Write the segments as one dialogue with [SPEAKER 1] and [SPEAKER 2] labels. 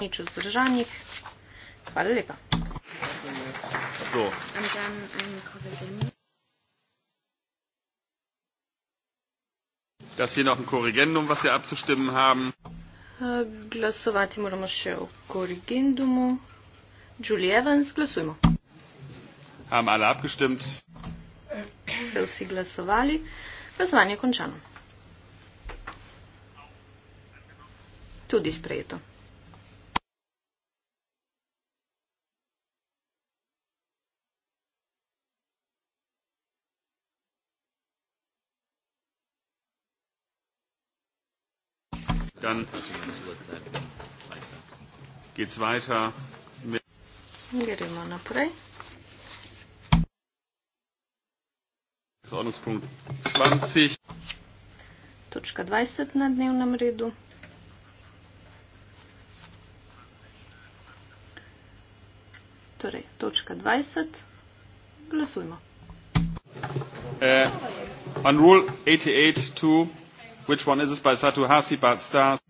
[SPEAKER 1] nič vzdržanih. Hvala lepa.
[SPEAKER 2] Das hier noch ein Korrigendum, was wir abzustimmen haben.
[SPEAKER 1] Äh, glasovati moramo še o korrigendumu. Julie Evans, glasujmo.
[SPEAKER 2] Haben alle abgestimmt.
[SPEAKER 1] Ste vsi glasovali. Glasovanje je končano.
[SPEAKER 3] Tudi sprejeto.
[SPEAKER 2] Geht's weiter? Gehen
[SPEAKER 1] wir naprej.
[SPEAKER 2] Ordnungspunkt 20.
[SPEAKER 1] Točka 20 na dnevnem redu. Torej, točka 20. Glasujmo.
[SPEAKER 2] Uh, on rule 88.2, which one is this by Satu Hasi, but stars?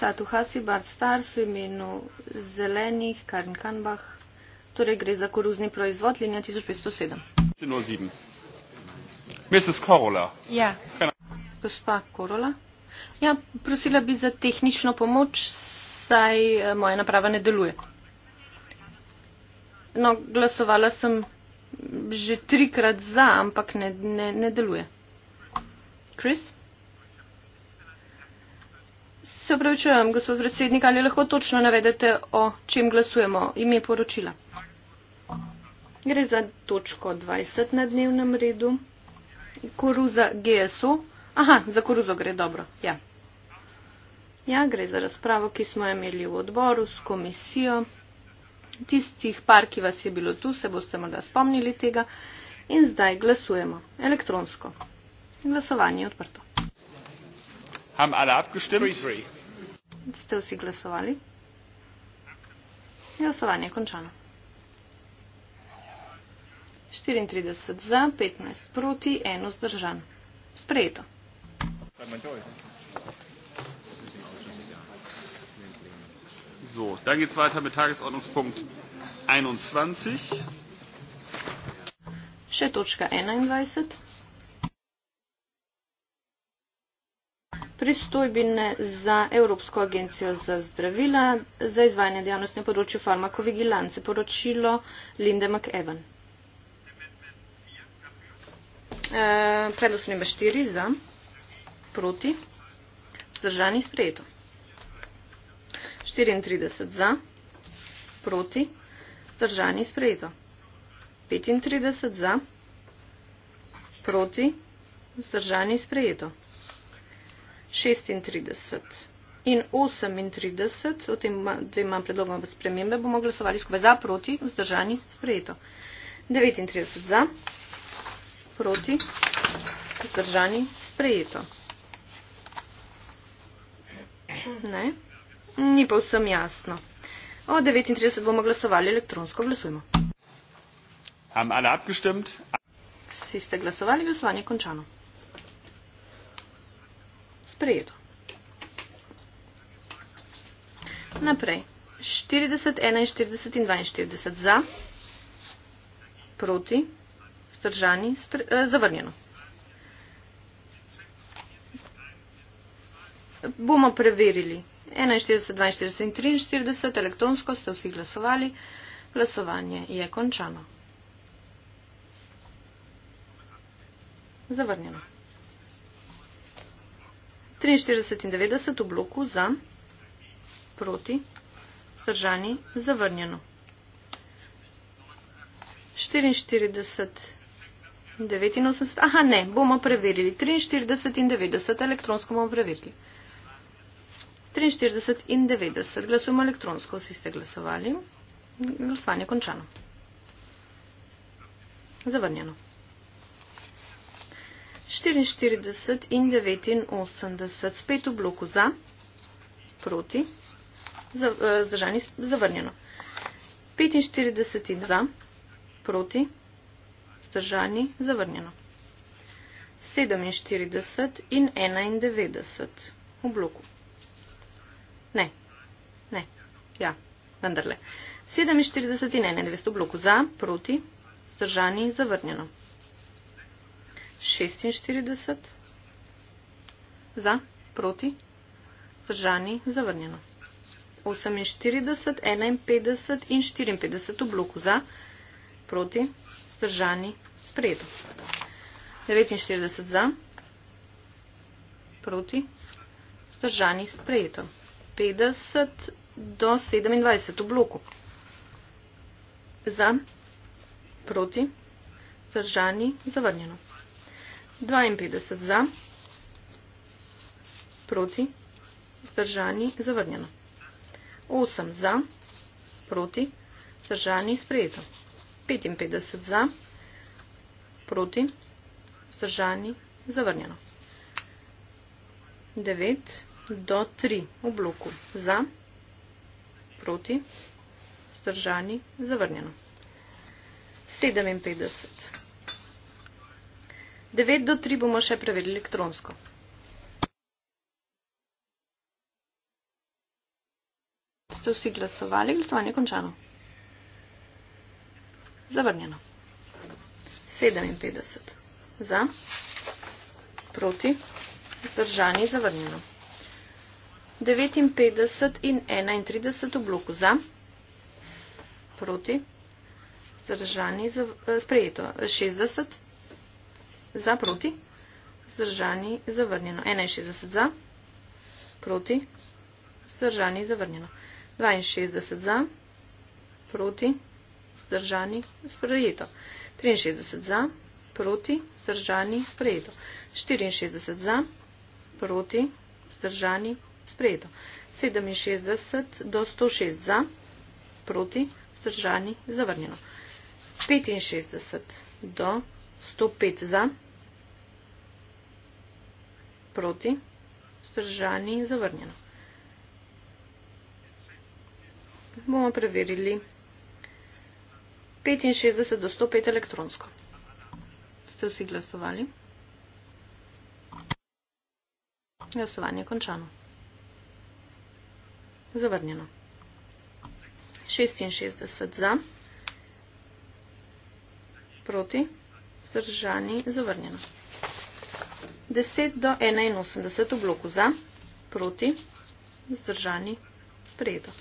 [SPEAKER 1] Satuhasi Bart Stars v imenu zelenih Karin Kanbah. Torej gre za koruzni proizvod linija 1507. Ja. Gospa Korola. Ja, prosila bi za tehnično pomoč, saj eh, moja naprava ne deluje. No, glasovala sem že trikrat za, ampak ne, ne, ne deluje. Chris? Se upravičujem, gospod predsednik, ali lahko točno navedete, o čem glasujemo, ime poročila? Gre za točko 20 na dnevnem redu. Koruza GSO. Aha, za koruzo gre dobro. Ja. ja, gre za razpravo, ki smo imeli v odboru s komisijo. Tistih par, ki vas je bilo tu, se boste morda spomnili tega. In zdaj glasujemo elektronsko. Glasovanje je odprto.
[SPEAKER 2] Haben alle abgestimmt? Three, three.
[SPEAKER 1] Ste vsi glasovali? Glasovanje je končano. 34 za, 15 proti, 1 zdržan. Sprejeto.
[SPEAKER 2] So, dann geht's weiter mit Tagesordnungspunkt 21. Še
[SPEAKER 1] točka 21. pristojbine za Evropsko agencijo za zdravila za izvajanje dejavnosti na področju farmakovigilance. Poročilo Linde McEwan. Eh, predlog sprememba štiri za, proti, zdržani sprejeto. 34 za, proti, zdržani sprejeto. 35 za, proti, zdržani sprejeto. 36 in 38, o tem dvema predlogom spremembe, bomo glasovali skupaj za, proti, vzdržani, sprejeto. 39 za, proti, vzdržani, sprejeto. Ne, ni pa vsem jasno. O 39 bomo glasovali elektronsko, glasujmo. Vsi ste glasovali, glasovanje je končano sprejeto. Naprej. 40, 41 in 42 za, proti, vzdržani, eh, zavrnjeno. Bomo preverili. 41, 42 in 43, elektronsko ste vsi glasovali. Glasovanje je končano. Zavrnjeno. 43 in 90 v bloku za, proti, vzdržani, zavrnjeno. 44 in 89, aha ne, bomo preverili. 43 in 90, elektronsko bomo preverili. 43 in 90, glasujemo elektronsko, vsi ste glasovali. Glasovanje končano. Zavrnjeno. 44 in 89, spet v bloku za, proti, zdržani, zavrnjeno. 45 in za, proti, zdržani, zavrnjeno. 47 in 91 v bloku. Ne, ne, ja, vendarle. 47 in 91 v bloku za, proti, zdržani, zavrnjeno. 46, za, proti, vzdržani, zavrnjeno. 48, 51 in 54 v bloku za, proti, vzdržani, sprejeto. 49 za, proti, vzdržani, sprejeto. 50 do 27 v bloku za, proti, vzdržani, zavrnjeno. 52 za, proti, vzdržani, zavrnjeno. 8 za, proti, vzdržani, sprejeto. 55 za, proti, vzdržani, zavrnjeno. 9 do 3 v bloku za, proti, vzdržani, zavrnjeno. 57 za. 9 do 3 bomo še preverili elektronsko. Ste vsi glasovali? Glasovanje je končano. Zavrnjeno. 57. Za. Proti. Zdržani. Zavrnjeno. 59 in 31 v bloku. Za. Proti. Zdržani. Eh, sprejeto. 60. 60 za, proti, zdržani, zavrnjeno. 61 za, proti, zdržani, zavrnjeno. 62 za, proti, zdržani, sprejeto. 63 za, proti, zdržani, sprejeto. 64 za, proti, zdržani, sprejeto. 67 do 106 za, proti, zdržani, zavrnjeno. 65 do 105 za, proti, zdržani, zavrnjeno proti, vzdržani in zavrnjeno. Bomo preverili 65 do 105 elektronsko. Ste vsi glasovali? Glasovanje je končano. Zavrnjeno. 66 za, proti, zdržani, zavrnjeno. 10 do 81 oblokov za, proti, zdržani, sprejeto.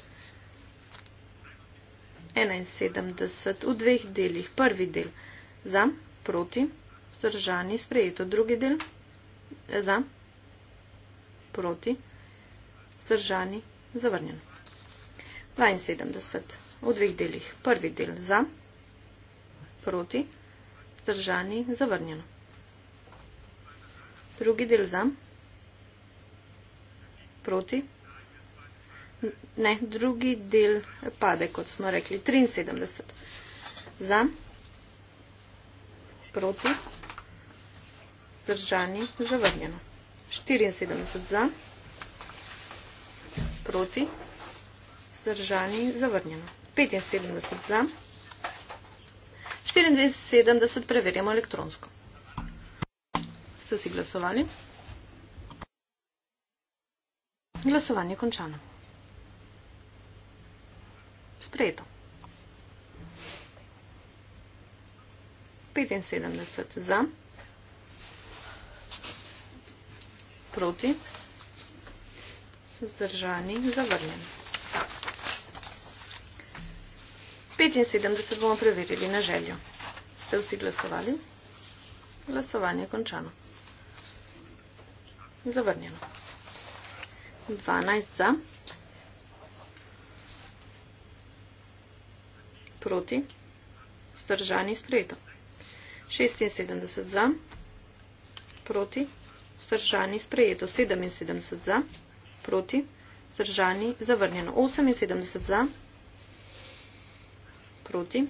[SPEAKER 1] 71 v dveh delih, prvi del za, proti, zdržani, sprejeto, drugi del eh, za, proti, zdržani, zavrnjen. 72 v dveh delih, prvi del za, proti, zdržani, zavrnjeno drugi del za, proti, ne, drugi del pade, kot smo rekli, 73, za, proti, zdržani, zavrnjeno, 74 za, proti, zdržani, zavrnjeno, 75 za, 74 preverjamo elektronsko so si glasovali. Glasovanje končano. Sprejeto. 75 za, proti, zdržani, zavrnjen. 75 bomo preverili na željo. Ste vsi glasovali? Glasovanje je končano. Zavrnjeno. 12 za. Proti. Stržani sprejeto. 76 za. Proti. Stržani sprejeto. 77 za. Proti. Stržani zavrnjeno. 78 za. Proti.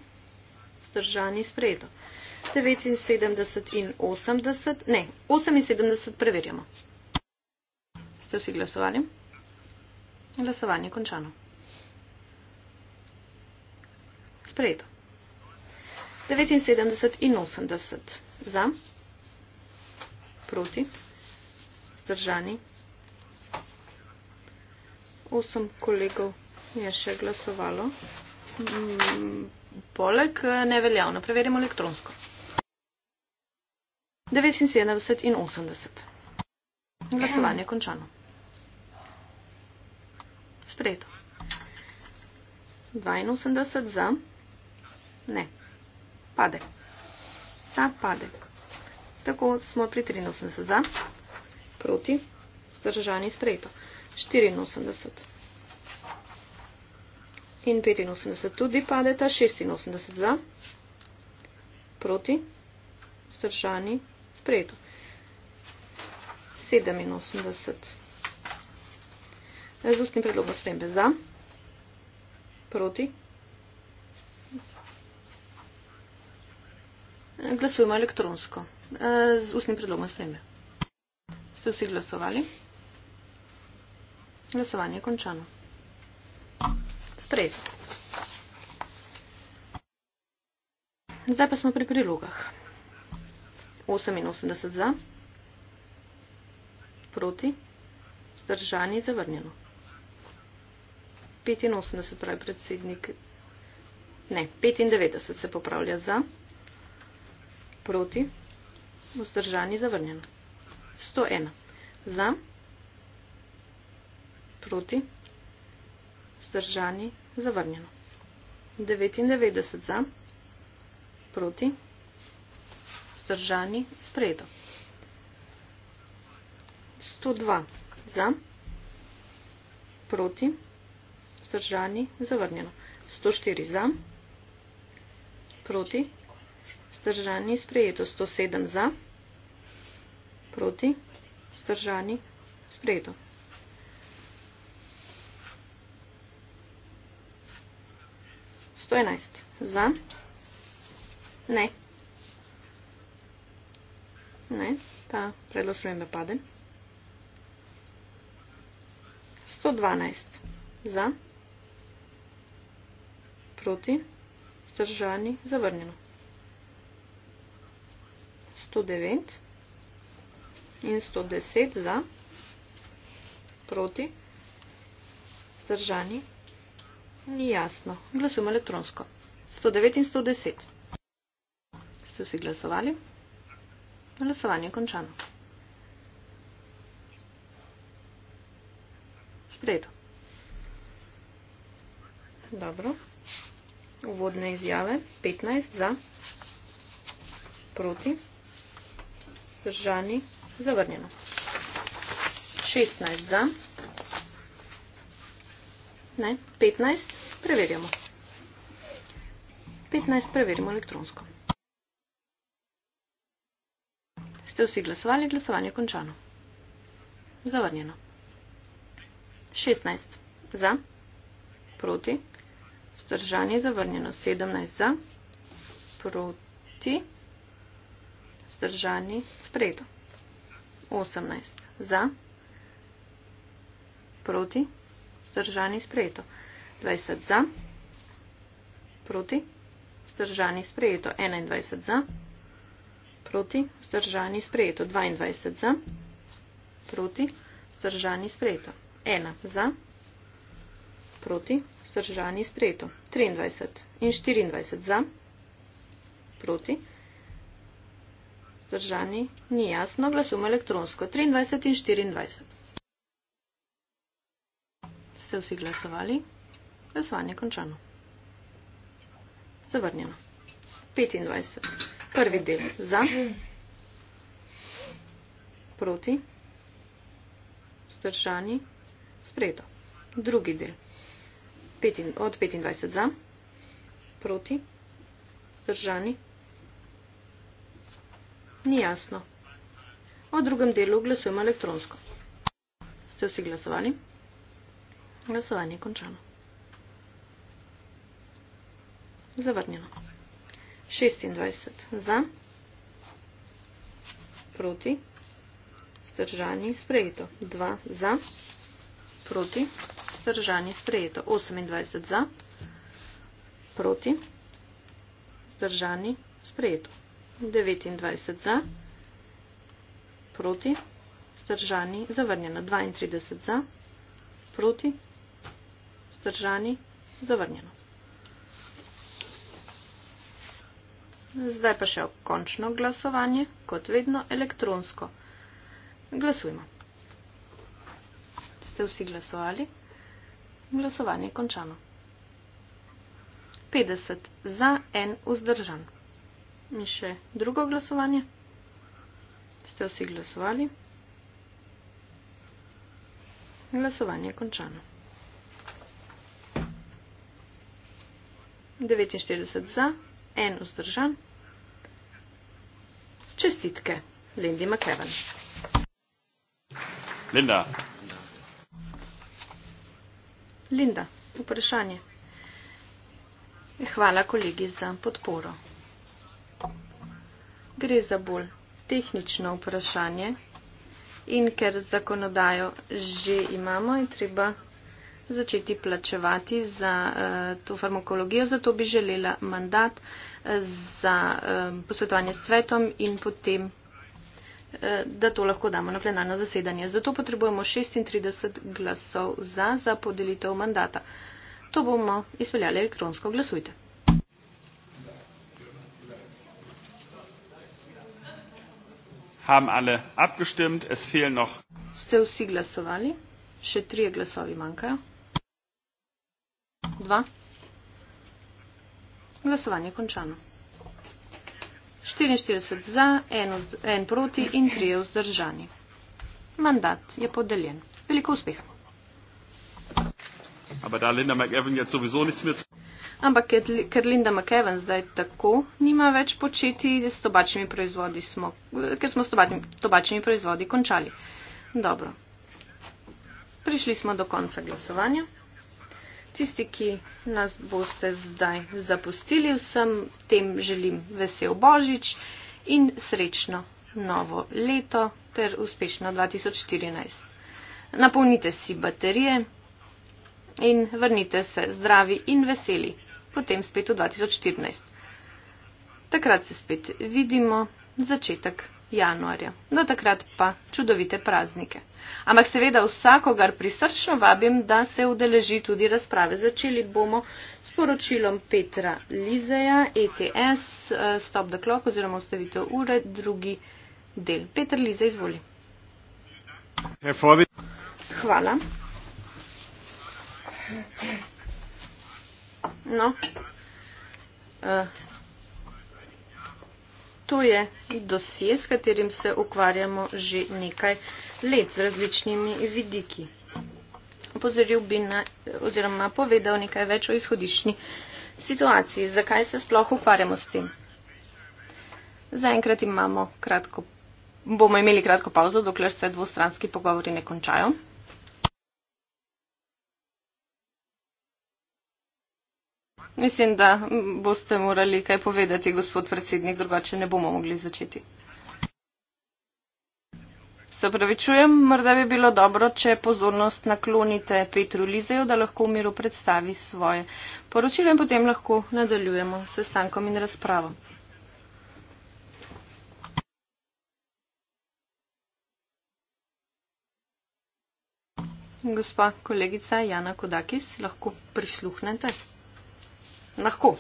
[SPEAKER 1] Stržani sprejeto. 79 in 80. Ne, 78 preverjamo. 78. Ste vsi glasovali? Glasovanje končano. Sprejeto. 79 in 80 za, proti, zdržani. 8 kolegov je še glasovalo. Mm, poleg eh, neveljavno, preverimo elektronsko. 79 in 80. Glasovanje končano. Sprejeto. 82 za. Ne. Pade. Ta pade. Tako smo pri 83 za. Proti. Zdržani sprejeto. 84. In 85 tudi padeta. 86 za. Proti. Zdržani sprejeto. 87. 87 z ustnim predlogom spremembe za, proti. Glasujemo elektronsko e, z ustnim predlogom spremembe. Ste vsi glasovali? Glasovanje je končano. Sprejeto. Zdaj pa smo pri prilogah. 88 za, proti, zdržani, zavrnjeno. 85, pravi predsednik. Ne, 95 se popravlja za, proti, vzdržani, zavrnjen. 101 za, proti, vzdržani, zavrnjen. 99 za, proti, vzdržani, sprejeto. 102 za, proti, vzdržani, zavrnjen vzdržani, zavrnjeno. 104 za, proti, vzdržani, sprejeto. 107 za, proti, vzdržani, sprejeto. Za, ne, ne, ta predlog spremembe pade. 112, za, ne. Proti. Zdržani. Zavrnjeno. 109 in 110 za. Proti. Zdržani. Ni jasno. Glasujemo elektronsko. 109 in 110. Ste vsi glasovali? Glasovanje je končano. Sprejeto. Dobro uvodne izjave, 15 za, proti, zdržani, zavrnjeno. 16 za, ne, 15, preverjamo. 15 preverimo elektronsko. Ste vsi glasovali, glasovanje je končano. Zavrnjeno. 16 za, proti, zdržani, zavrnjeno. Vzdržan je zavrnjeno 17 za, proti, vzdržan je spredo. 18 za, proti, vzdržan je spredo. 20 za, proti, vzdržan je spredo. 21 za, proti, vzdržan je spredo. 22 za, proti, vzdržan je spredo. 1 za, proti, vzdržan je spredo vzdržani sprejeto. 23 in 24 za, proti, vzdržani ni jasno, glasujemo elektronsko. 23 in 24. Ste vsi glasovali? Glasovanje končano. Zavrnjeno. 25. Prvi del za, proti, vzdržani, sprejeto. Drugi del od 25 za, proti, zdržani. Ni jasno. O drugem delu glasujemo elektronsko. Ste vsi glasovali? Glasovanje je končano. Zavrnjeno. 26 za, proti, zdržani, sprejeto. 2 za, proti, zdržani vzdržan je sprejeto. 28 za, proti, vzdržan je sprejeto. 29 za, proti, vzdržan je zavrnjeno. 32 za, proti, vzdržan je zavrnjeno. Zdaj pa še končno glasovanje, kot vedno elektronsko. Glasujmo. Ste vsi glasovali? Glasovanje je končano. 50 za en vzdržan. In še drugo glasovanje. Ste vsi glasovali? Glasovanje je končano. 49 za, en vzdržan. Čestitke, Lindy McEwan. Linda. Linda, vprašanje. Hvala kolegi za podporo. Gre za bolj tehnično vprašanje in ker zakonodajo že imamo in treba začeti plačevati za uh, to farmakologijo, zato bi želela mandat uh, za uh, posvetovanje s svetom in potem da to lahko damo na plenarno zasedanje. Zato potrebujemo 36 glasov za za podelitev mandata. To bomo izpeljali elektronsko. Glasujte.
[SPEAKER 2] Haben alle abgestimmt, es fehlen noch.
[SPEAKER 1] Ste vsi glasovali? Še trije glasovi manjkajo. Dva. Glasovanje končano. 44 za, 1 proti in 3 vzdržani. Mandat je podeljen. Veliko uspeha. Ampak ker Linda McEwen zdaj tako nima več početi, s tobačnimi proizvodi smo, ker smo s tobačnimi proizvodi končali. Dobro. Prišli smo do konca glasovanja. Tisti, ki nas boste zdaj zapustili, vsem tem želim vesel Božič in srečno novo leto ter uspešno 2014. Napolnite si baterije in vrnite se zdravi in veseli, potem spet v 2014. Takrat se spet vidimo, začetek januarja. Do takrat pa čudovite praznike. Ampak seveda vsakogar prisrčno vabim, da se udeleži tudi razprave. Začeli bomo s poročilom Petra Lizeja, ETS, eh, Stop the Clock oziroma ustavitev ure, drugi del. Peter Lize, izvoli. Hvala. No. Eh, To je dosje, s katerim se ukvarjamo že nekaj let z različnimi vidiki. Pozoril bi na, oziroma povedal nekaj več o izhodišnji situaciji, zakaj se sploh ukvarjamo s tem. Zaenkrat imamo kratko, bomo imeli kratko pauzo, dokler se dvostranski pogovori ne končajo. Mislim, da boste morali kaj povedati, gospod predsednik, drugače ne bomo mogli začeti. Se pravičujem, morda bi bilo dobro, če pozornost naklonite Petru Lizeju, da lahko v miru predstavi svoje poročilo in potem lahko nadaljujemo s sestankom in razpravo. Gospa kolegica Jana Kodakis, lahko prisluhnete? Lahko.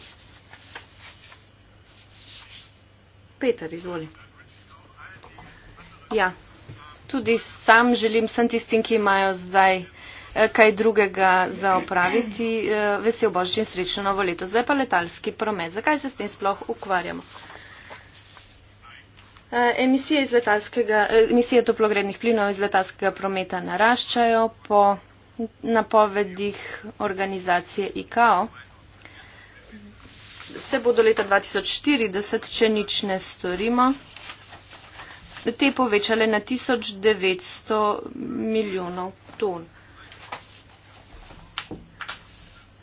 [SPEAKER 1] Peter, izvoli. Ja, tudi sam želim vsem tistim, ki imajo zdaj eh, kaj drugega za opraviti, eh, vesel božič in srečno novo leto. Zdaj pa letalski promet. Zakaj se s tem sploh ukvarjamo? Eh, emisije, iz emisije toplogrednih plinov iz letalskega prometa naraščajo po napovedih organizacije ICAO vse bo do leta 2040, če nič ne storimo, te povečale na 1900 milijonov ton.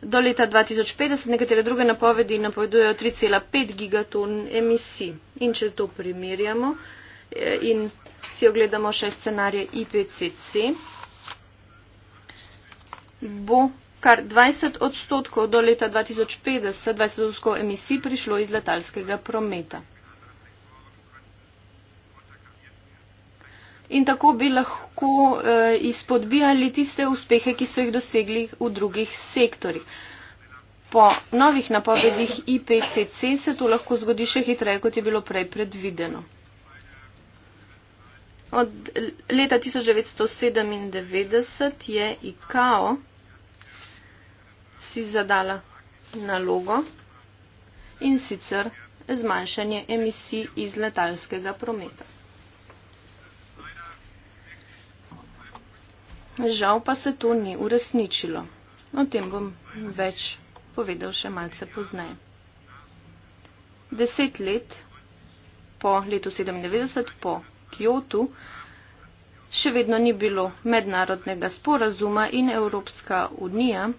[SPEAKER 1] Do leta 2050 nekatere druge napovedi napovedujejo 3,5 gigaton emisij. In če to primerjamo e, in si ogledamo še scenarije IPCC, bo kar 20 odstotkov do leta 2050 20 odstotkov emisij prišlo iz letalskega prometa. In tako bi lahko eh, izpodbijali tiste uspehe, ki so jih dosegli v drugih sektorjih. Po novih napovedih IPCC se to lahko zgodi še hitreje, kot je bilo prej predvideno. Od leta 1997 je ICAO si zadala nalogo in sicer zmanjšanje emisij iz letalskega prometa. Žal pa se to ni uresničilo. O tem bom več povedal še malce pozneje. Deset let po letu 97, po Kyoto, še vedno ni bilo mednarodnega sporazuma in Evropska unija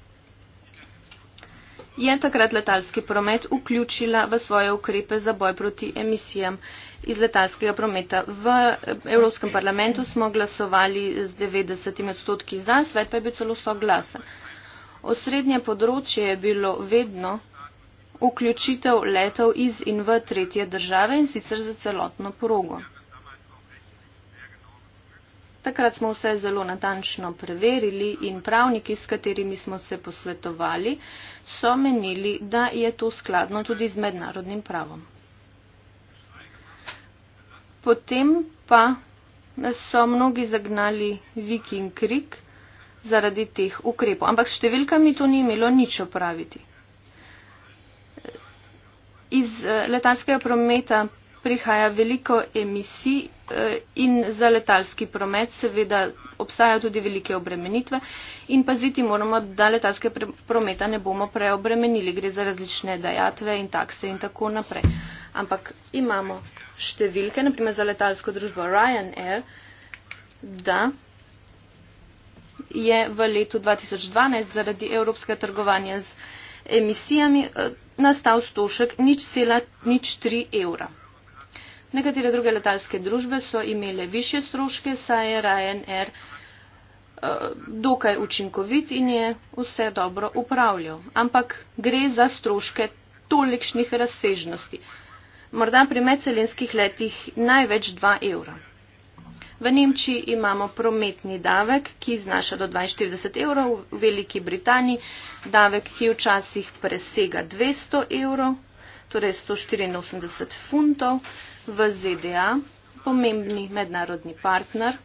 [SPEAKER 1] je takrat letalski promet vključila v svoje ukrepe za boj proti emisijam iz letalskega prometa. V eh, Evropskem parlamentu smo glasovali z 90 odstotki za, svet pa je bil celo soglasen. Osrednje področje je bilo vedno vključitev letov iz in v tretje države in sicer za celotno progo. Takrat smo vse zelo natančno preverili in pravniki, s katerimi smo se posvetovali, so menili, da je to skladno tudi z mednarodnim pravom. Potem pa so mnogi zagnali viking krik zaradi teh ukrepov, ampak s številkami to ni imelo nič opraviti. Iz eh, letalskega prometa prihaja veliko emisij eh, in za letalski promet seveda obstajajo tudi velike obremenitve in paziti moramo, da letalske prometa ne bomo preobremenili. Gre za različne dajatve in takse in tako naprej. Ampak imamo številke, naprimer za letalsko družbo Ryanair, da je v letu 2012 zaradi evropskega trgovanja z emisijami eh, nastal stošek nič cela nič tri evra. Nekatere druge letalske družbe so imele više stroške, saj je Ryanair eh, dokaj učinkovit in je vse dobro upravljal. Ampak gre za stroške tolikšnih razsežnosti. Morda pri medcelinskih letih največ 2 evra. V Nemčiji imamo prometni davek, ki znaša do 42 evrov, v Veliki Britaniji davek, ki včasih presega 200 evrov, torej 184 funtov v ZDA, pomembni mednarodni partner,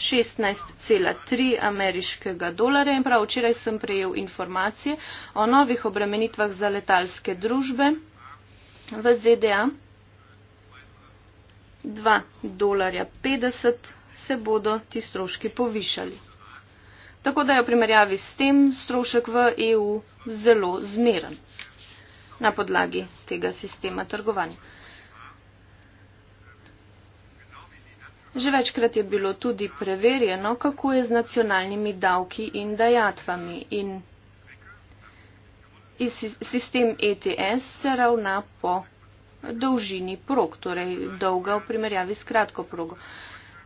[SPEAKER 1] 16,3 ameriškega dolarja in prav včeraj sem prejel informacije o novih obremenitvah za letalske družbe v ZDA. 2 dolarja 50 se bodo ti stroški povišali. Tako da je v primerjavi s tem strošek v EU zelo zmeren na podlagi tega sistema trgovanja. Že večkrat je bilo tudi preverjeno, kako je z nacionalnimi davki in dajatvami in sistem ETS se ravna po dolžini prog, torej dolga v primerjavi s kratko progo.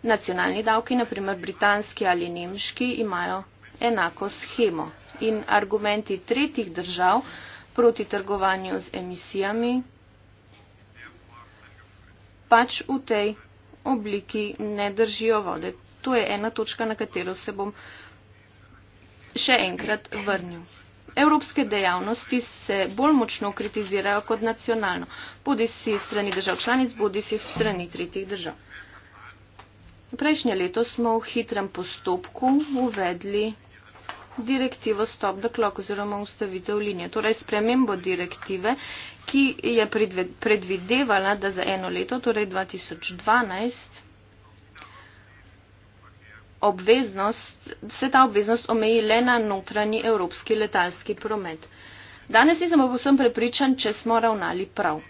[SPEAKER 1] Nacionalni davki, naprimer britanski ali nemški, imajo enako schemo in argumenti tretjih držav proti trgovanju z emisijami, pač v tej obliki ne držijo vode. To je ena točka, na katero se bom še enkrat vrnil. Evropske dejavnosti se bolj močno kritizirajo kot nacionalno, bodi si strani držav članic, bodi si strani tretjih držav. Prejšnje leto smo v hitrem postopku uvedli direktivo Stop the Clock oziroma ustavitev linije. Torej spremembo direktive, ki je predvidevala, da za eno leto, torej 2012, obveznost, se ta obveznost omeji le na notranji evropski letalski promet. Danes nisem pa posem prepričan, če smo ravnali prav.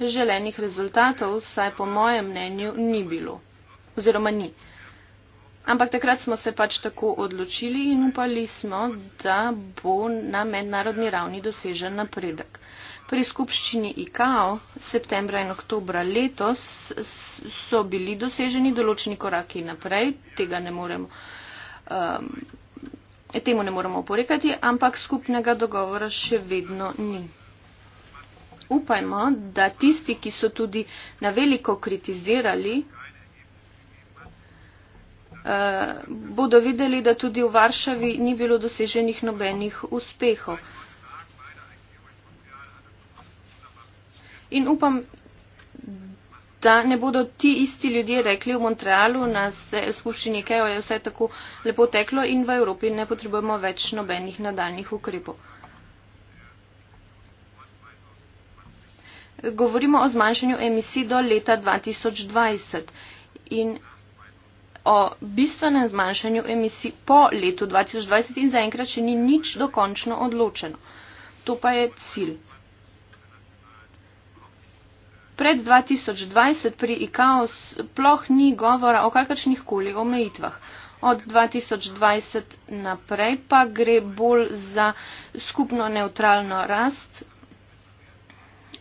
[SPEAKER 1] Želenih rezultatov, saj po mojem mnenju, ni bilo oziroma ni. Ampak takrat smo se pač tako odločili in upali smo, da bo na mednarodni ravni dosežen napredek. Pri skupščini IKAO septembra in oktobra letos so bili doseženi določeni koraki naprej, tega ne moremo. Um, Temu ne moramo porekati, ampak skupnega dogovora še vedno ni. Upajmo, da tisti, ki so tudi naveliko kritizirali bodo videli, da tudi v Varšavi ni bilo doseženih nobenih uspehov. In upam, da ne bodo ti isti ljudje rekli v Montrealu na skupščini Kejo je vse tako lepo teklo in v Evropi ne potrebujemo več nobenih nadaljnih ukrepov. Govorimo o zmanjšanju emisij do leta 2020 in o bistvenem zmanjšanju emisij po letu 2020 in zaenkrat še ni nič dokončno odločeno. To pa je cilj. Pred 2020 pri ICAO sploh ni govora o kakršnih koli omejitvah. Od 2020 naprej pa gre bolj za skupno neutralno rast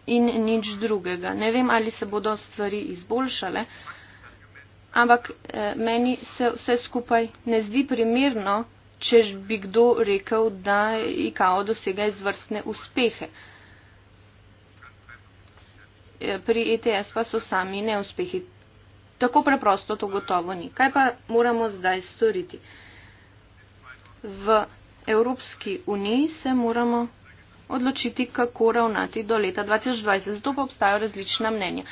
[SPEAKER 1] in nič drugega. Ne vem, ali se bodo stvari izboljšale. Uh, ampak eh, meni se vse skupaj ne zdi primirno, če bi kdo rekel, da IKO dosega izvrstne uspehe. Eh, pri ETS pa so sami neuspehi. Tako preprosto to gotovo ni. Kaj pa moramo zdaj storiti? V Evropski uniji se moramo odločiti, kako ravnati do leta 2020. Zato pa obstajajo različna mnenja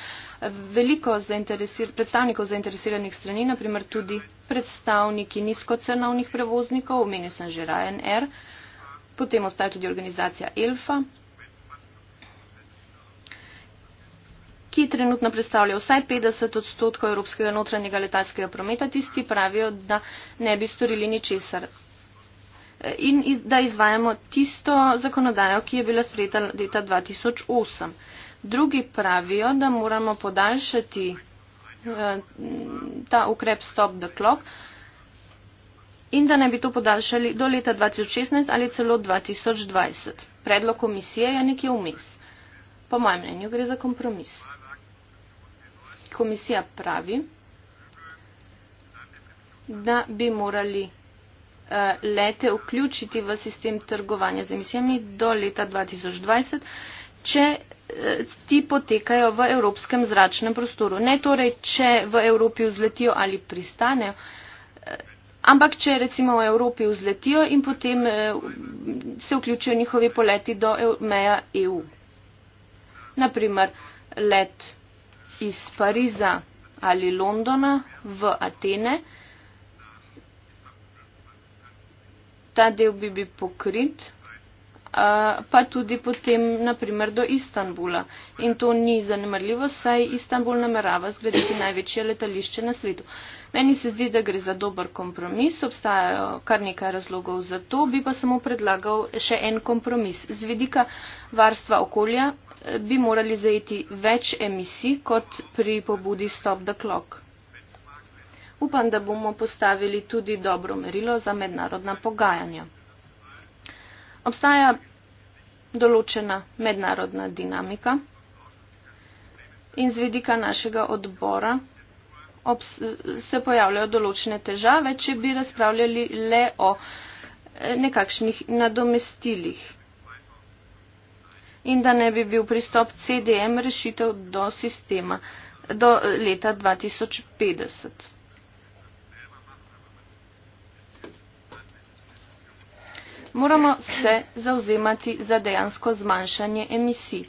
[SPEAKER 1] veliko zainteresir, predstavnikov zainteresiranih strani, naprimer tudi predstavniki nizkocenovnih prevoznikov, omenil sem že Ryanair, potem obstaja tudi organizacija ELFA, ki trenutno predstavlja vsaj 50 odstotkov evropskega notranjega letalskega prometa, tisti pravijo, da ne bi storili ničesar in iz, da izvajamo tisto zakonodajo, ki je bila sprejeta leta 2008. Drugi pravijo, da moramo podaljšati eh, ta ukrep stop the clock in da ne bi to podaljšali do leta 2016 ali celo 2020. Predlog komisije je nekje vmes. Po mojem mnenju gre za kompromis. Komisija pravi, da bi morali eh, lete vključiti v sistem trgovanja z emisijami do leta 2020, če ti potekajo v evropskem zračnem prostoru. Ne torej, če v Evropi vzletijo ali pristanejo, eh, ampak če recimo v Evropi vzletijo in potem eh, se vključijo njihovi poleti do meja EU. Naprimer, let iz Pariza ali Londona v Atene. Ta del bi bil pokrit pa tudi potem naprimer do Istanbula. In to ni zanemrljivo, saj Istanbul namerava zgraditi največje letališče na svetu. Meni se zdi, da gre za dober kompromis, obstajajo kar nekaj razlogov za to, bi pa samo predlagal še en kompromis. Z vidika varstva okolja eh, bi morali zajeti več emisij kot pri pobudi Stop the Clock. Upam, da bomo postavili tudi dobro merilo za mednarodna pogajanja obstaja določena mednarodna dinamika in z vidika našega odbora se pojavljajo določene težave, če bi razpravljali le o eh, nekakšnih nadomestilih in da ne bi bil pristop CDM rešitev do sistema do eh, leta 2050. moramo se zauzemati za dejansko zmanjšanje emisij.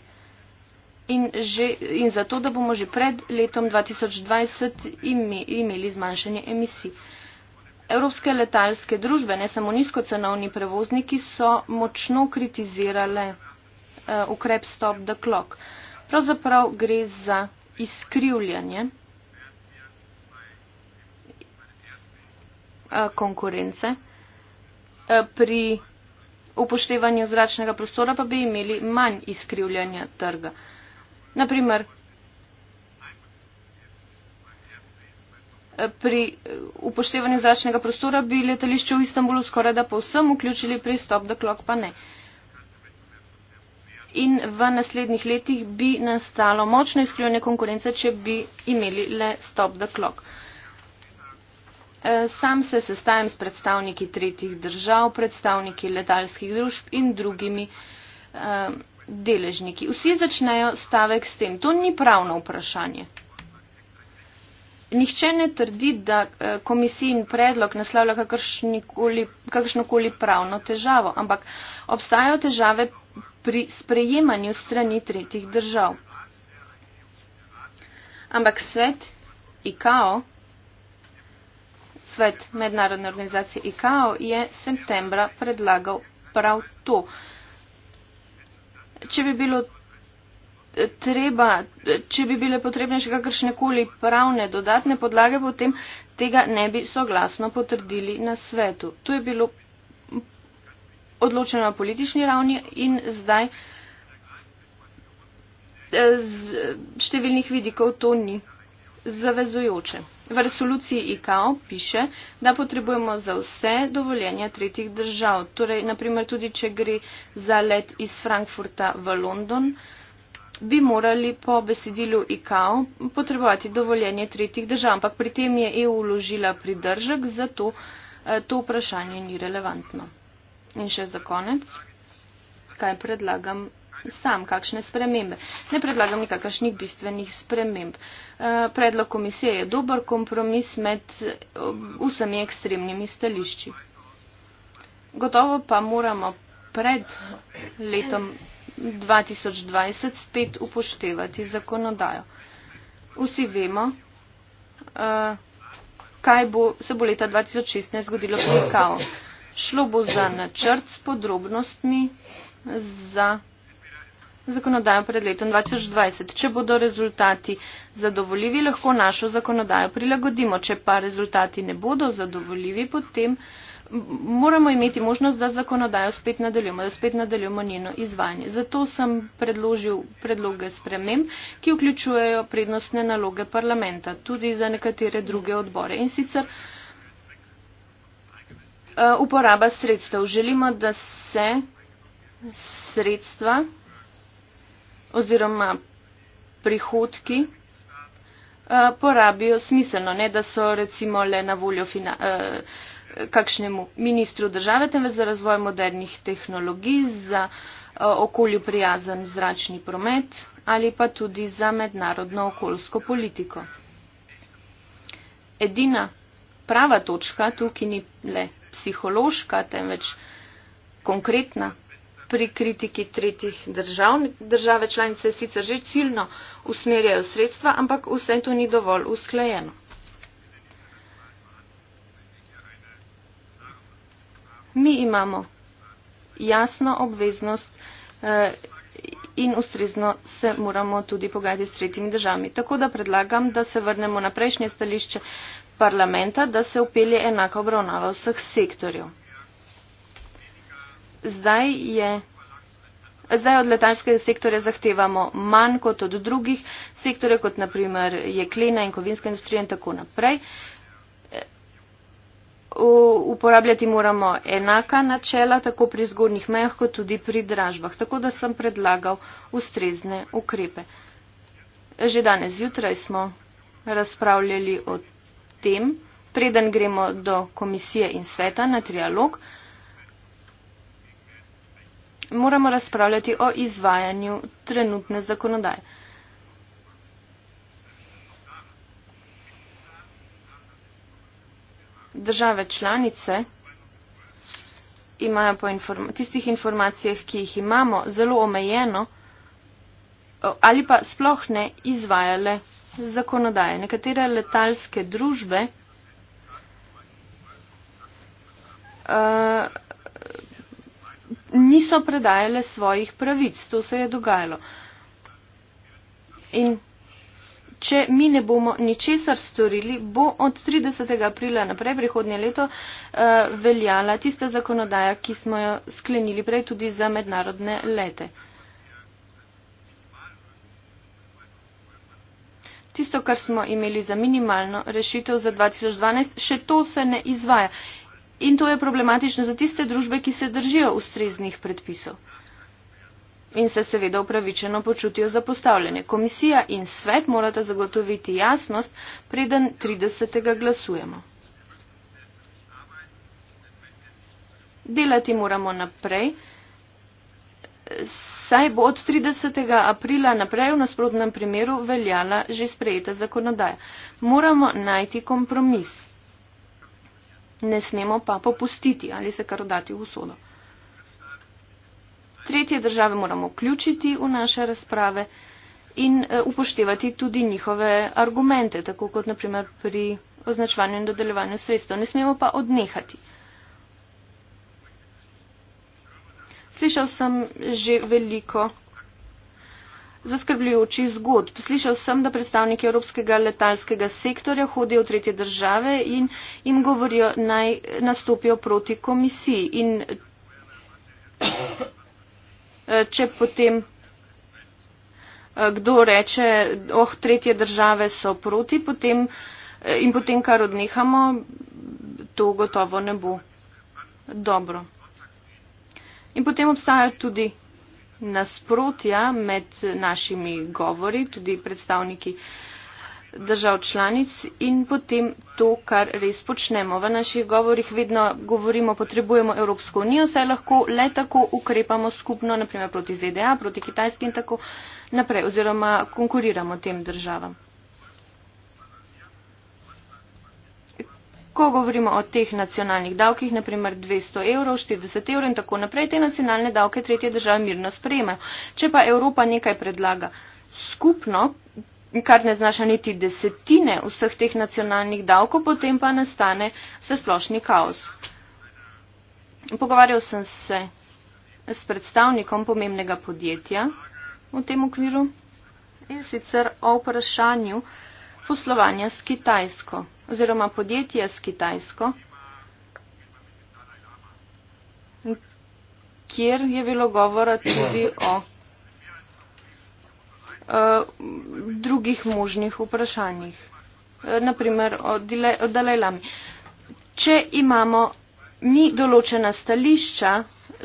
[SPEAKER 1] In, že, in zato, da bomo že pred letom 2020 imeli zmanjšanje emisij. Evropske letalske družbe, ne samo nizkocenovni prevozniki, so močno kritizirale uh, ukrep Stop the Clock. Pravzaprav gre za izkrivljanje uh, konkurence. Uh, pri upoštevanju zračnega prostora pa bi imeli manj izkrivljanja trga. Naprimer, pri eh, upoštevanju zračnega prostora bi letališče v Istanbulu skoraj da povsem vključili pristop, da klok pa ne. In v naslednjih letih bi nastalo močno izkrivljanje konkurence, če bi imeli le stop the clock. Eh, sam se sestajam s predstavniki tretjih držav, predstavniki letalskih družb in drugimi eh, deležniki. Vsi začnejo stavek s tem. To ni pravno vprašanje. Nihče ne trdi, da eh, komisijin predlog naslavlja kakršnokoli pravno težavo, ampak obstajajo težave pri sprejemanju strani tretjih držav. Ampak svet ICAO Svet mednarodne organizacije ICAO je septembra predlagal prav to. Če bi bilo treba, če bi bile potrebne še kakršne koli pravne dodatne podlage, potem tega ne bi soglasno potrdili na svetu. To je bilo odločeno na politični ravni in zdaj eh, z številnih vidikov to ni zavezujoče. V resoluciji IKAO piše, da potrebujemo za vse dovoljenja tretjih držav. Torej, naprimer, tudi če gre za let iz Frankfurta v London, bi morali po besedilu IKAO potrebovati dovoljenje tretjih držav. Ampak pri tem je EU uložila pridržek, zato eh, to vprašanje ni relevantno. In še za konec, kaj predlagam sam kakšne spremembe. Ne predlagam nikakršnih bistvenih sprememb. Eh, predlog komisije je dober kompromis med eh, vsemi ekstremnimi stališči. Gotovo pa moramo pred letom 2020 spet upoštevati zakonodajo. Vsi vemo, eh, kaj bo, se bo leta 2016 zgodilo pri KAO. Šlo bo za načrt s podrobnostmi, za zakonodajo pred letom 2020. Če bodo rezultati zadovoljivi, lahko našo zakonodajo prilagodimo. Če pa rezultati ne bodo zadovoljivi, potem moramo imeti možnost, da zakonodajo spet nadaljujemo, da spet nadaljujemo njeno izvajanje. Zato sem predložil predloge sprememb, ki vključujejo prednostne naloge parlamenta, tudi za nekatere druge odbore. In sicer eh, uporaba sredstev. Želimo, da se sredstva oziroma prihodki eh, porabijo smiselno, ne da so recimo le na voljo fina, eh, kakšnemu ministru države, temveč za razvoj modernih tehnologij, za eh, okolju prijazen zračni promet ali pa tudi za mednarodno okoljsko politiko. Edina prava točka tukaj ni le psihološka, temveč konkretna pri kritiki tretjih držav. Države članice sicer že ciljno usmerjajo sredstva, ampak vse to ni dovolj usklajeno. Mi imamo jasno obveznost eh, in ustrezno se moramo tudi pogajati s tretjimi državami. Tako da predlagam, da se vrnemo na prejšnje stališče parlamenta, da se upelje enaka obravnava vseh sektorjev zdaj je. Zdaj od letalskega sektorja zahtevamo manj kot od drugih sektorjev, kot naprimer jeklena in kovinska industrija in tako naprej. U, uporabljati moramo enaka načela, tako pri zgornjih mejah, kot tudi pri dražbah. Tako da sem predlagal ustrezne ukrepe. Že danes jutraj smo razpravljali o tem, preden gremo do komisije in sveta na trialog. Uh, moramo razpravljati o izvajanju trenutne zakonodaje. Države članice imajo po inform tistih informacijah, ki jih imamo, zelo omejeno ali pa sploh ne izvajale zakonodaje. Nekatere letalske družbe uh, niso predajale svojih pravic. To se je dogajalo. In če mi ne bomo ničesar storili, bo od 30. aprila naprej prihodnje leto uh, veljala tista zakonodaja, ki smo jo sklenili prej tudi za mednarodne lete. Tisto, kar smo imeli za minimalno rešitev za 2012, še to se ne izvaja in to je problematično za tiste družbe, ki se držijo ustreznih predpisov in se seveda upravičeno počutijo za postavljanje. Komisija in svet morata zagotoviti jasnost, preden 30. glasujemo. Delati moramo naprej, saj bo od 30. aprila naprej v nasprotnem primeru veljala že sprejeta zakonodaja. Moramo najti kompromis ne smemo pa popustiti ali se kar odati v usodo. Tretje države moramo vključiti v naše razprave in eh, upoštevati tudi njihove argumente, tako kot naprimer pri označevanju in dodeljevanju sredstev. Ne smemo pa odnehati. Slišal sem že veliko zaskrbljujočih zgodb. Slišal sem, da predstavniki evropskega letalskega sektorja hodijo v tretje države in jim govorijo, naj nastopijo proti komisiji. In eh, če potem eh, kdo reče, oh, tretje države so proti, potem eh, in potem kar odnehamo, to gotovo ne bo dobro. In potem obstajajo tudi nasprotja med našimi govori, tudi predstavniki držav članic in potem to, kar res počnemo. V naših govorih vedno govorimo, potrebujemo Evropsko unijo, saj lahko le tako ukrepamo skupno, naprimer proti ZDA, proti Kitajski in tako naprej, oziroma konkuriramo tem državam. Ko govorimo o teh nacionalnih davkih, naprimer 200 evrov, 40 evrov in tako naprej, te nacionalne davke tretje države mirno sprejemajo. Če pa Evropa nekaj predlaga skupno, kar ne znaša niti desetine vseh teh nacionalnih davkov, potem pa nastane vse splošni kaos. Pogovarjal sem se s predstavnikom pomembnega podjetja v tem okviru in sicer o vprašanju, poslovanja s Kitajsko oziroma podjetja s Kitajsko, kjer je bilo govora tudi o e, drugih možnih vprašanjih, e, naprimer o, o Dalajlami. Če imamo mi določena stališča,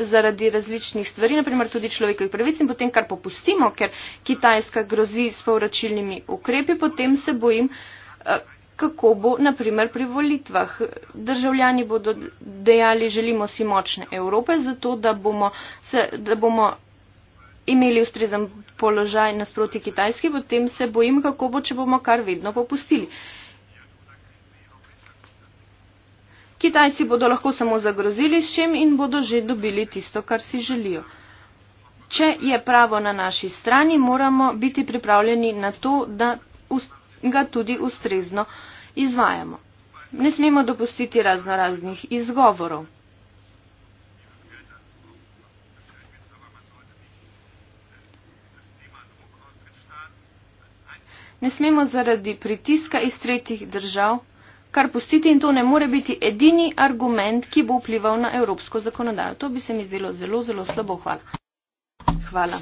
[SPEAKER 1] zaradi različnih stvari, naprimer tudi človekovih pravic in potem kar popustimo, ker Kitajska grozi s povračilnimi ukrepi, potem se bojim, eh, kako bo naprimer pri volitvah. Državljani bodo dejali, želimo si močne Evrope, zato da bomo, se, da bomo imeli ustrezen položaj nasproti Kitajski, potem se bojim, kako bo, če bomo kar vedno popustili. Kitajci bodo lahko samo zagrozili s čem in bodo že dobili tisto, kar si želijo. Če je pravo na naši strani, moramo biti pripravljeni na to, da ga tudi ustrezno izvajamo. Ne smemo dopustiti razno raznih izgovorov. Ne smemo zaradi pritiska iz tretjih držav kar pustiti in to ne more biti edini argument, ki bo vplival na evropsko zakonodajo. To bi se mi zdelo zelo, zelo slabo. Hvala. Hvala.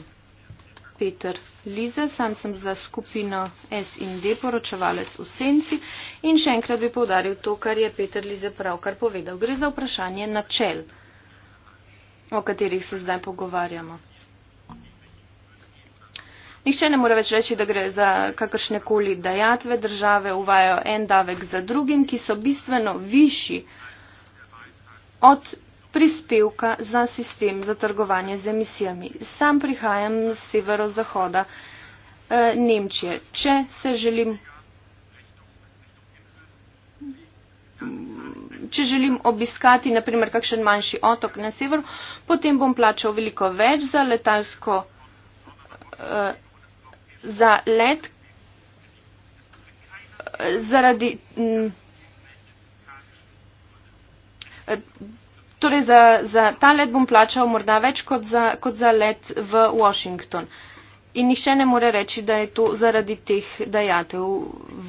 [SPEAKER 1] Peter Liza, sam sem za skupino S in D, poročevalec v senci in še enkrat bi povdaril to, kar je Peter Liza pravkar povedal. Gre za vprašanje načel, o katerih se zdaj pogovarjamo. Nihče ne more več reči, da gre za kakršne koli dajatve. Države uvajajo en davek za drugim, ki so bistveno višji od prispevka za sistem za trgovanje z emisijami. Sam prihajam z severozahoda eh, Nemčije. Če se želim. Če želim obiskati, naprimer, kakšen manjši otok na severu, potem bom plačal veliko več za letalsko eh, za let zaradi mm, torej za, za ta let bom plačal morda več kot za, kot za let v Washington. In nihče ne more reči, da je to zaradi teh dajatev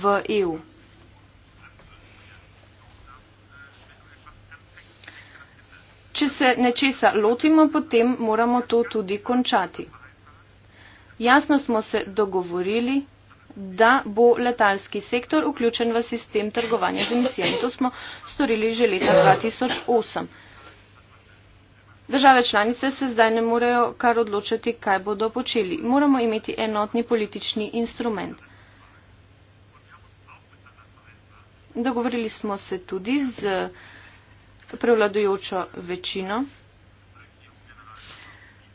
[SPEAKER 1] v EU. Če se nečesa lotimo, potem moramo to tudi končati. Jasno smo se dogovorili, da bo letalski sektor vključen v sistem trgovanja z emisijami. To smo storili že leta 2008. Države članice se zdaj ne morejo kar odločiti, kaj bodo počeli. Moramo imeti enotni politični instrument. Dogovorili smo se tudi z prevladujočo večino.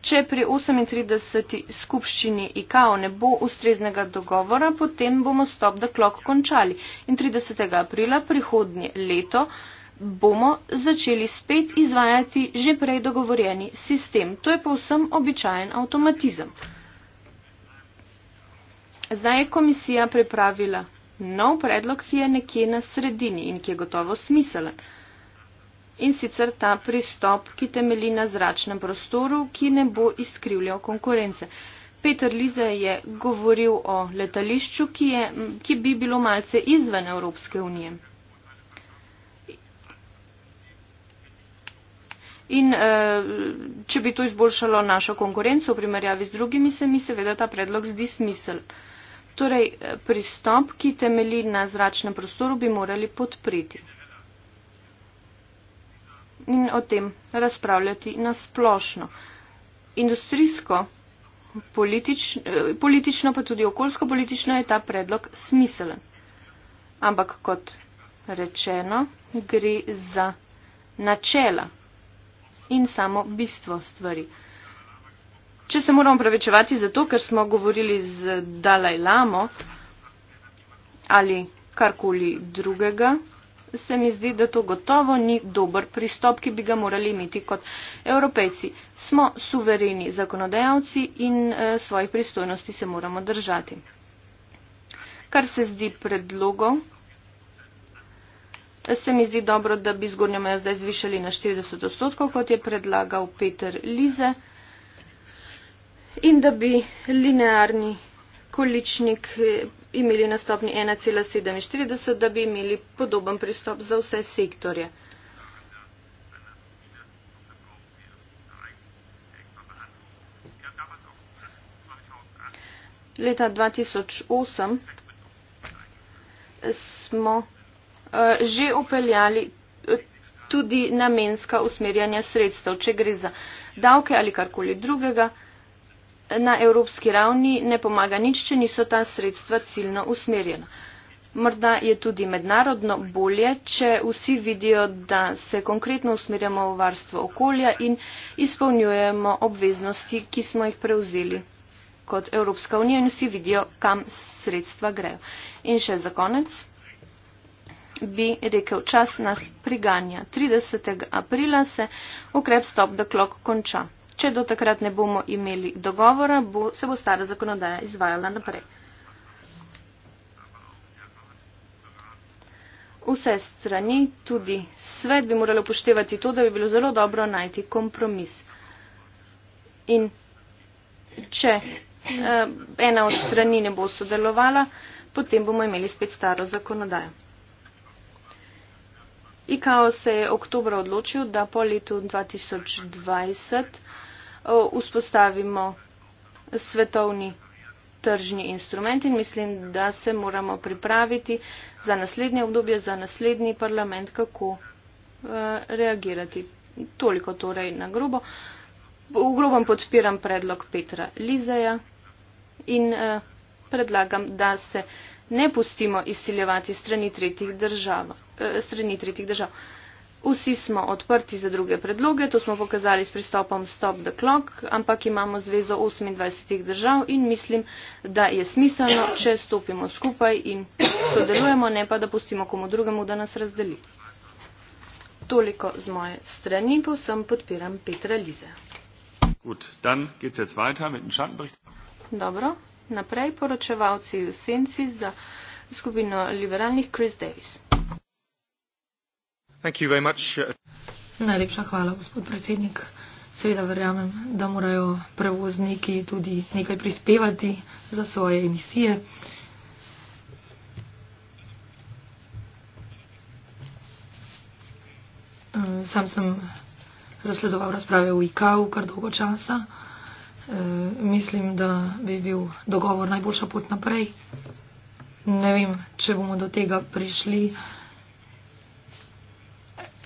[SPEAKER 1] Če pri 38. skupščini ICAO ne bo ustreznega dogovora, potem bomo stop the clock končali in 30. aprila prihodnje leto bomo začeli spet izvajati že prej dogovorjeni sistem. To je povsem običajen avtomatizem. Zdaj je komisija pripravila nov predlog, ki je nekje na sredini in ki je gotovo smiselen in sicer ta pristop, ki temeli na zračnem prostoru, ki ne bo izkrivljal konkurence. Peter Lize je govoril o letališču, ki, je, ki bi bilo malce izven Evropske unije. In eh, če bi to izboljšalo našo konkurenco v primerjavi z drugimi, se mi seveda ta predlog zdi smisel. Torej, pristop, ki temeli na zračnem prostoru, bi morali podpreti in o tem razpravljati na splošno. Industrijsko, politič, eh, politično, pa tudi okoljsko politično je ta predlog smiselen. Ampak kot rečeno, gre za načela in samo bistvo stvari. Če se moramo pravečevati zato, ker smo govorili z Dalaj Lamo ali karkoli drugega, se mi zdi, da to gotovo ni dober pristop, ki bi ga morali imeti kot evropejci. Smo suvereni zakonodajalci in eh, svojih pristojnosti se moramo držati. Kar se zdi predlogov, se mi zdi dobro, da bi zgornjo mejo zdaj zvišali na 40 odstotkov, kot je predlagal Peter Lize, in da bi linearni količnik imeli na stopni 1,47, da bi imeli podoben pristop za vse sektorje. Leta 2008 smo eh, že upeljali eh, tudi namenska usmerjanja sredstev, če gre za davke ali karkoli drugega na evropski ravni ne pomaga nič, če niso ta sredstva ciljno usmerjena. Morda je tudi mednarodno bolje, če vsi vidijo, da se konkretno usmerjamo v varstvo okolja in izpolnjujemo obveznosti, ki smo jih prevzeli kot Evropska unija in vsi vidijo, kam sredstva grejo. In še za konec bi rekel, čas nas priganja. 30. aprila se ukrep Stop the Clock konča. Če do takrat ne bomo imeli dogovora, bo, se bo stara zakonodaja izvajala naprej. Vse strani, tudi svet, bi morali upoštevati to, da bi bilo zelo dobro najti kompromis. In če eh, ena od strani ne bo sodelovala, potem bomo imeli spet staro zakonodajo. ICAO se je oktober odločil, da po letu 2020 vzpostavimo svetovni tržni instrument in mislim, da se moramo pripraviti za naslednje obdobje, za naslednji parlament, kako e, reagirati. Toliko torej na grobo. V grobom podpiram predlog Petra Lizeja in e, predlagam, da se ne pustimo izsiljevati strani tretjih držav. Eh, strani tretjih držav. Vsi smo odprti za druge predloge, to smo pokazali s pristopom Stop the Clock, ampak imamo zvezo 28 držav in mislim, da je smiselno, če stopimo skupaj in sodelujemo, ne pa da pustimo komu drugemu, da nas razdeli. Toliko z moje strani, povsem podpiram Petra Lize.
[SPEAKER 2] Gut, dann geht's jetzt weiter mit dem Schattenbericht.
[SPEAKER 1] Dobro, naprej poročevalci v senci za skupino liberalnih Chris Davis.
[SPEAKER 2] Thank you very much.
[SPEAKER 3] Najlepša hvala, gospod predsednik. Seveda verjamem, da morajo prevozniki tudi nekaj prispevati za svoje emisije. Sam sem zasledoval razprave v IKAV kar dolgo časa. Eh, mislim, da bi bil dogovor najboljša pot naprej. Ne vem, če bomo do tega prišli.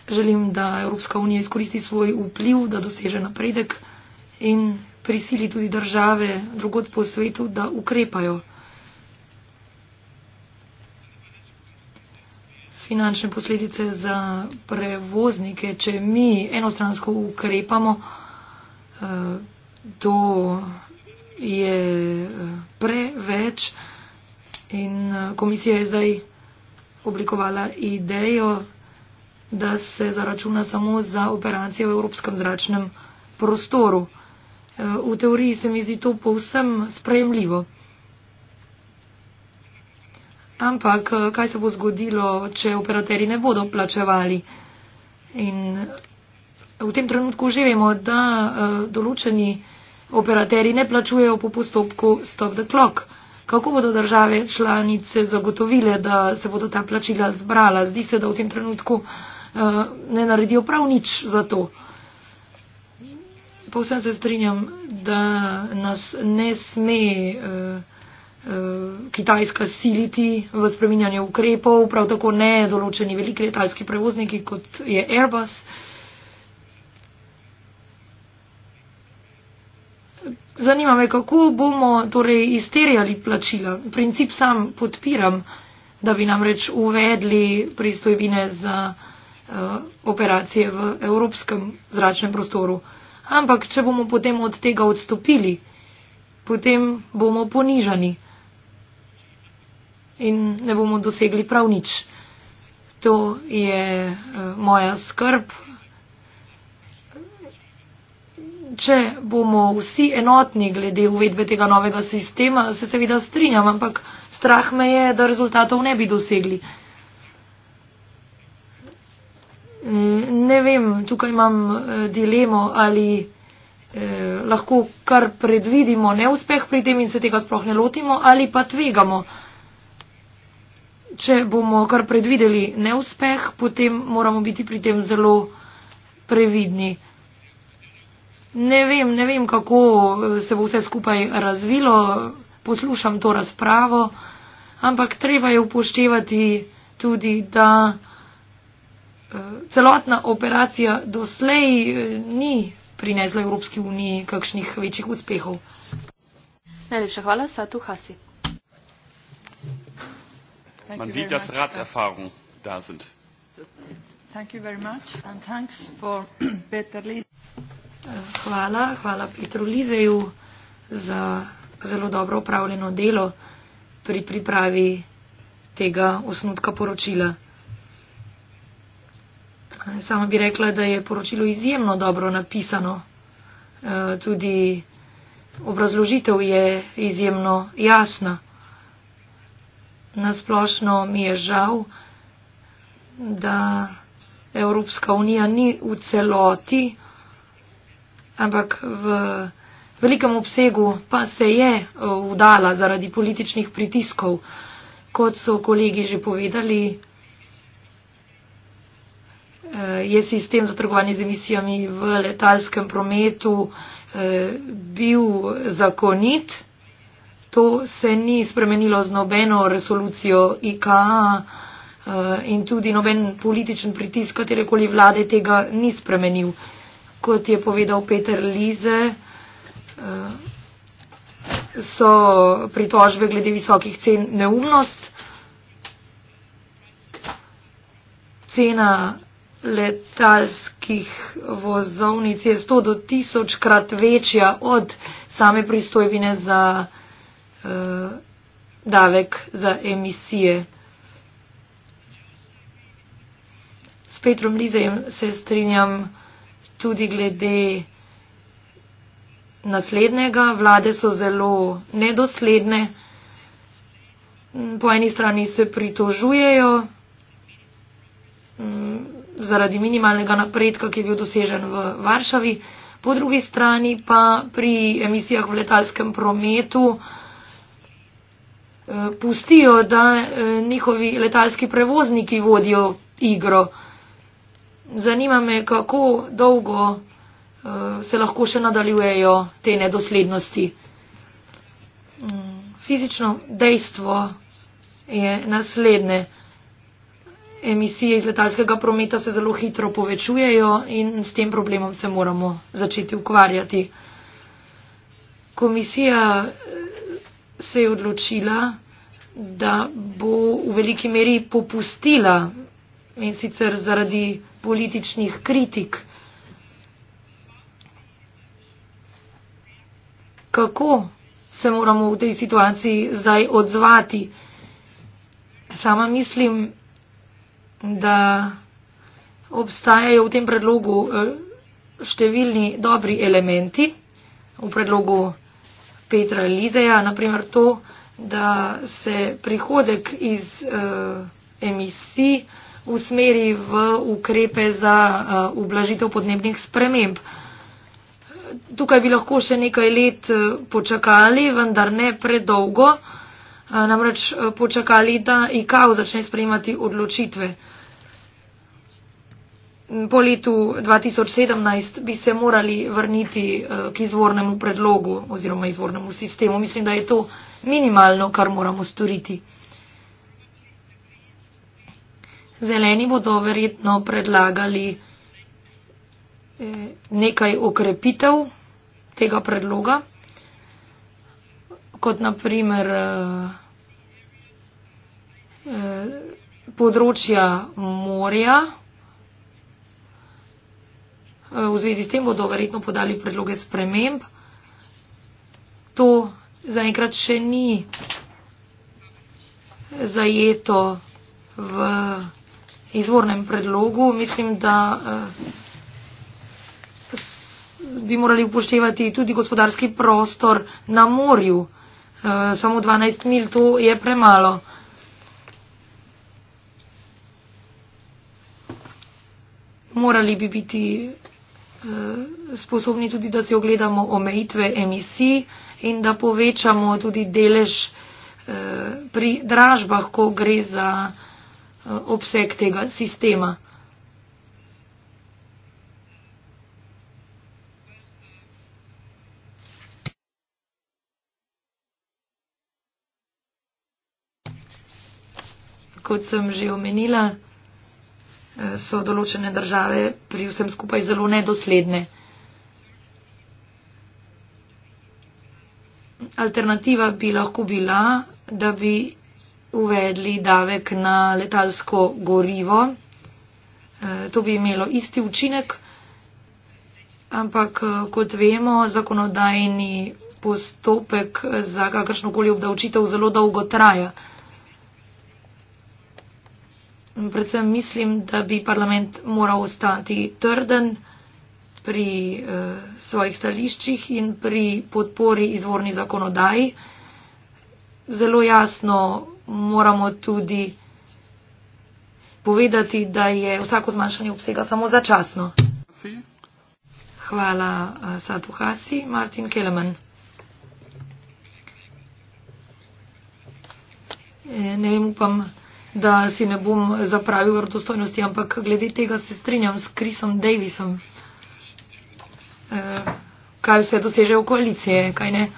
[SPEAKER 3] Želim, da Evropska unija izkoristi svoj vpliv, da doseže napredek in prisili tudi države drugot po svetu, da ukrepajo. Finančne posledice za prevoznike, če mi enostransko ukrepamo, eh, to je eh, preveč in eh, komisija je zdaj oblikovala idejo, da se zaračuna samo za operacije v evropskem zračnem prostoru. Eh, v teoriji se mi zdi to povsem sprejemljivo. Ampak kaj se bo zgodilo, če operateri ne bodo plačevali? In v tem trenutku že vemo, da določeni Operaterji ne plačujejo po postopku stop the clock. Kako bodo države članice zagotovile, da se bodo ta plačila zbrala? Zdi se, da v tem trenutku uh, ne naredijo prav nič za to. Povsem se strinjam, da nas ne sme uh, uh, Kitajska siliti v spreminjanje ukrepov, prav tako ne določeni veliki letalski prevozniki, kot je Airbus. Uh, Zanima me, kako bomo torej izterjali plačila. Princip sam podpiram, da bi nam reč uvedli pristojbine za uh, operacije v evropskem zračnem prostoru. Ampak, če bomo potem od tega odstopili, potem bomo ponižani in ne bomo dosegli prav nič. To je uh, moja skrb če bomo vsi enotni glede uvedbe tega novega sistema, se seveda strinjam, ampak strah me je, da rezultatov ne bi dosegli. Mm, ne vem, tukaj imam eh, dilemo, ali eh, lahko kar predvidimo neuspeh pri tem in se tega sploh ne lotimo, ali pa tvegamo. Če bomo kar predvideli neuspeh, potem moramo biti pri tem zelo previdni. Ne vem, ne vem, kako eh, se bo vse skupaj razvilo, poslušam to razpravo, ampak treba je upoštevati tudi, da eh, celotna operacija doslej eh, ni prinesla Evropski uniji kakšnih večjih uspehov.
[SPEAKER 1] Najlepša hvala, Satu Hasi.
[SPEAKER 2] Man vidi, da so ratserfahrung da.
[SPEAKER 3] Thank you very much and thanks for better listening. Hvala, hvala Petru Lizeju za zelo dobro upravljeno delo pri pripravi tega osnutka poročila. Sama bi rekla, da je poročilo izjemno dobro napisano. E, tudi obrazložitev je izjemno jasna. Nasplošno mi je žal, da Evropska unija ni v celoti ampak v velikem obsegu pa se je eh, vdala zaradi političnih pritiskov, kot so kolegi že povedali. Eh, je sistem za trgovanje z emisijami v letalskem prometu eh, bil zakonit. To se ni spremenilo z nobeno resolucijo IKA in tudi noben političen pritisk katerekoli vlade tega ni spremenil kot je povedal Peter Lize, eh, so pritožbe glede visokih cen neumnost. Cena letalskih vozovnic je 100 do 1000 krat večja od same pristojbine za uh, davek za emisije. S Petrom Lizejem se strinjam tudi glede naslednjega. Vlade so zelo nedosledne. Po eni strani se pritožujejo mm, zaradi minimalnega napredka, ki je bil dosežen v Varšavi, po drugi strani pa pri emisijah v letalskem prometu eh, pustijo, da eh, njihovi letalski prevozniki vodijo igro. Zanima me, kako dolgo uh, se lahko še nadaljujejo te nedoslednosti. Um, fizično dejstvo je naslednje. Emisije iz letalskega prometa se zelo hitro povečujejo in s tem problemom se moramo začeti ukvarjati. Komisija eh, se je odločila, da bo v veliki meri popustila in sicer zaradi političnih kritik. Kako se moramo v tej situaciji zdaj odzvati? Sama mislim, da obstajajo v tem predlogu eh, številni dobri elementi v predlogu Petra Lizeja, naprimer to, da se prihodek iz uh, emisij uh, usmeri v ukrepe za eh, ublažitev podnebnih sprememb. Tukaj bi lahko še nekaj let eh, počakali, vendar ne predolgo, eh, namreč počakali, da IKAO začne sprejemati odločitve. Mm, po letu 2017 bi se morali vrniti k izvornemu predlogu oziroma izvornemu sistemu. Mislim, da je to minimalno, kar moramo storiti. Zeleni bodo verjetno predlagali eh, nekaj okrepitev tega predloga, kot naprimer eh, eh, področja morja. V zvezi s tem bodo verjetno podali predloge sprememb. To zaenkrat še ni zajeto v izvornem predlogu. Mislim, da eh, bi morali upoštevati tudi gospodarski prostor na morju. Eh, samo 12 mil, to je premalo. Morali bi biti eh, sposobni tudi, da si ogledamo omejitve emisij in da povečamo tudi delež pri dražbah, ko gre za Eh, obseg tega sistema. Kot sem že omenila, eh, so določene države pri vsem skupaj zelo nedosledne. Alternativa bi lahko bila, da bi uvedli davek na letalsko gorivo. E, to bi imelo isti učinek, ampak e, kot vemo, zakonodajni postopek za kakršnokoli obdavčitev zelo dolgo traja. Predvsem mislim, da bi parlament moral ostati trden pri eh, svojih stališčih in pri podpori izvorni zakonodaji. Zelo jasno moramo tudi povedati, da je vsako zmanjšanje obsega samo začasno. Hvala, eh, Satu Hasi. Martin Kelemen. Eh, ne vem, upam, da si ne bom zapravil vrdostojnosti, ampak glede tega se strinjam s Chrisom Davisom. Eh, kaj vse doseže v koalicije, kaj ne?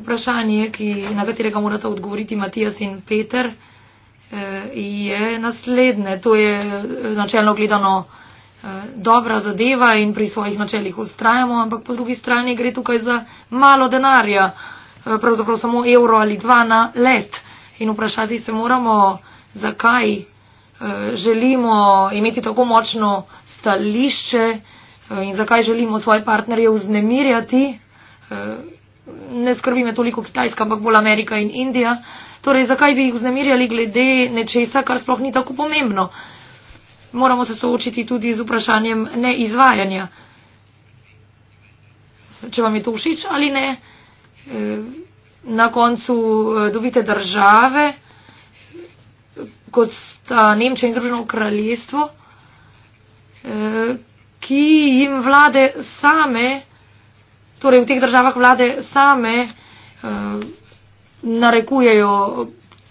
[SPEAKER 3] vprašanje, ki, na katerega morata odgovoriti Matijas in Peter, eh, je naslednje. To je eh, načelno gledano eh, dobra zadeva in pri svojih načelih ustrajamo, ampak po drugi strani gre tukaj za malo denarja, pravzaprav samo evro ali dva na let. In vprašati se moramo, zakaj želimo imeti tako močno stališče in zakaj želimo svoje partnerje vznemirjati ne skrbi me toliko Kitajska, ampak bolj Amerika in Indija. Torej, zakaj bi jih vznemirjali glede nečesa, kar sploh ni tako pomembno? Moramo se soočiti tudi z vprašanjem neizvajanja. Če vam je to všeč ali ne, eh, na koncu eh, dobite države, kot sta Nemčija in Združeno kraljestvo, eh, ki jim vlade same. Torej v teh državah vlade same uh, narekujejo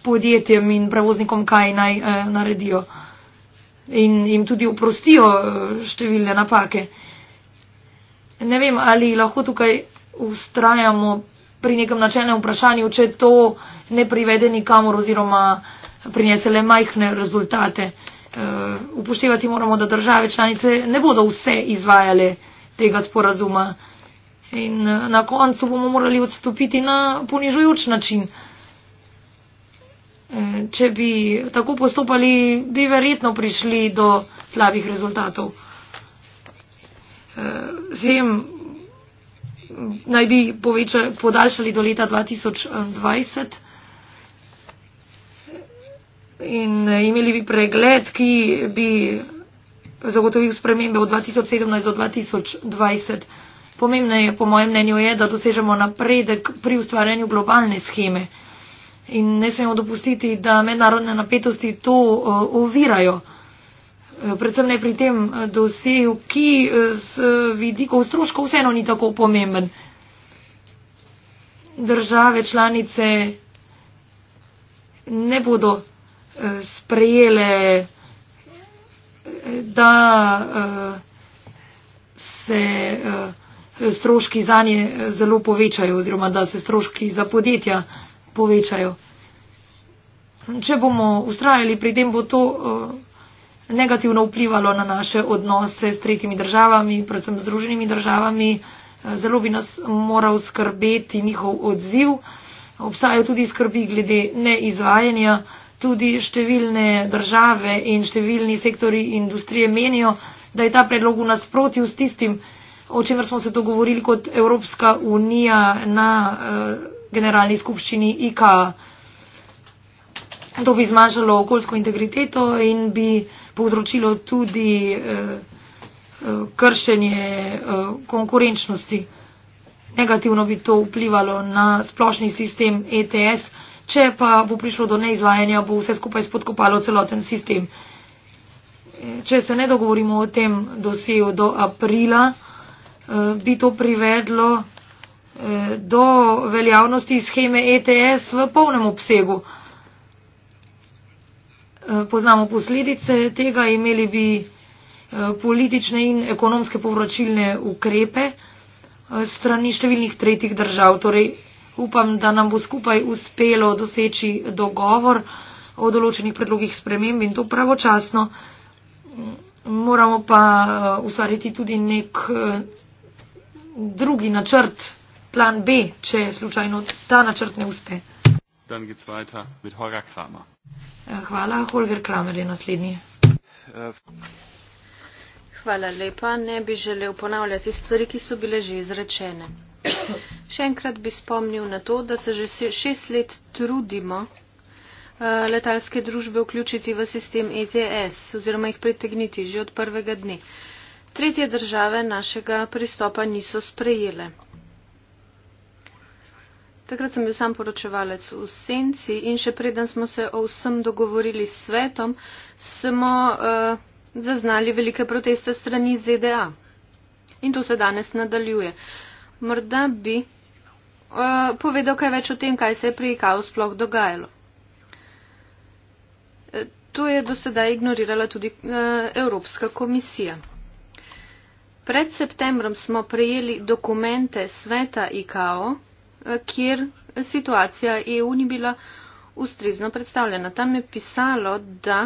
[SPEAKER 3] podjetjem in prevoznikom, kaj naj uh, naredijo. In jim tudi oprostijo eh, številne napake. Ne vem, ali lahko tukaj ustrajamo pri nekem načelnem vprašanju, če to ne privede nikamor oziroma prinese le majhne rezultate. Uh, upoštevati moramo, da države članice ne bodo vse izvajale tega sporazuma. In eh, na koncu bomo morali odstopiti na ponižujoč način. Eh, če bi tako postopali, bi verjetno prišli do slabih rezultatov. Zem eh, naj bi poveča, podaljšali do leta 2020 in imeli bi pregled, ki bi zagotovil spremembe od 2017 do 2020. Pomembno je, po mojem mnenju, je, da dosežemo napredek pri ustvarjanju globalne scheme in ne smemo dopustiti, da mednarodne napetosti to eh, ovirajo. Eh, predvsem ne pri tem eh, dosegu, ki z vidikov stroškov vseeno ni tako pomemben. Države članice ne bodo sprejele, da se stroški za nje eh, zelo povečajo oziroma da se stroški za podjetja povečajo. Če bomo ustrajali pri tem, bo to eh, negativno vplivalo na naše odnose s tretjimi državami, predvsem z druženimi državami. Eh, zelo bi nas moral skrbeti njihov odziv. Obstajajo tudi skrbi glede neizvajanja. Tudi številne države in številni sektori industrije menijo, da je ta predlog v nasprotju s tistim, o čemer smo se dogovorili kot Evropska unija na uh, generalni skupščini IKA. To bi zmanjšalo okoljsko integriteto in bi povzročilo tudi uh, kršenje uh, konkurenčnosti. Negativno bi to vplivalo na splošni sistem ETS, če pa bo prišlo do neizvajanja, bo vse skupaj spodkopalo celoten sistem. Če se ne dogovorimo o tem dosegu do aprila, Eh, bi to privedlo eh, do veljavnosti scheme ETS v polnem obsegu. Eh, poznamo posledice tega, imeli bi politične in ekonomske povračilne ukrepe strani številnih tretjih držav. Torej, upam, da nam bo skupaj uspelo doseči dogovor o določenih predlogih sprememb in to pravočasno. Moramo pa ustvariti tudi nek drugi načrt, plan B, če slučajno ta načrt ne uspe. Eh, hvala, Holger Kramer je naslednji.
[SPEAKER 2] Eh,
[SPEAKER 1] hvala lepa. Ne bi želel ponavljati stvari, ki so bile že izrečene. Še enkrat bi spomnil na to, da se že šest let trudimo eh, letalske družbe vključiti v sistem ETS oziroma jih pritegniti že od prvega dne tretje države našega pristopa niso sprejele. Takrat sem bil sam poročevalec v Senci in še preden smo se o vsem dogovorili s svetom, smo uh, zaznali velike proteste strani ZDA. In to se danes nadaljuje. Morda bi uh, povedal kaj več o tem, kaj se je pri IKAU sploh dogajalo. Eh, to je do sedaj ignorirala tudi uh, Evropska komisija. Pred septembrom smo prejeli dokumente sveta IKO, eh, kjer situacija EU ni bila ustrezno predstavljena. Tam je pisalo, da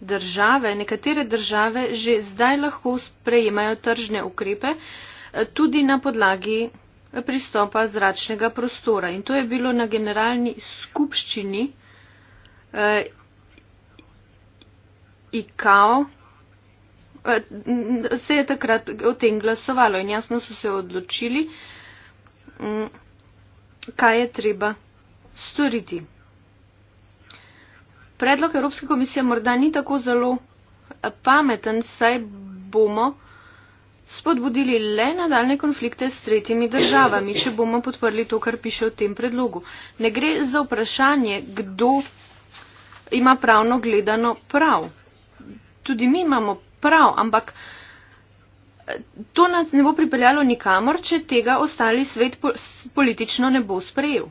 [SPEAKER 1] države, nekatere države že zdaj lahko sprejemajo tržne ukrepe eh, tudi na podlagi pristopa zračnega prostora. In to je bilo na generalni skupščini eh, IKO se je takrat o tem glasovalo in jasno so se odločili, mm, kaj je treba storiti. Predlog Evropske komisije morda ni tako zelo eh, pameten, saj bomo spodbudili le nadaljne konflikte s tretjimi državami, če bomo podprli to, kar piše v tem predlogu. Ne gre za vprašanje, kdo ima pravno gledano prav tudi mi imamo prav, ampak eh, to nas ne bo pripeljalo nikamor, če tega ostali svet politično ne bo sprejel.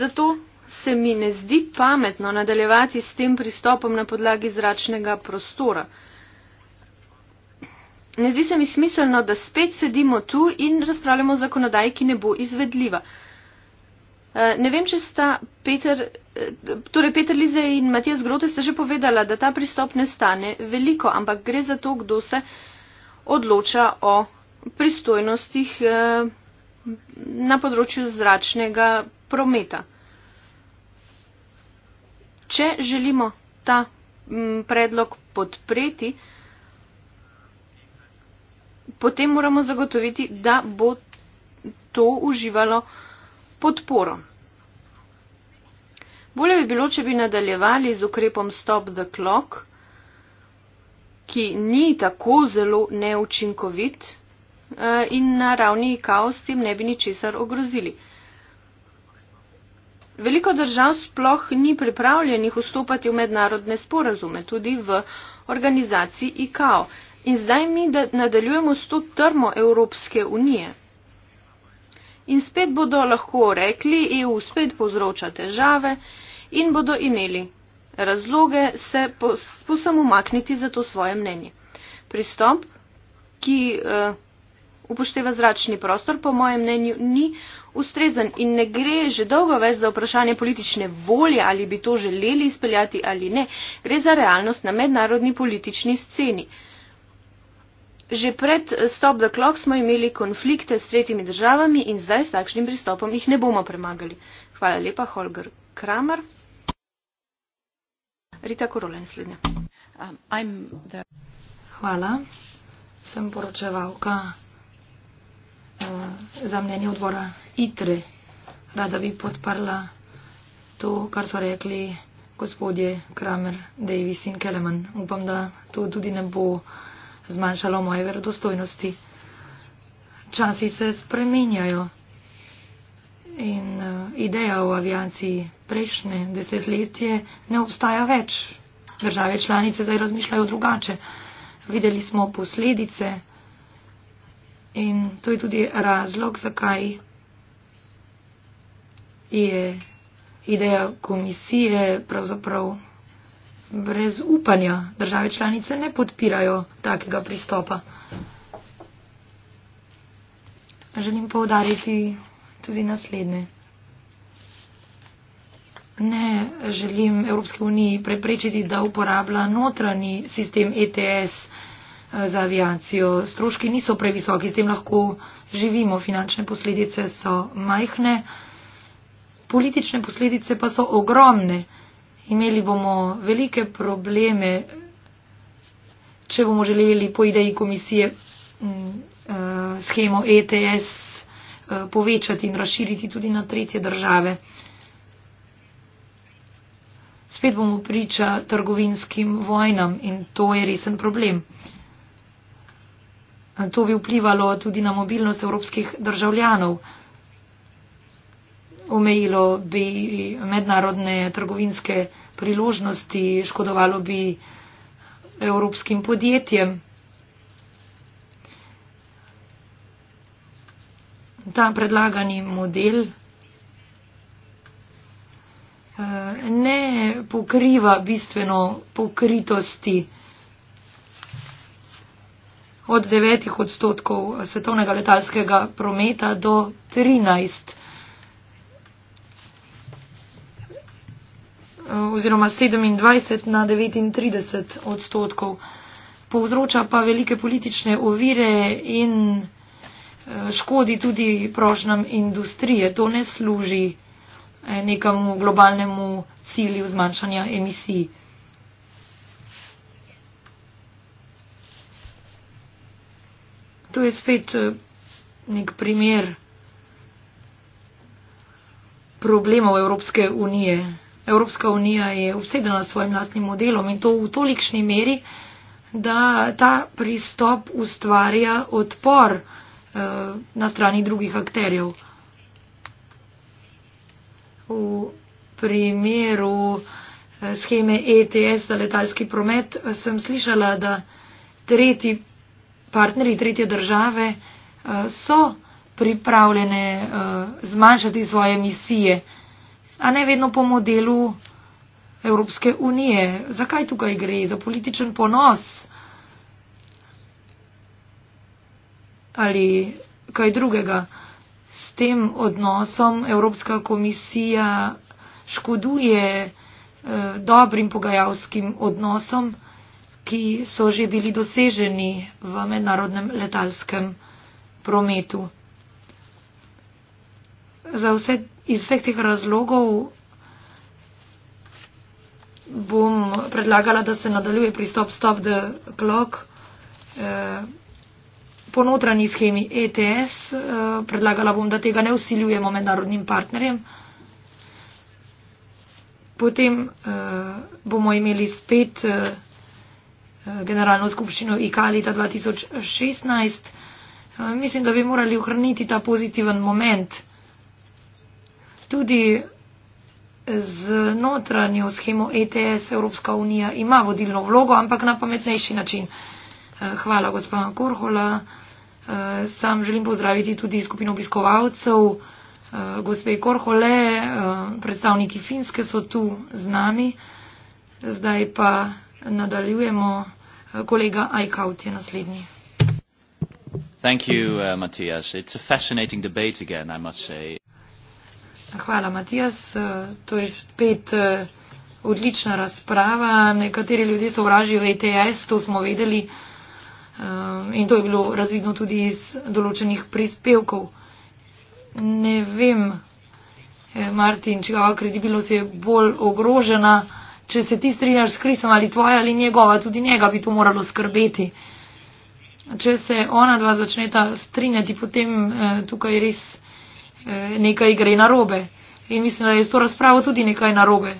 [SPEAKER 1] Zato se mi ne zdi pametno nadaljevati s tem pristopom na podlagi zračnega prostora. Ne zdi se mi smiselno, da spet sedimo tu in razpravljamo o zakonodaji, ki ne bo izvedljiva. Eh, ne vem, če sta Peter, eh, torej Peter Lize in Matijas Grote sta že povedala, da ta pristop ne stane veliko, ampak gre za to, kdo se odloča o pristojnostih eh, na področju zračnega prometa. Če želimo ta mm, predlog podpreti, potem moramo zagotoviti, da bo to uživalo podporo. Bolje bi bilo, če bi nadaljevali z ukrepom Stop the Clock, ki ni tako zelo neučinkovit eh, in na ravni kaos tem ne bi ničesar ogrozili. Veliko držav sploh ni pripravljenih vstopati v mednarodne sporazume, tudi v organizaciji ICAO. In zdaj mi nadaljujemo s to trmo Evropske unije. In spet bodo lahko rekli, EU spet povzroča težave in bodo imeli razloge se posam umakniti za to svoje mnenje. Pristop, ki eh, upošteva zračni prostor, po mojem mnenju ni ustrezan in ne gre že dolgo več za vprašanje politične volje, ali bi to želeli izpeljati ali ne. Gre za realnost na mednarodni politični sceni. Že pred eh, Stop the Clock smo imeli konflikte s tretjimi državami in zdaj s takšnim pristopom jih ne bomo premagali. Hvala lepa, Holger Kramer. Rita Korolen, slednja. Um, the...
[SPEAKER 3] Hvala. Sem poročevalka uh, za mnenje odbora ITRE. Rada bi podprla to, kar so rekli gospodje Kramer, Davis in Kelleman. Upam, da to tudi ne bo zmanjšalo moje verodostojnosti. Časi se spremenjajo in uh, ideja o avijaciji prejšnje desetletje ne obstaja več. Države članice zdaj razmišljajo drugače. Videli smo posledice in to je tudi razlog, zakaj je ideja komisije pravzaprav brez upanja. Države članice ne podpirajo takega pristopa. Želim poudariti tudi naslednje. Ne želim Evropske unije preprečiti, da uporablja notranji sistem ETS eh, za avijacijo. Stroški niso previsoki, s tem lahko živimo, finančne posledice so majhne, politične posledice pa so ogromne. Imeli bomo velike probleme, če bomo želeli po ideji komisije mm, eh, schemo ETS Eh, povečati in razširiti tudi na tretje države. Spet bomo priča trgovinskim vojnam in to je resen problem. Eh, to bi vplivalo tudi na mobilnost evropskih državljanov. Omejilo bi mednarodne trgovinske priložnosti, škodovalo bi evropskim podjetjem. ta predlagani model eh, ne pokriva bistveno pokritosti od 9 odstotkov svetovnega letalskega prometa do 13 eh, oziroma 27 na 39 odstotkov. Povzroča pa velike politične ovire in Eh, škodi tudi prošnjam industrije. To ne služi eh, nekemu globalnemu cilju zmanjšanja emisij. To je spet eh, nek primer problemov Evropske unije. Evropska unija je obsedena s svojim lastnim modelom in to v tolikšni meri, da ta pristop ustvarja odpor na strani drugih akterjev. V primeru eh, scheme ETS za letalski promet eh, sem slišala, da tretji partneri tretje države eh, so pripravljene zmanjšati svoje misije, a ne vedno po modelu Evropske unije. Zakaj tukaj gre? Za političen ponos. ali kaj drugega. S tem odnosom Evropska komisija škoduje eh, dobrim pogajalskim odnosom, ki so že bili doseženi v mednarodnem letalskem prometu. Vse, iz vseh teh razlogov bom predlagala, da se nadaljuje pristop Stop the Clock. Eh, po notranji schemi ETS, eh, predlagala bom, da tega ne usiljujemo mednarodnim partnerjem. Potem eh, bomo imeli spet eh, generalno skupščino IKALITA 2016. Mislim, da bi morali ohraniti ta pozitiven moment tudi z notranjo schemo ETS Evropska unija ima vodilno vlogo, ampak na pametnejši način. Hvala, gospod Korhola. Eh, sam želim pozdraviti tudi skupino obiskovalcev. Eh, gospe Korhole, eh, predstavniki Finske so tu z nami. Zdaj pa nadaljujemo. Kolega Aikaut je naslednji. Thank you, uh, Matias. It's a fascinating
[SPEAKER 2] debate again, I must say.
[SPEAKER 3] Hvala, Matias. To je spet odlična razprava. Nekateri ljudje sovražijo ETS, to smo vedeli. Ehm, in to je bilo razvidno tudi iz določenih prispevkov. Ne vem, eh, Martin, čigava kredibilnost je bolj ogrožena, če se ti strinjaš s Krisom ali tvoja ali njegova, tudi njega bi to moralo skrbeti. Če se ona dva začneta strinjati, potem eh, tukaj res eh, nekaj gre na robe. In mislim, da je s to razpravo tudi nekaj na robe.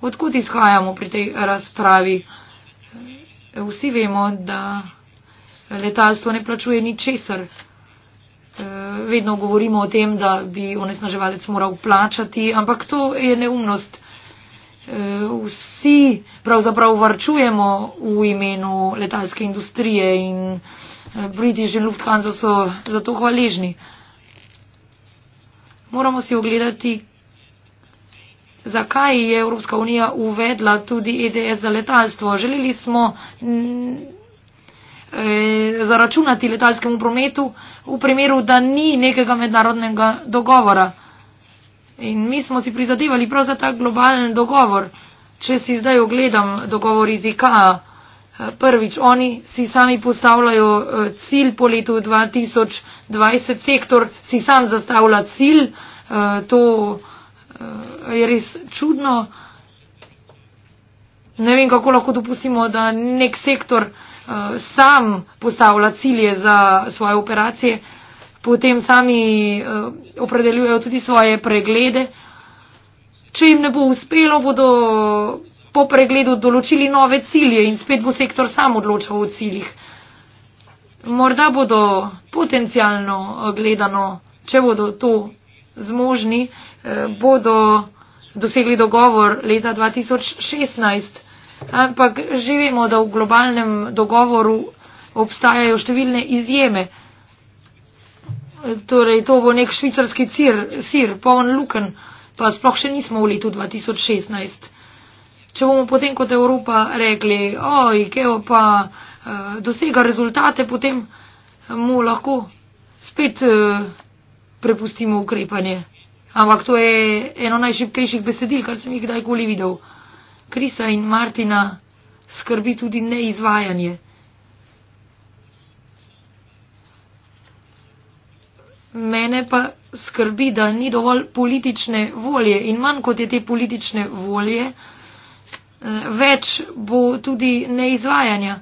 [SPEAKER 3] Odkud izhajamo pri tej razpravi? vsi vemo, da letalstvo ne plačuje ničesar. Eh, vedno govorimo o tem, da bi onesnaževalec moral plačati, ampak to je neumnost. Eh, vsi pravzaprav varčujemo v imenu letalske industrije in eh, British in Lufthansa so za to hvaležni. Moramo si ogledati, Zakaj je Evropska unija uvedla tudi ETS za letalstvo? Želeli smo e, zaračunati letalskemu prometu v primeru, da ni nekega mednarodnega dogovora. In mi smo si prizadevali prav za ta globalen dogovor. Če si zdaj ogledam dogovor iz IKA, eh, prvič, oni si sami postavljajo eh, cilj po letu 2020, sektor si sam zastavlja cilj. To, Eh, je res čudno. Ne vem, kako lahko dopustimo, da nek sektor uh, sam postavlja cilje za svoje operacije, potem sami uh, opredeljujejo tudi svoje preglede. Če jim ne bo uspelo, bodo po pregledu določili nove cilje in spet bo sektor sam odločal o ciljih. Morda bodo potencialno gledano, če bodo to zmožni, uh, Eh, bodo dosegli dogovor leta 2016. Ampak že vemo, da v globalnem dogovoru obstajajo številne izjeme. Torej, to bo nek švicarski cir, sir, poln luken, pa sploh še nismo v letu 2016. Če bomo potem kot Evropa rekli, oj, keo pa eh, dosega rezultate, potem mu lahko spet eh, prepustimo ukrepanje. Ampak to je eno najšipkejših besedil, kar sem jih kdajkoli videl. Krisa in Martina skrbi tudi neizvajanje. Mene pa skrbi, da ni dovolj politične volje in manj kot je te politične volje, eh, več bo tudi neizvajanja.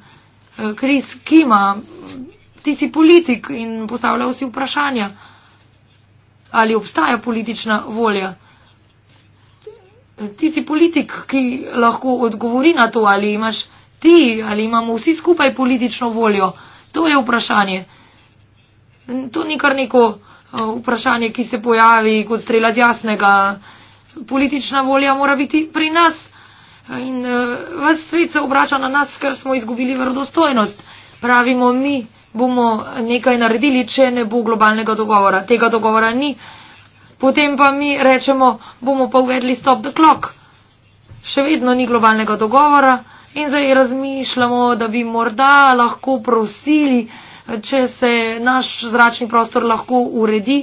[SPEAKER 3] Eh, Kris, kima, ti si politik in postavlja vsi vprašanja ali obstaja politična volja. Ti si politik, ki lahko odgovori na to, ali imaš ti, ali imamo vsi skupaj politično voljo. To je vprašanje. To ni kar neko eh, vprašanje, ki se pojavi kot strela z jasnega. Politična volja mora biti pri nas. In eh, ves svet se obrača na nas, ker smo izgubili verodostojnost. Pravimo mi bomo nekaj naredili, če ne bo globalnega dogovora. Tega dogovora ni. Potem pa mi rečemo, bomo pa uvedli stop the clock. Še vedno ni globalnega dogovora in zdaj razmišljamo, da bi morda lahko prosili, če se naš zračni prostor lahko uredi,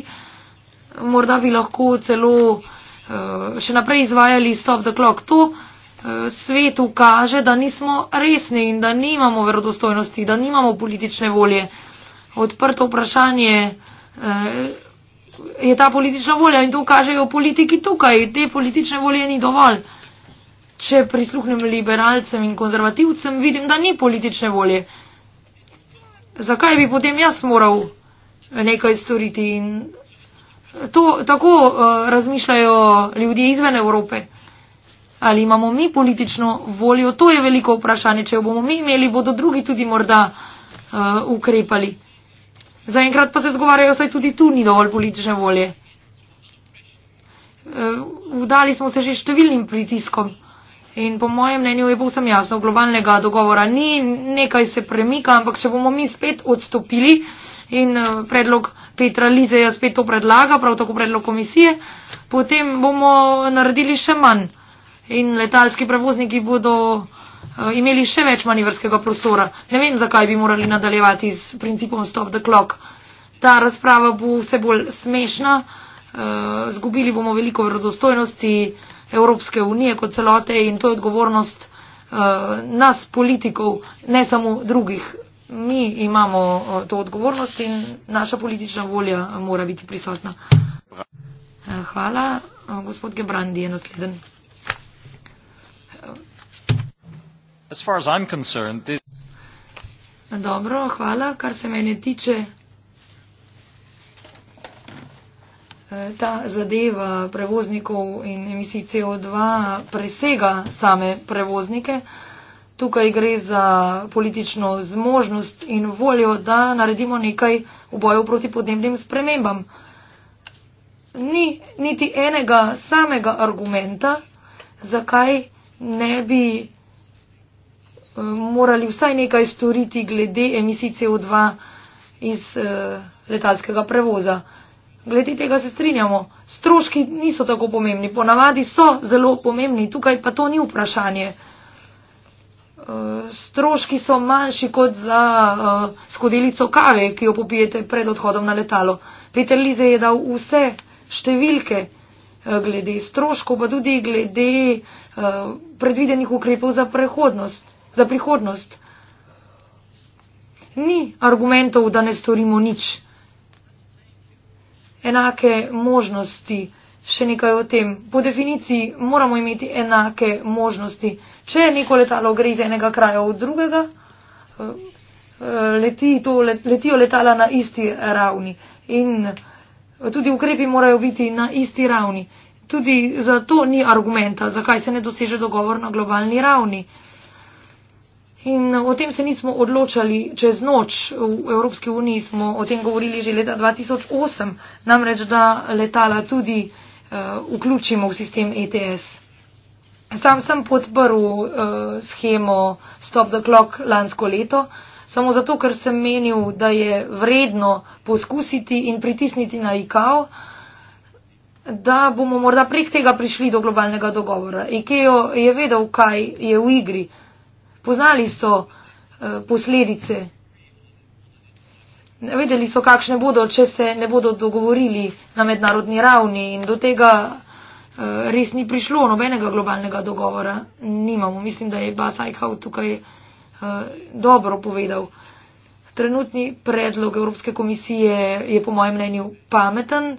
[SPEAKER 3] morda bi lahko celo eh, še naprej izvajali stop the clock. To, Eh, svetu kaže, da nismo resni in da nimamo verodostojnosti, da nimamo politične volje. Odprto vprašanje eh, je ta politična volja in to kažejo politiki tukaj. Te politične volje ni dovolj. Če prisluhnem liberalcem in konzervativcem, vidim, da ni politične volje. Zakaj bi potem jaz moral nekaj storiti? To, tako uh, razmišljajo ljudje izven Evrope ali imamo mi politično voljo, to je veliko vprašanje. Če jo bomo mi imeli, bodo drugi tudi morda uh, ukrepali. Zaenkrat pa se zgovarjajo, saj tudi tu ni dovolj politične volje. Eh, vdali smo se že številnim pritiskom in po mojem mnenju je povsem jasno, globalnega dogovora ni, nekaj se premika, ampak če bomo mi spet odstopili in eh, predlog Petra Lizeja spet to predlaga, prav tako predlog komisije, potem bomo naredili še manj in letalski prevozniki bodo eh, imeli še več manjvrskega prostora. Ne vem, zakaj bi morali nadaljevati s principom stop the clock. Ta razprava bo vse bolj smešna, eh, zgubili bomo veliko vredostojnosti Evropske unije kot celote in to je odgovornost eh, nas, politikov, ne samo drugih. Mi imamo to odgovornost in naša politična volja mora biti prisotna. Hvala. Gospod Gebrandi je naslednji.
[SPEAKER 2] As far as I'm concerned, this
[SPEAKER 3] Dobro, hvala, kar se mene tiče. Eh, ta zadeva prevoznikov in emisij CO2 presega same prevoznike. Tukaj gre za politično zmožnost in voljo, da naredimo nekaj v boju proti podnebnim spremembam. Ni niti enega samega argumenta, zakaj ne bi morali vsaj nekaj storiti glede emisij CO2 iz uh, letalskega prevoza. Glede tega se strinjamo. Stroški niso tako pomembni, ponavadi so zelo pomembni, tukaj pa to ni vprašanje. Uh, stroški so manjši kot za uh, skodelico kave, ki jo popijete pred odhodom na letalo. Peter Lize je dal vse številke uh, glede stroškov, pa tudi glede uh, predvidenih ukrepov za prehodnost za prihodnost. Ni argumentov, da ne storimo nič. Enake možnosti, še nekaj o tem. Po definiciji moramo imeti enake možnosti. Če neko letalo gre iz enega kraja v drugega, eh, leti to, letijo letala na isti ravni. In tudi ukrepi morajo biti na isti ravni. Tudi zato ni argumenta, zakaj se ne doseže dogovor na globalni ravni. In o tem se nismo odločali čez noč. V Evropski uniji smo o tem govorili že leta 2008, namreč da letala tudi uh, vključimo v sistem ETS. Sam sem podprl uh, schemo Stop the Clock lansko leto, samo zato, ker sem menil, da je vredno poskusiti in pritisniti na IKO, da bomo morda prek tega prišli do globalnega dogovora. IKO je vedel, kaj je v igri poznali so eh, posledice. Vedeli so, kakšne bodo, če se ne bodo dogovorili na mednarodni ravni in do tega eh, res ni prišlo nobenega globalnega dogovora. Nimamo. Mislim, da je Bas Aikau tukaj eh, dobro povedal. Trenutni predlog Evropske komisije je po mojem mnenju pameten,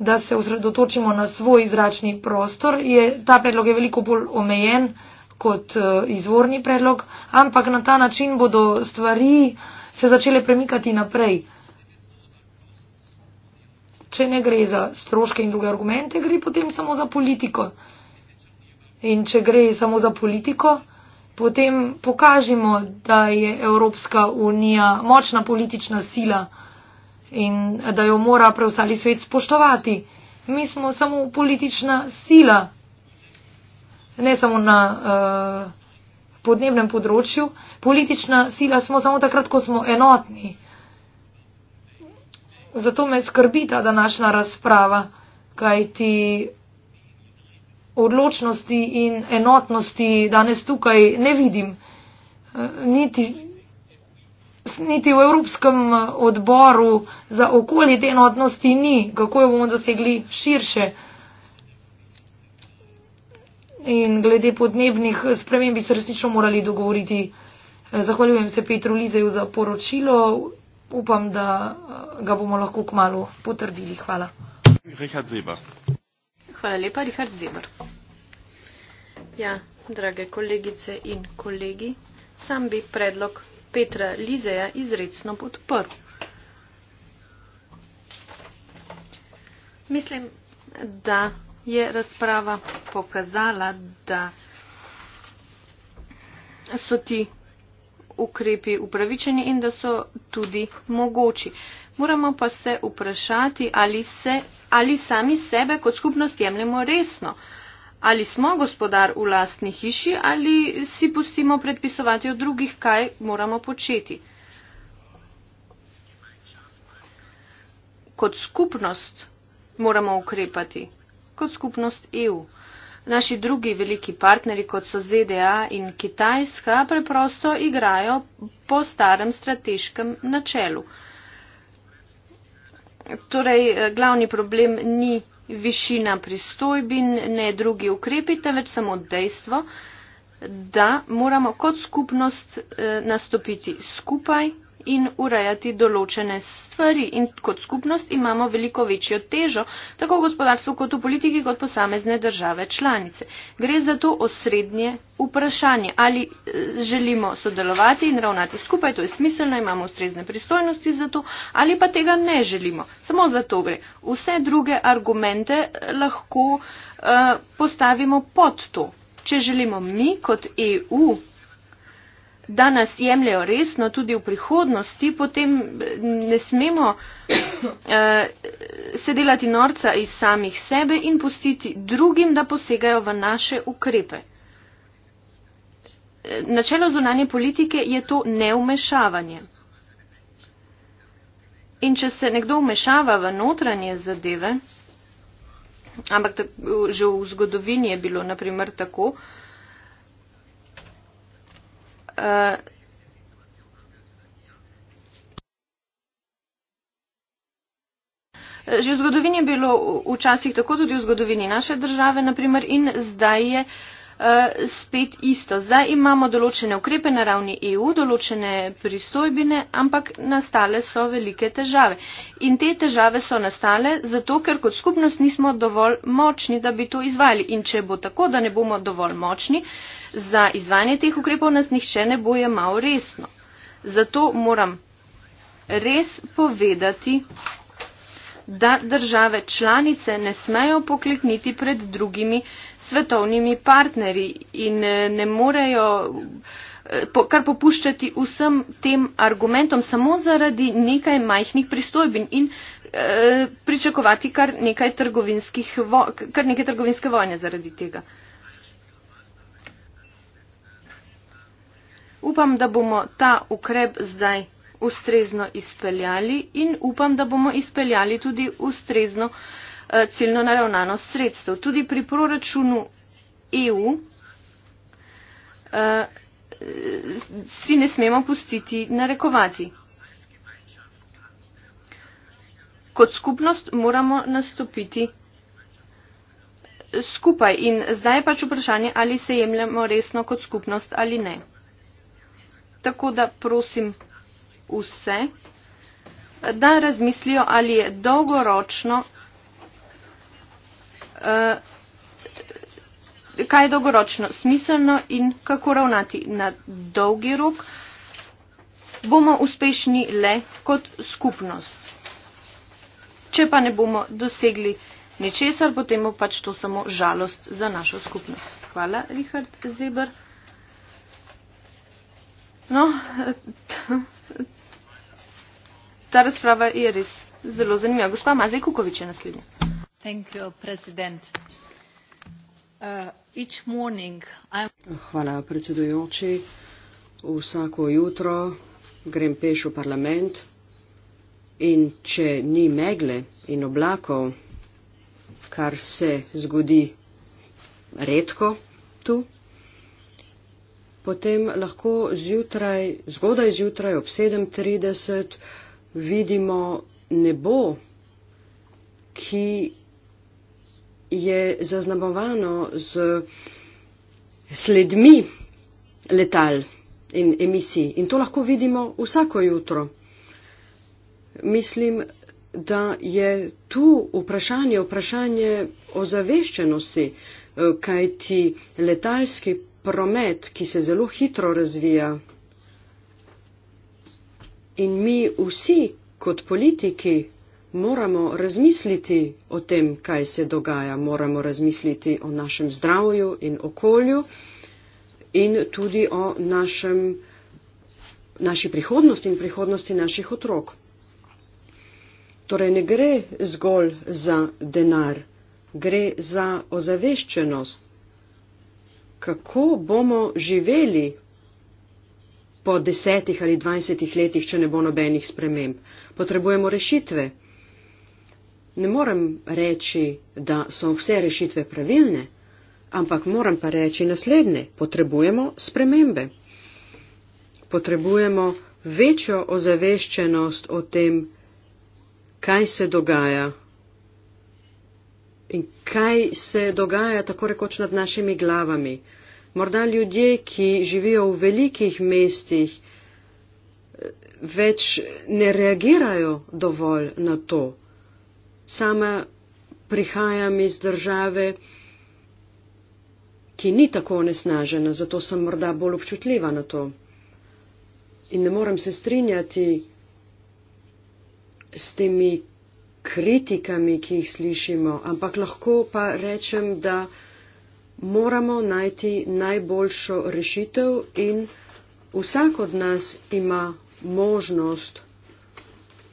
[SPEAKER 3] da se osredotočimo na svoj zračni prostor. Je, ta predlog je veliko bolj omejen kot eh, izvorni predlog, ampak na ta način bodo stvari se začele premikati naprej. Če ne gre za stroške in druge argumente, gre potem samo za politiko. In če gre samo za politiko, potem pokažimo, da je Evropska unija močna politična sila in da jo mora preostali svet spoštovati. Mi smo samo politična sila ne samo na uh, podnebnem področju. Politična sila smo samo takrat, ko smo enotni. Zato me skrbi ta današnja razprava, kaj ti odločnosti in enotnosti danes tukaj ne vidim. Eh, niti, niti v Evropskem eh, odboru za okolje te enotnosti ni, kako jo bomo dosegli širše in glede podnebnih sprememb bi se resnično morali dogovoriti. Eh, zahvaljujem se Petru Lizeju za poročilo. Upam, da eh, ga bomo lahko k malu potrdili. Hvala. Richard Zeber. Hvala lepa, Richard
[SPEAKER 1] Zeber. Ja, drage kolegice in kolegi, sam bi predlog Petra Lizeja izredno podprl. Mislim, da je razprava pokazala, da so ti ukrepi upravičeni in da so tudi mogoči. Moramo pa se vprašati, ali, se, ali sami sebe kot skupnost jemljemo resno. Ali smo gospodar v lastni hiši ali si pustimo predpisovati od drugih, kaj moramo početi. Kot skupnost moramo ukrepati kot skupnost EU. Naši drugi veliki partneri, kot so ZDA in Kitajska, preprosto igrajo po starem strateškem načelu. Torej, eh, glavni problem ni višina pristojbin, ne drugi ukrepi, temveč samo dejstvo, da moramo kot skupnost eh, nastopiti skupaj in urejati določene stvari. In kot skupnost imamo veliko večjo težo, tako v gospodarstvu kot v politiki, kot posamezne države članice. Gre za to osrednje vprašanje, ali eh, želimo sodelovati in ravnati skupaj, to je smiselno, imamo ustrezne pristojnosti za to, ali pa tega ne želimo. Samo za to gre. Vse druge argumente eh, lahko uh, postavimo pod to. Če želimo mi kot EU da nas jemljajo resno tudi v prihodnosti, potem eh, ne smemo eh, se delati norca iz samih sebe in pustiti drugim, da posegajo v naše ukrepe. Eh, načelo zunanje politike je to neumešavanje. In če se nekdo umešava v notranje zadeve, ampak tako, že v zgodovini je bilo naprimer tako, eh, Eh, že v zgodovini je bilo včasih tako, tudi v zgodovini naše države, naprimer, in zdaj je uh, Eh, spet isto. Zdaj imamo določene ukrepe na ravni EU, določene pristojbine, ampak nastale so velike težave. In te težave so nastale zato, ker kot skupnost nismo dovolj močni, da bi to izvali. In če bo tako, da ne bomo dovolj močni, za izvajanje teh ukrepov nas nihče ne boje malo resno. Zato moram res povedati, da države članice ne smejo poklekniti pred drugimi svetovnimi partnerji in eh, ne morejo eh, kar popuščati vsem tem argumentom samo zaradi nekaj majhnih pristojbin in eh, pričakovati kar nekaj, trgovinskih, kar nekaj trgovinske vojne zaradi tega. Upam, da bomo ta ukrep zdaj ustrezno izpeljali in upam, da bomo izpeljali tudi ustrezno eh, ciljno naravnano sredstvo. Tudi pri proračunu EU eh, si ne smemo pustiti narekovati. Kot skupnost moramo nastopiti eh, skupaj in zdaj je pač vprašanje, ali se jemljamo resno kot skupnost ali ne. Tako da prosim vse, da razmislijo, ali je dolgoročno, eh, kaj je dolgoročno smiselno in kako ravnati na dolgi rok, bomo uspešni le kot skupnost. Če pa ne bomo dosegli ničesar, potem bo pač to samo žalost za našo skupnost. Hvala, Richard Zeber. No, eh, t- ta razprava je res zelo zanimiva. Gospa Mazej Kukovič je naslednja. Thank you, President.
[SPEAKER 3] Uh, each morning I'm...
[SPEAKER 4] Hvala, predsedujoči. Vsako jutro grem peš v parlament in če ni megle in oblakov, kar se zgodi redko tu, potem lahko zjutraj, zgodaj zjutraj ob 7.30 vidimo nebo, ki je zaznamovano z sledmi letal in emisij. In to lahko vidimo vsako jutro. Mislim, da je tu vprašanje, vprašanje ozaveščenosti, eh, kajti letalski promet, ki se zelo hitro razvija In mi vsi, kot politiki, moramo razmisliti o tem, kaj se dogaja, moramo razmisliti o našem zdravju in okolju in tudi o našem, naši prihodnosti in prihodnosti naših otrok. Torej ne gre zgolj za denar, gre za ozaveščenost, kako bomo živeli po desetih ali dvajsetih letih, če ne bo nobenih sprememb. Potrebujemo rešitve. Ne morem reči, da so vse rešitve pravilne, ampak moram pa reči naslednje. Potrebujemo spremembe. Potrebujemo večjo ozaveščenost o tem, kaj se dogaja in kaj se dogaja tako rekoč nad našimi glavami. Morda ljudje, ki živijo v velikih mestih, več ne reagirajo dovolj na to. Sama prihajam iz države, ki ni tako onesnažena, zato sem morda bolj občutljiva na to. In ne morem se strinjati s temi kritikami, ki jih slišimo, ampak lahko pa rečem, da moramo najti najboljšo rešitev in vsak od nas ima možnost,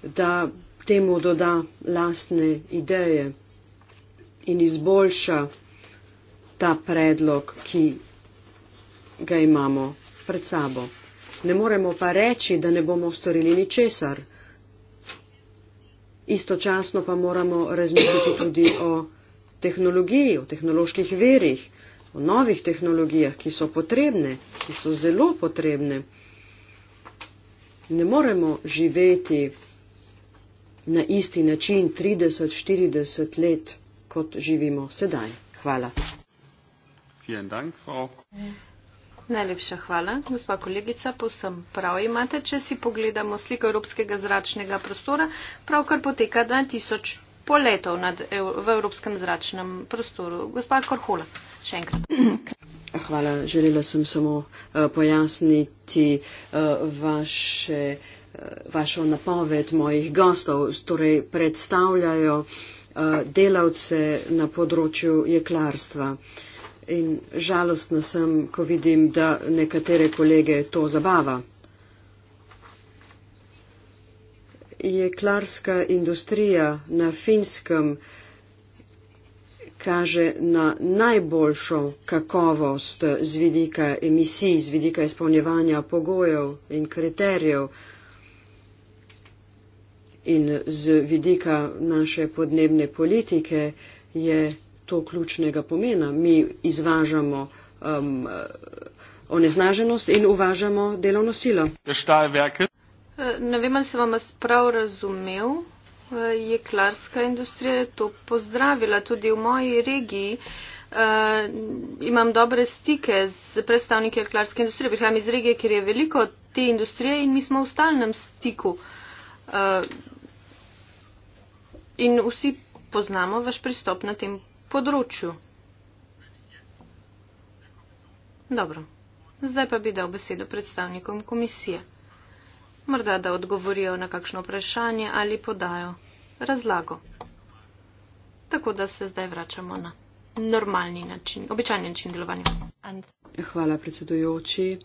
[SPEAKER 4] da temu doda lastne ideje in izboljša ta predlog, ki ga imamo pred sabo. Ne moremo pa reči, da ne bomo storili ničesar. Istočasno pa moramo razmisliti tudi o tehnologiji, o tehnoloških verjih, o novih tehnologijah, ki so potrebne, ki so zelo potrebne. Ne moremo živeti na isti način 30-40 let, kot živimo sedaj. Hvala.
[SPEAKER 1] Najlepša hvala, gospa kolegica, posem prav imate, če si pogledamo sliko evropskega zračnega prostora, pravkar poteka 2000 poletov nad, v evropskem zračnem prostoru. Gospod Korhula, še enkrat.
[SPEAKER 4] Hvala. Želela sem samo uh, pojasniti uh, vaše, uh, vašo napoved mojih gostov. Torej predstavljajo uh, delavce na področju jeklarstva. In žalostno sem, ko vidim, da nekatere kolege to zabava. jeklarska industrija na finskem kaže na najboljšo kakovost z vidika emisij, z vidika izpolnjevanja pogojev in kriterijev in z vidika naše podnebne politike je to ključnega pomena. Mi izvažamo um, oneznaženost in uvažamo delovno silo.
[SPEAKER 1] Ne vem, ali sem vas prav razumel. Jeklarska industrija je to pozdravila. Tudi v moji regiji eh, imam dobre stike z predstavniki jeklarske industrije. Prihajam iz regije, kjer je veliko te industrije in mi smo v stalnem stiku. Eh, in vsi poznamo vaš pristop na tem področju. Dobro. Zdaj pa bi dal besedo predstavnikom komisije morda da odgovorijo na kakšno vprašanje ali podajo razlago. Tako da se zdaj vračamo na normalni način, običajni način delovanja.
[SPEAKER 4] Hvala predsedujoči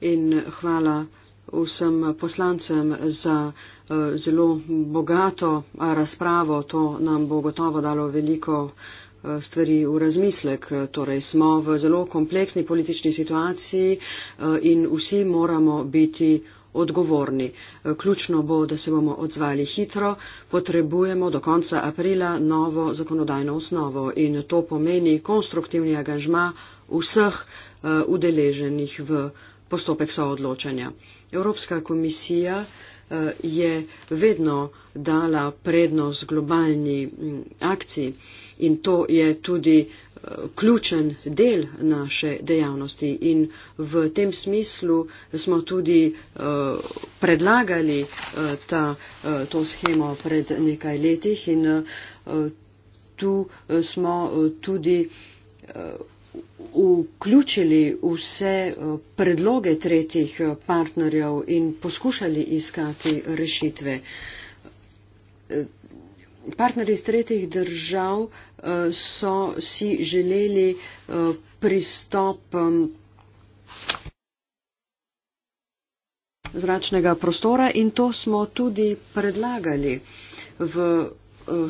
[SPEAKER 4] in hvala vsem poslancem za eh, zelo bogato razpravo. To nam bo gotovo dalo veliko eh, stvari v razmislek. Torej smo v zelo kompleksni politični situaciji eh, in vsi moramo biti odgovorni. Eh, ključno bo, da se bomo odzvali hitro. Potrebujemo do konca aprila novo zakonodajno osnovo in to pomeni konstruktivni angažma vseh eh, udeleženih v postopek soodločanja. Evropska komisija eh, je vedno dala prednost globalni mm, akciji in to je tudi ključen del naše dejavnosti in v tem smislu smo tudi eh, predlagali eh, ta, eh, to schemo pred nekaj letih in tu smo tudi vključili vse predloge tretjih partnerjev in poskušali iskati rešitve. Partnerji iz tretjih držav eh, so si želeli eh, pristop eh, zračnega prostora in to smo tudi predlagali v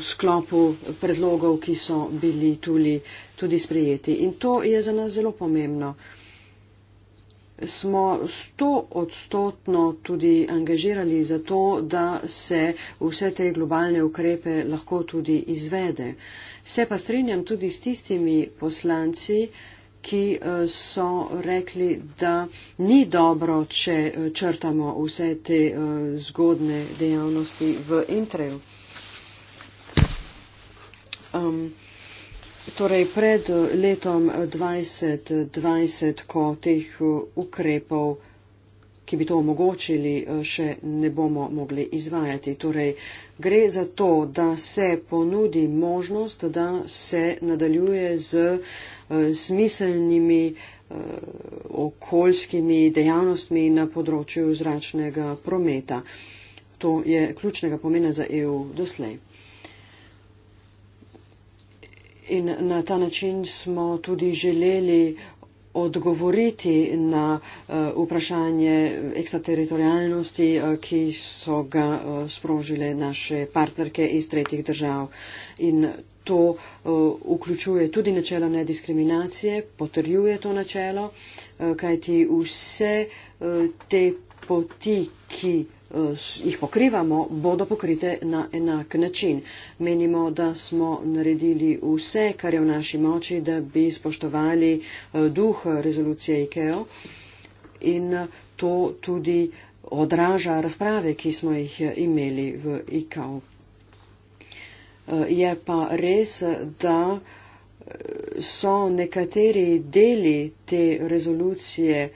[SPEAKER 4] sklopu predlogov, ki so bili tudi sprejeti. In to je za nas zelo pomembno smo sto odstotno tudi angažirali za to, da se vse te globalne ukrepe lahko tudi izvede. Se pa strinjam tudi s tistimi poslanci, ki eh, so rekli, da ni dobro, če eh, črtamo vse te eh, zgodne dejavnosti v Intreju. Um, Torej, pred eh, letom 2020, eh, eh, ko teh ukrepov, ki bi to omogočili, še ne bomo mogli izvajati. Torej, gre za to, da se ponudi možnost, da se nadaljuje z smiselnimi okoljskimi dejavnostmi na področju zračnega prometa. To je ključnega pomena za EU doslej. In na ta način smo tudi želeli odgovoriti na uh, vprašanje ekstrateritorijalnosti, uh, eh, ki so ga uh, sprožile naše partnerke iz tretjih držav. In to uh, vključuje tudi načelo nediskriminacije, potrjuje to načelo, uh, kajti vse uh, te poti, ki uh, Eh, jih pokrivamo, bodo pokrite na enak način. Menimo, da smo naredili vse, kar je v naši moči, da bi spoštovali eh, duh rezolucije IKEO in eh, to tudi odraža razprave, ki smo jih imeli v IKEO. Je pa res, da so nekateri deli te rezolucije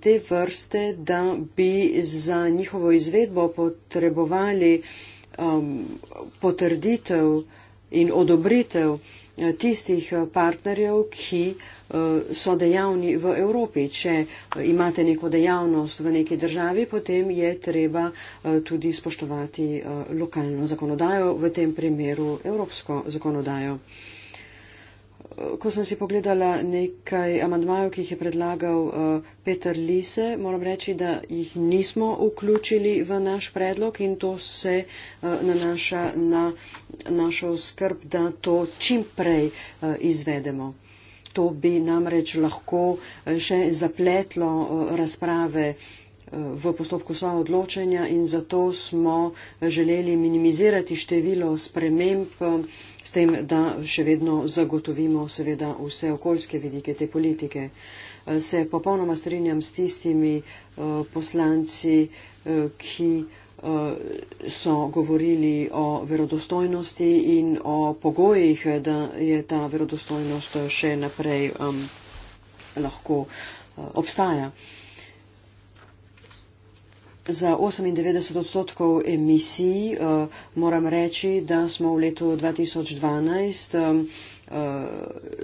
[SPEAKER 4] te vrste, da bi za njihovo izvedbo potrebovali um, potrditev in odobritev eh, tistih eh, partnerjev, ki eh, so dejavni v Evropi. Če imate neko dejavnost v neki državi, potem je treba tudi spoštovati lokalno zakonodajo, v tem primeru evropsko zakonodajo ko sem si pogledala nekaj amandmajev, ki jih je predlagal eh, Peter Lise, moram reči, da jih nismo vključili v naš predlog in to se eh, nanaša na našo skrb, da to čim prej eh, izvedemo. To bi namreč lahko še zapletlo razprave v postopku sva odločanja in zato smo želeli minimizirati število sprememb s tem, da še vedno zagotovimo seveda vse okoljske vidike te politike. Eh, se popolnoma strinjam s tistimi eh, poslanci, eh, ki so govorili o verodostojnosti in o pogojih, da je ta verodostojnost še naprej um, lahko uh, obstaja. Uh, Za 98 odstotkov emisij uh, moram reči, da smo v letu 2012 um, uh,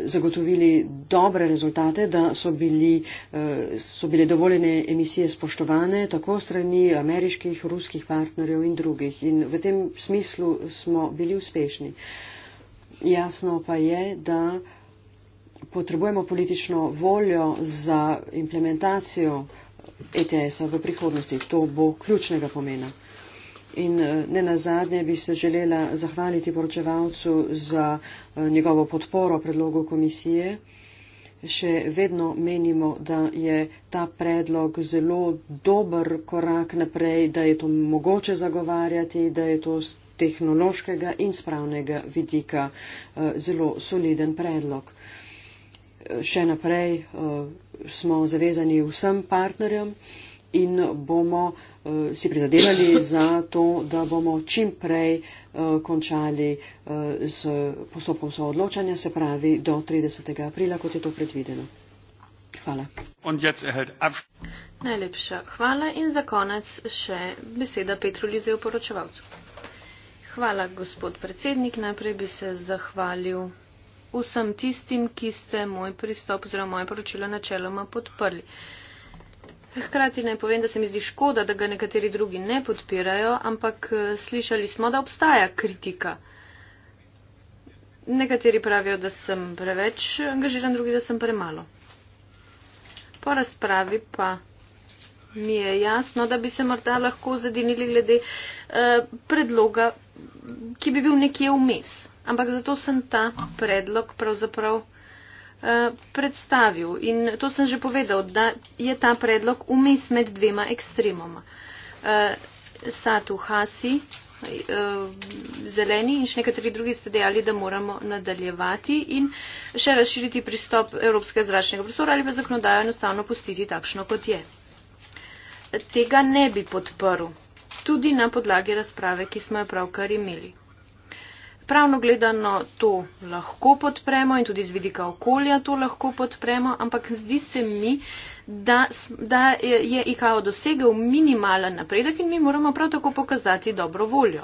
[SPEAKER 4] zagotovili dobre rezultate, da so, bili, uh, so bile dovoljene emisije spoštovane tako strani ameriških, ruskih partnerjev in drugih. In v tem smislu smo bili uspešni. Jasno pa je, da potrebujemo politično voljo za implementacijo. ETS-a v prihodnosti. To bo ključnega pomena. In eh, ne nazadnje bi se želela zahvaliti poročevalcu za eh, njegovo podporo predlogu komisije. Še vedno menimo, da je ta predlog zelo dober korak naprej, da je to mogoče zagovarjati, da je to z tehnološkega in spravnega vidika eh, zelo soliden predlog še naprej eh, smo zavezani vsem partnerjem in bomo eh, si prizadevali za to, da bomo čim prej eh, končali z postopkom soodločanja, se pravi do 30. aprila, kot je to
[SPEAKER 2] predvideno. Hvala.
[SPEAKER 1] Najlepša hvala in za konec še beseda Petru Lizeju poročevalcu. Hvala, gospod predsednik. Najprej bi se zahvalil vsem tistim, ki ste moj pristop oziroma moje poročilo načeloma podprli. Hkrati naj povem, da se mi zdi škoda, da ga nekateri drugi ne podpirajo, ampak eh, slišali smo, da obstaja kritika. Nekateri pravijo, da sem preveč angažiran, drugi, da sem premalo. Po razpravi pa mi je jasno, da bi se morda lahko zadinili glede uh, predloga, ki bi bil nekje vmes. Ampak zato sem ta predlog pravzaprav uh, predstavil. In to sem že povedal, da je ta predlog vmes med dvema ekstremoma. Uh, Satu Hasi, uh, zeleni in še nekateri drugi ste dejali, da moramo nadaljevati in še razširiti pristop Evropskega zračnega prostora ali pa zakonodajo enostavno pustiti takšno, kot je tega ne bi podprl, tudi na podlagi razprave, ki smo jo pravkar imeli. Pravno gledano to lahko podpremo in tudi z vidika okolja to lahko podpremo, ampak zdi se mi, da, da je IKO dosegel minimalen napredek in mi moramo prav tako pokazati dobro voljo.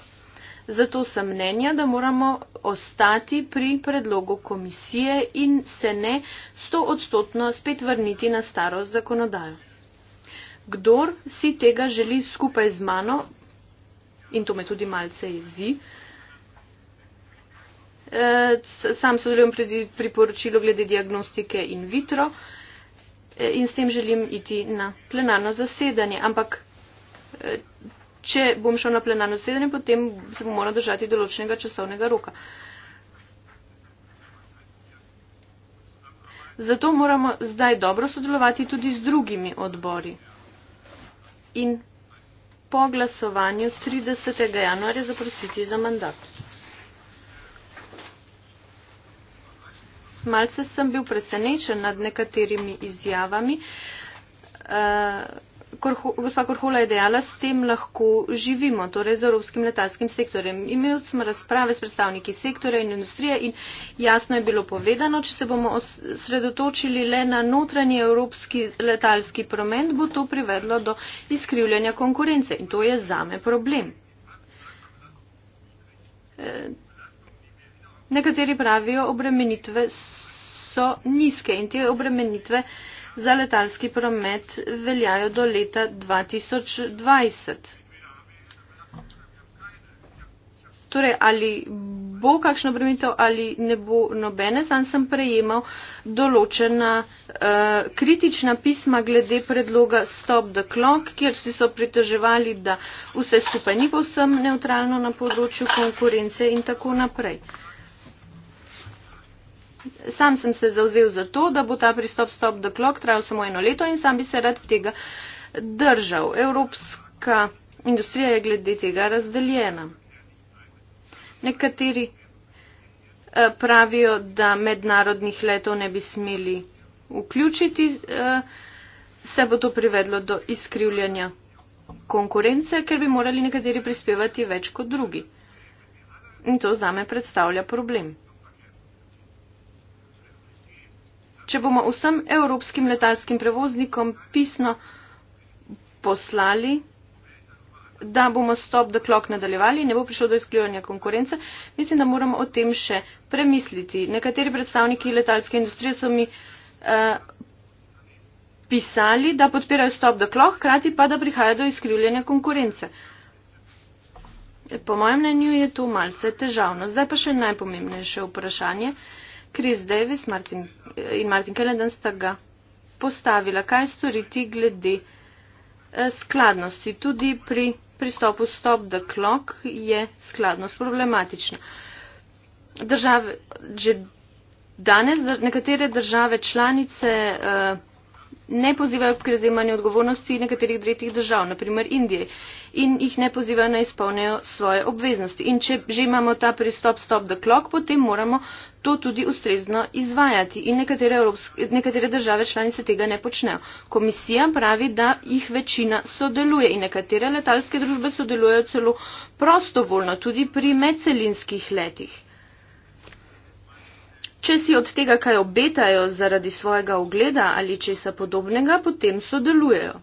[SPEAKER 1] Zato sem mnenja, da moramo ostati pri predlogu komisije in se ne 100 odstotno spet vrniti na staro zakonodajo. Kdor si tega želi skupaj z mano, in to me tudi malce jezi, eh, sam sodelujem pri priporočilu glede diagnostike in vitro eh, in s tem želim iti na plenarno zasedanje. Ampak, eh, če bom šel na plenarno zasedanje, potem se bom moral držati določenega časovnega roka. Zato moramo zdaj dobro sodelovati tudi z drugimi odbori in po glasovanju 30. januarja zaprositi za mandat. Malce sem bil presenečen nad nekaterimi izjavami. Uh, gospa Korhola je dejala, s tem lahko živimo, torej z evropskim letalskim sektorjem. Imeli smo razprave s predstavniki sektorja in industrije in jasno je bilo povedano, če se bomo osredotočili le na notranji evropski letalski promet, bo to privedlo do izkrivljanja konkurence in to je zame problem. E, nekateri pravijo, obremenitve so nizke in te obremenitve za letalski promet veljajo do leta 2020. Torej, ali bo kakšno premitev ali ne bo nobene, sam sem prejemal določena uh, kritična pisma glede predloga Stop the Clock, kjer si so pritoževali, da vse skupaj ni povsem neutralno na področju konkurence in tako naprej. Uh, Sam sem se zauzel za to, da bo ta pristop stop the clock trajal samo eno leto in sam bi se rad tega držal. Evropska industrija je glede tega razdeljena. Nekateri eh, pravijo, da mednarodnih letov ne bi smeli vključiti, eh, se bo to privedlo do izkrivljanja konkurence, ker bi morali nekateri prispevati več kot drugi. In to zame predstavlja problem. če bomo vsem evropskim letalskim prevoznikom pisno poslali, da bomo stop the clock nadaljevali in ne bo prišlo do izkljuvanja konkurence, mislim, da moramo o tem še premisliti. Nekateri predstavniki letalske industrije so mi uh, pisali, da podpirajo stop the clock, krati pa, da prihaja do izkljuvanja konkurence. Po mojem mnenju je to malce težavno. Zdaj pa še najpomembnejše vprašanje. Uh, Chris Davis Martin, in Martin Kellendon sta ga postavila, kaj storiti glede eh, skladnosti. Tudi pri pristopu Stop the Clock je skladnost problematična. Države, že danes nekatere države članice. Uh, ne pozivajo k prezemanju odgovornosti nekaterih tretjih držav, naprimer Indije, in jih ne pozivajo, naj izpolnijo svoje obveznosti. In če že imamo ta pristop stop the clock, potem moramo to tudi ustrezno izvajati in nekatere, evropske, nekatere države članice tega ne počnejo. Komisija pravi, da jih večina sodeluje in nekatere letalske družbe sodelujejo celo prostovoljno, tudi pri medcelinskih letih. Če si od tega kaj obetajo zaradi svojega ogleda ali česa podobnega, potem sodelujejo.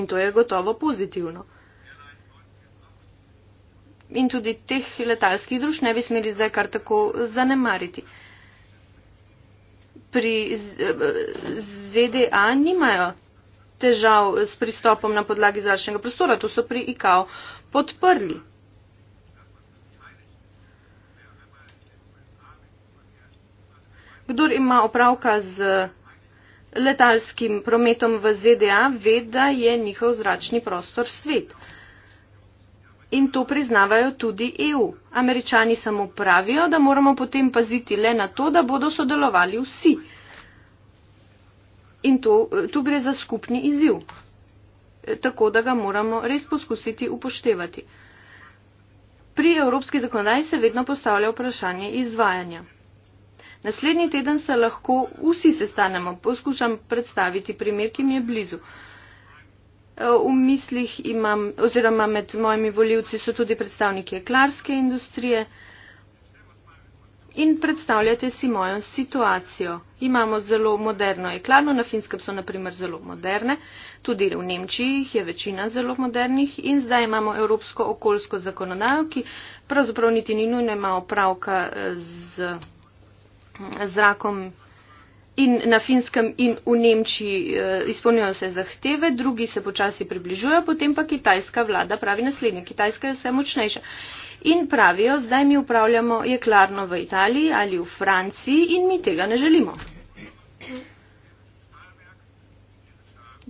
[SPEAKER 1] In to je gotovo pozitivno. In tudi teh letalskih družb ne bi smeli zdaj kar tako zanemariti. Pri ZDA nimajo težav s pristopom na podlagi zračnega prostora, to so pri IKO podprli. Kdor ima opravka z letalskim prometom v ZDA, ve, da je njihov zračni prostor svet. In to priznavajo tudi EU. Američani samo pravijo, da moramo potem paziti le na to, da bodo sodelovali vsi. In to, tu gre za skupni izziv. E, tako da ga moramo res poskusiti upoštevati. Pri evropski zakonodaji se vedno postavlja vprašanje izvajanja. Naslednji teden se lahko vsi sestanemo, poskušam predstaviti primer, ki mi je blizu. E, v mislih imam, oziroma med mojimi voljivci so tudi predstavniki klarske industrije. In predstavljate si mojo situacijo. Imamo zelo moderno eklarno, na finskem so naprimer zelo moderne, tudi v Nemčiji jih je večina zelo modernih in zdaj imamo evropsko okoljsko zakonodajo, ki pravzaprav niti ni nujno ima opravka e, z zrakom in na finskem in v Nemčiji eh, izpolnjujejo se zahteve, drugi se počasi približujejo, potem pa kitajska vlada pravi naslednje. Kitajska je vse močnejša. In pravijo, zdaj mi upravljamo jeklarno v Italiji ali v Franciji in mi tega ne želimo.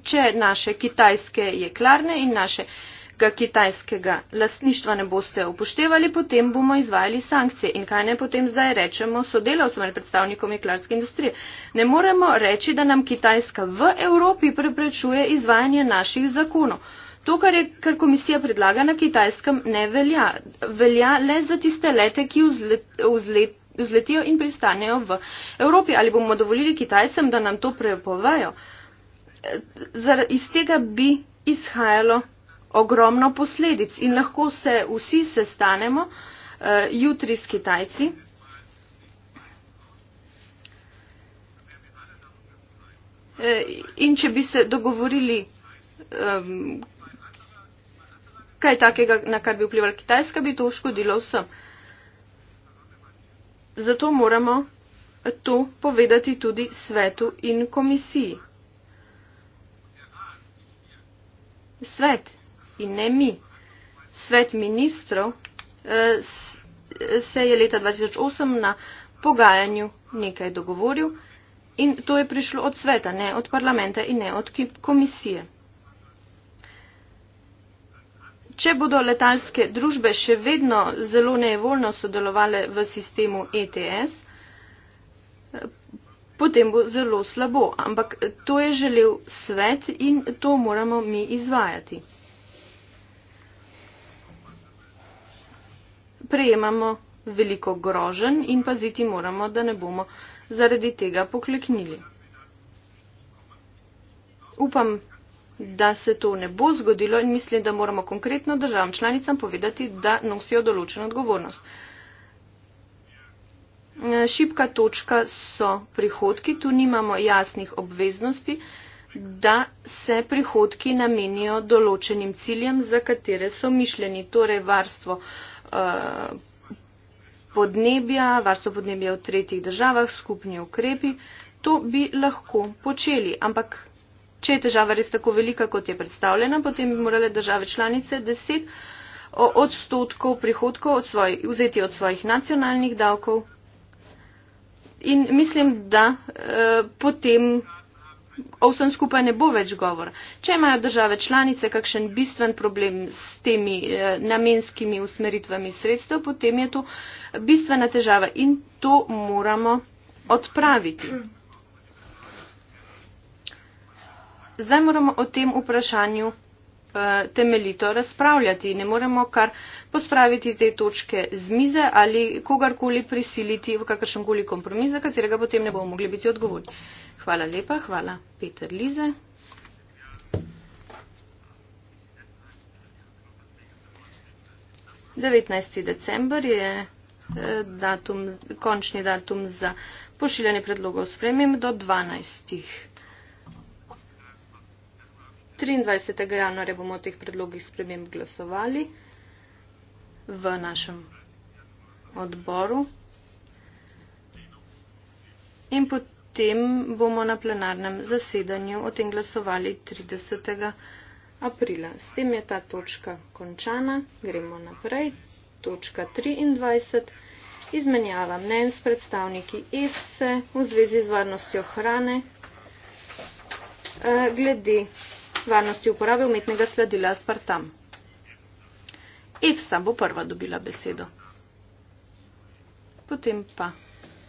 [SPEAKER 1] Če naše kitajske jeklarne in naše uh, slovenskega, kitajskega lastništva ne boste upoštevali, potem bomo izvajali sankcije. In kaj ne potem zdaj rečemo sodelavcem ali predstavnikom jeklarske industrije? Ne moremo reči, da nam Kitajska v Evropi preprečuje izvajanje naših zakonov. To, kar, je, kar komisija predlaga na kitajskem, ne velja. Velja le za tiste lete, ki vzletijo vzle, vzle, in pristanejo v Evropi. Ali bomo dovolili Kitajcem, da nam to prepovajo? Zar, iz tega bi izhajalo ogromno posledic in lahko se vsi sestanemo uh, jutri s Kitajci. Eh, in če bi se dogovorili, um, kaj takega, na kar bi vplival Kitajska, bi to škodilo vsem. Zato moramo to povedati tudi svetu in komisiji. Svet in ne mi. Svet ministrov eh, se je leta 2008 na pogajanju nekaj dogovoril in to je prišlo od sveta, ne od parlamenta in ne od komisije. Če bodo letalske družbe še vedno zelo nevoljno sodelovale v sistemu ETS, eh, potem bo zelo slabo. Ampak to je želel svet in to moramo mi izvajati. prejemamo veliko grožen in paziti moramo, da ne bomo zaradi tega pokleknili. Upam, da se to ne bo zgodilo in mislim, da moramo konkretno državam članicam povedati, da nosijo določeno odgovornost. Šipka točka so prihodki, tu nimamo jasnih obveznosti, da se prihodki namenijo določenim ciljem, za katere so mišljeni, torej varstvo uh, Eh, podnebja, varstvo podnebja v tretjih državah, skupni ukrepi, to bi lahko počeli. Ampak, če je težava res tako velika, kot je predstavljena, potem bi morale države članice 10 odstotkov prihodkov od svoj, vzeti od svojih nacionalnih davkov. In mislim, da eh, potem o vsem skupaj ne bo več govora. Če imajo države članice kakšen bistven problem s temi eh, namenskimi usmeritvami sredstev, potem je to bistvena težava in to moramo odpraviti. Zdaj moramo o tem vprašanju Eh, temeljito razpravljati. Ne moremo kar pospraviti te točke z mize ali kogarkoli prisiliti v kakršenkoli kompromis, za katerega potem ne bomo mogli biti odgovorni. Hvala lepa, hvala Peter Lize. devetnajsti december je eh, datum, končni datum za pošiljanje predlogov spremem do dvanajstih. 23. januarja bomo o teh predlogih spremem glasovali v našem odboru. In potem bomo na plenarnem zasedanju o tem glasovali 30. aprila. S tem je ta točka končana. Gremo naprej. Točka 23. Izmenjava mnen s predstavniki EFSE v zvezi z varnostjo hrane. Eh, glede varnosti uporabe umetnega sladila Aspartam. Efsa bo prva dobila besedo. Potem pa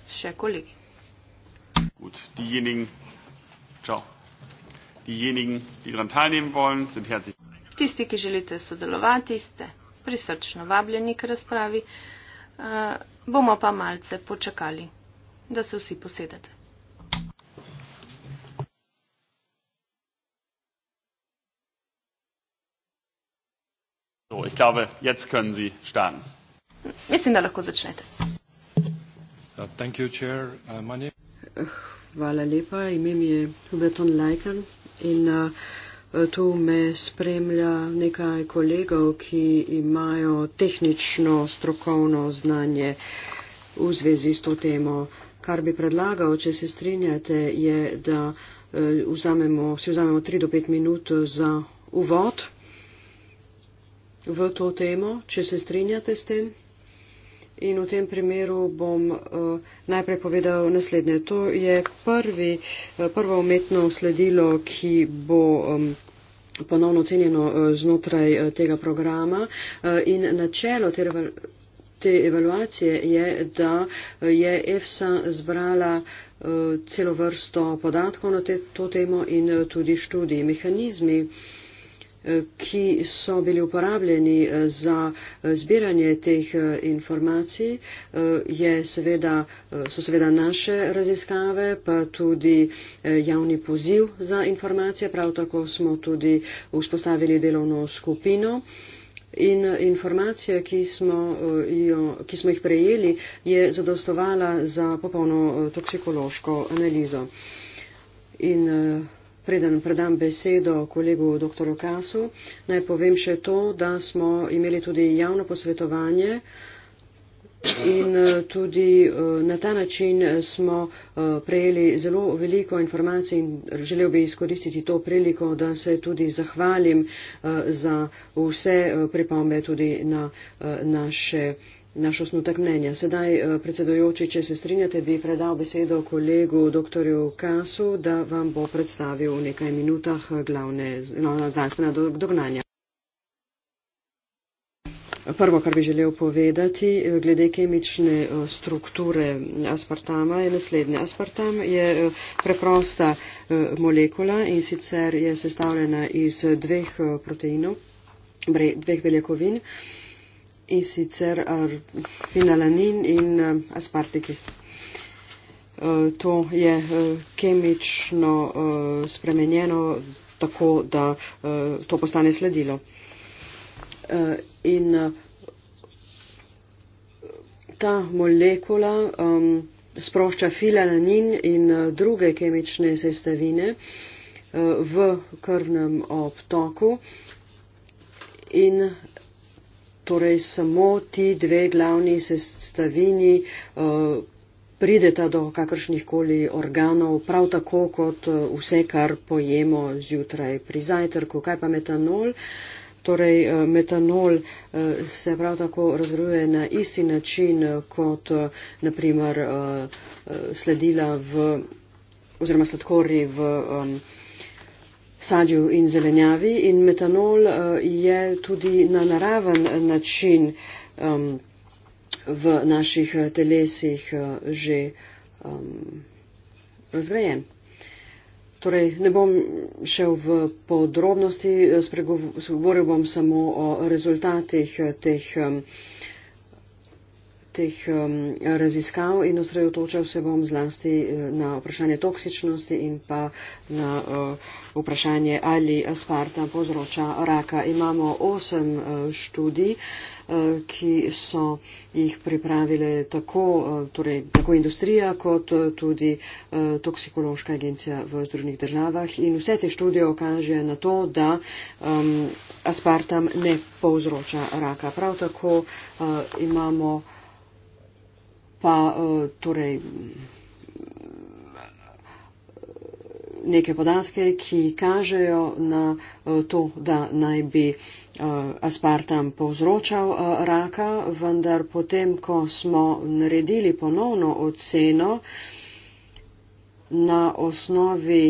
[SPEAKER 1] še kolegi.
[SPEAKER 2] Gut, diejenigen, ciao. Diejenigen, die daran teilnehmen wollen, sind herzlich.
[SPEAKER 1] Tisti, ki želite sodelovati, ste prisrčno vabljeni k razpravi. Uh, bomo pa malce počakali, da se vsi posedete.
[SPEAKER 2] So, oh, ich glaube, jetzt können Sie starten. Mislim,
[SPEAKER 1] da lahko začnete. Uh, thank you, Chair. Uh, my name... Uh,
[SPEAKER 4] hvala lepa. Ime mi je Hubertan Leiker in uh, uh, tu me spremlja nekaj kolegov, ki imajo tehnično strokovno znanje v zvezi s to temo. Kar bi predlagal, če se strinjate, je, da uh, vzamemo, si vzamemo 3 do 5 minut za uvod v to temo, če se strinjate s tem. In v tem primeru bom uh, najprej povedal naslednje. To je prvi, eh, prvo umetno sledilo, ki bo um, ponovno ocenjeno uh, znotraj uh, tega programa. Uh, in načelo te, reval, te evaluacije je, da je EFSA zbrala uh, celo vrsto podatkov na te, to temo in uh, tudi študij. Mehanizmi uh, ki so bili uporabljeni eh, za eh, zbiranje teh eh, informacij, seveda, so seveda naše raziskave, pa tudi javni poziv za informacije. Prav tako smo tudi vzpostavili delovno skupino. In informacija, ki smo, jo, ki smo jih prejeli, je zadostovala za popolno toksikološko analizo. In, uh Preden predam besedo kolegu dr. Kasu, naj povem še to, da smo imeli tudi javno posvetovanje in eh, tudi eh, na ta način eh, smo prejeli zelo veliko informacij in želel bi izkoristiti to priliko, da se tudi zahvalim za vse pripombe tudi na naše naš osnutek mnenja. Sedaj, eh, predsedojoči, če se strinjate, bi predal besedo kolegu dr. Kasu, da vam bo predstavil v nekaj minutah eh, glavne no, znanstvene dognanja. Prvo, kar bi želel povedati eh, glede kemične strukture aspartama je naslednje. Aspartam je preprosta molekula in sicer je sestavljena iz dveh proteinov, dveh beljakovin in sicer ar, eh, finalanin in uh, aspartikis. Uh, to je uh, kemično uh, spremenjeno tako, da uh, to postane sledilo. Uh, in uh, ta molekula um, sprošča filanin in uh, druge kemične sestavine uh, v krvnem obtoku in torej samo ti dve glavni sestavini uh, prideta do kakršnih koli organov, prav tako kot eh, vse, kar pojemo zjutraj pri zajtrku. Kaj pa metanol? Torej, eh, metanol se prav tako razgrajuje na isti način kot naprimer sledila v oziroma sladkori v um, sadju in zelenjavi in metanol eh, je tudi na naraven način v naših eh, telesih eh, že razgrajen. Torej, ne bom šel v podrobnosti, spregovoril bom samo o rezultatih teh um, teh um, raziskav in osredotočal se bom zlasti eh, na vprašanje toksičnosti in pa na uh, vprašanje, ali asparta povzroča raka. Imamo osem uh, študij, uh, ki so jih pripravile tako, uh, torej, tako industrija kot uh, tudi uh, toksikološka agencija v Združenih državah. In vse te študije okažejo na to, da um, aspartam ne povzroča raka. Prav tako uh, imamo pa eh, torej neke podatke, ki kažejo na eh, to, da naj bi eh, aspartam povzročal raka, vendar potem, ko smo naredili ponovno oceno na osnovi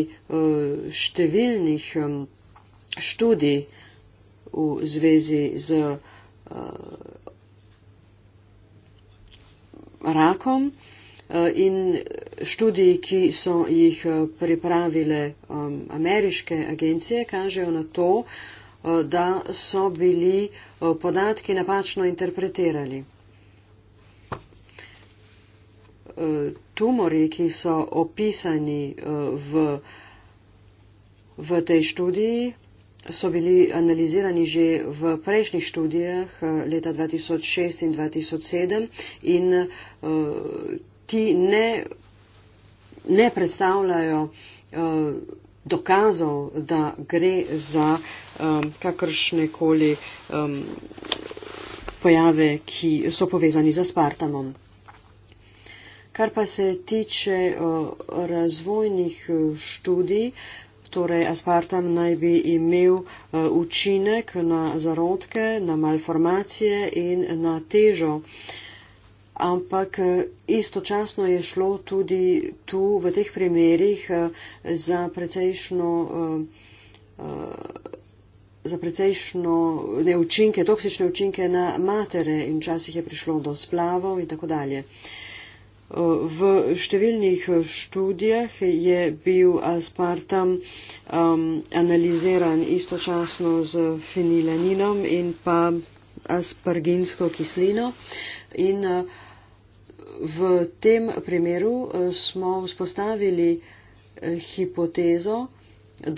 [SPEAKER 4] številnih študij v zvezi z rakom eh, in študiji, ki so jih eh, pripravile um, ameriške agencije, kažejo na to, eh, da so bili podatki napačno interpretirali. Tumori, ki so opisani v, v tej študiji, so bili analizirani že v prejšnjih študijah eh, leta 2006 in 2007 in eh, ti ne, ne predstavljajo eh, dokazov, da gre za kakršne koli pojave, ki so povezani z Spartanom. Kar pa se tiče razvojnih študij, Torej, aspartam naj bi imel eh, učinek na zarodke, na malformacije in na težo. Ampak eh, istočasno je šlo tudi tu v teh primerih eh, za precejšno, za precejšno neučinke, toksične učinke na matere in včasih je prišlo do splavov in tako dalje. V številnih eh, študijah je bil aspartam um, analiziran istočasno z fenilaninom in pa asparginsko kislino. In eh, v tem primeru eh, smo vzpostavili hipotezo,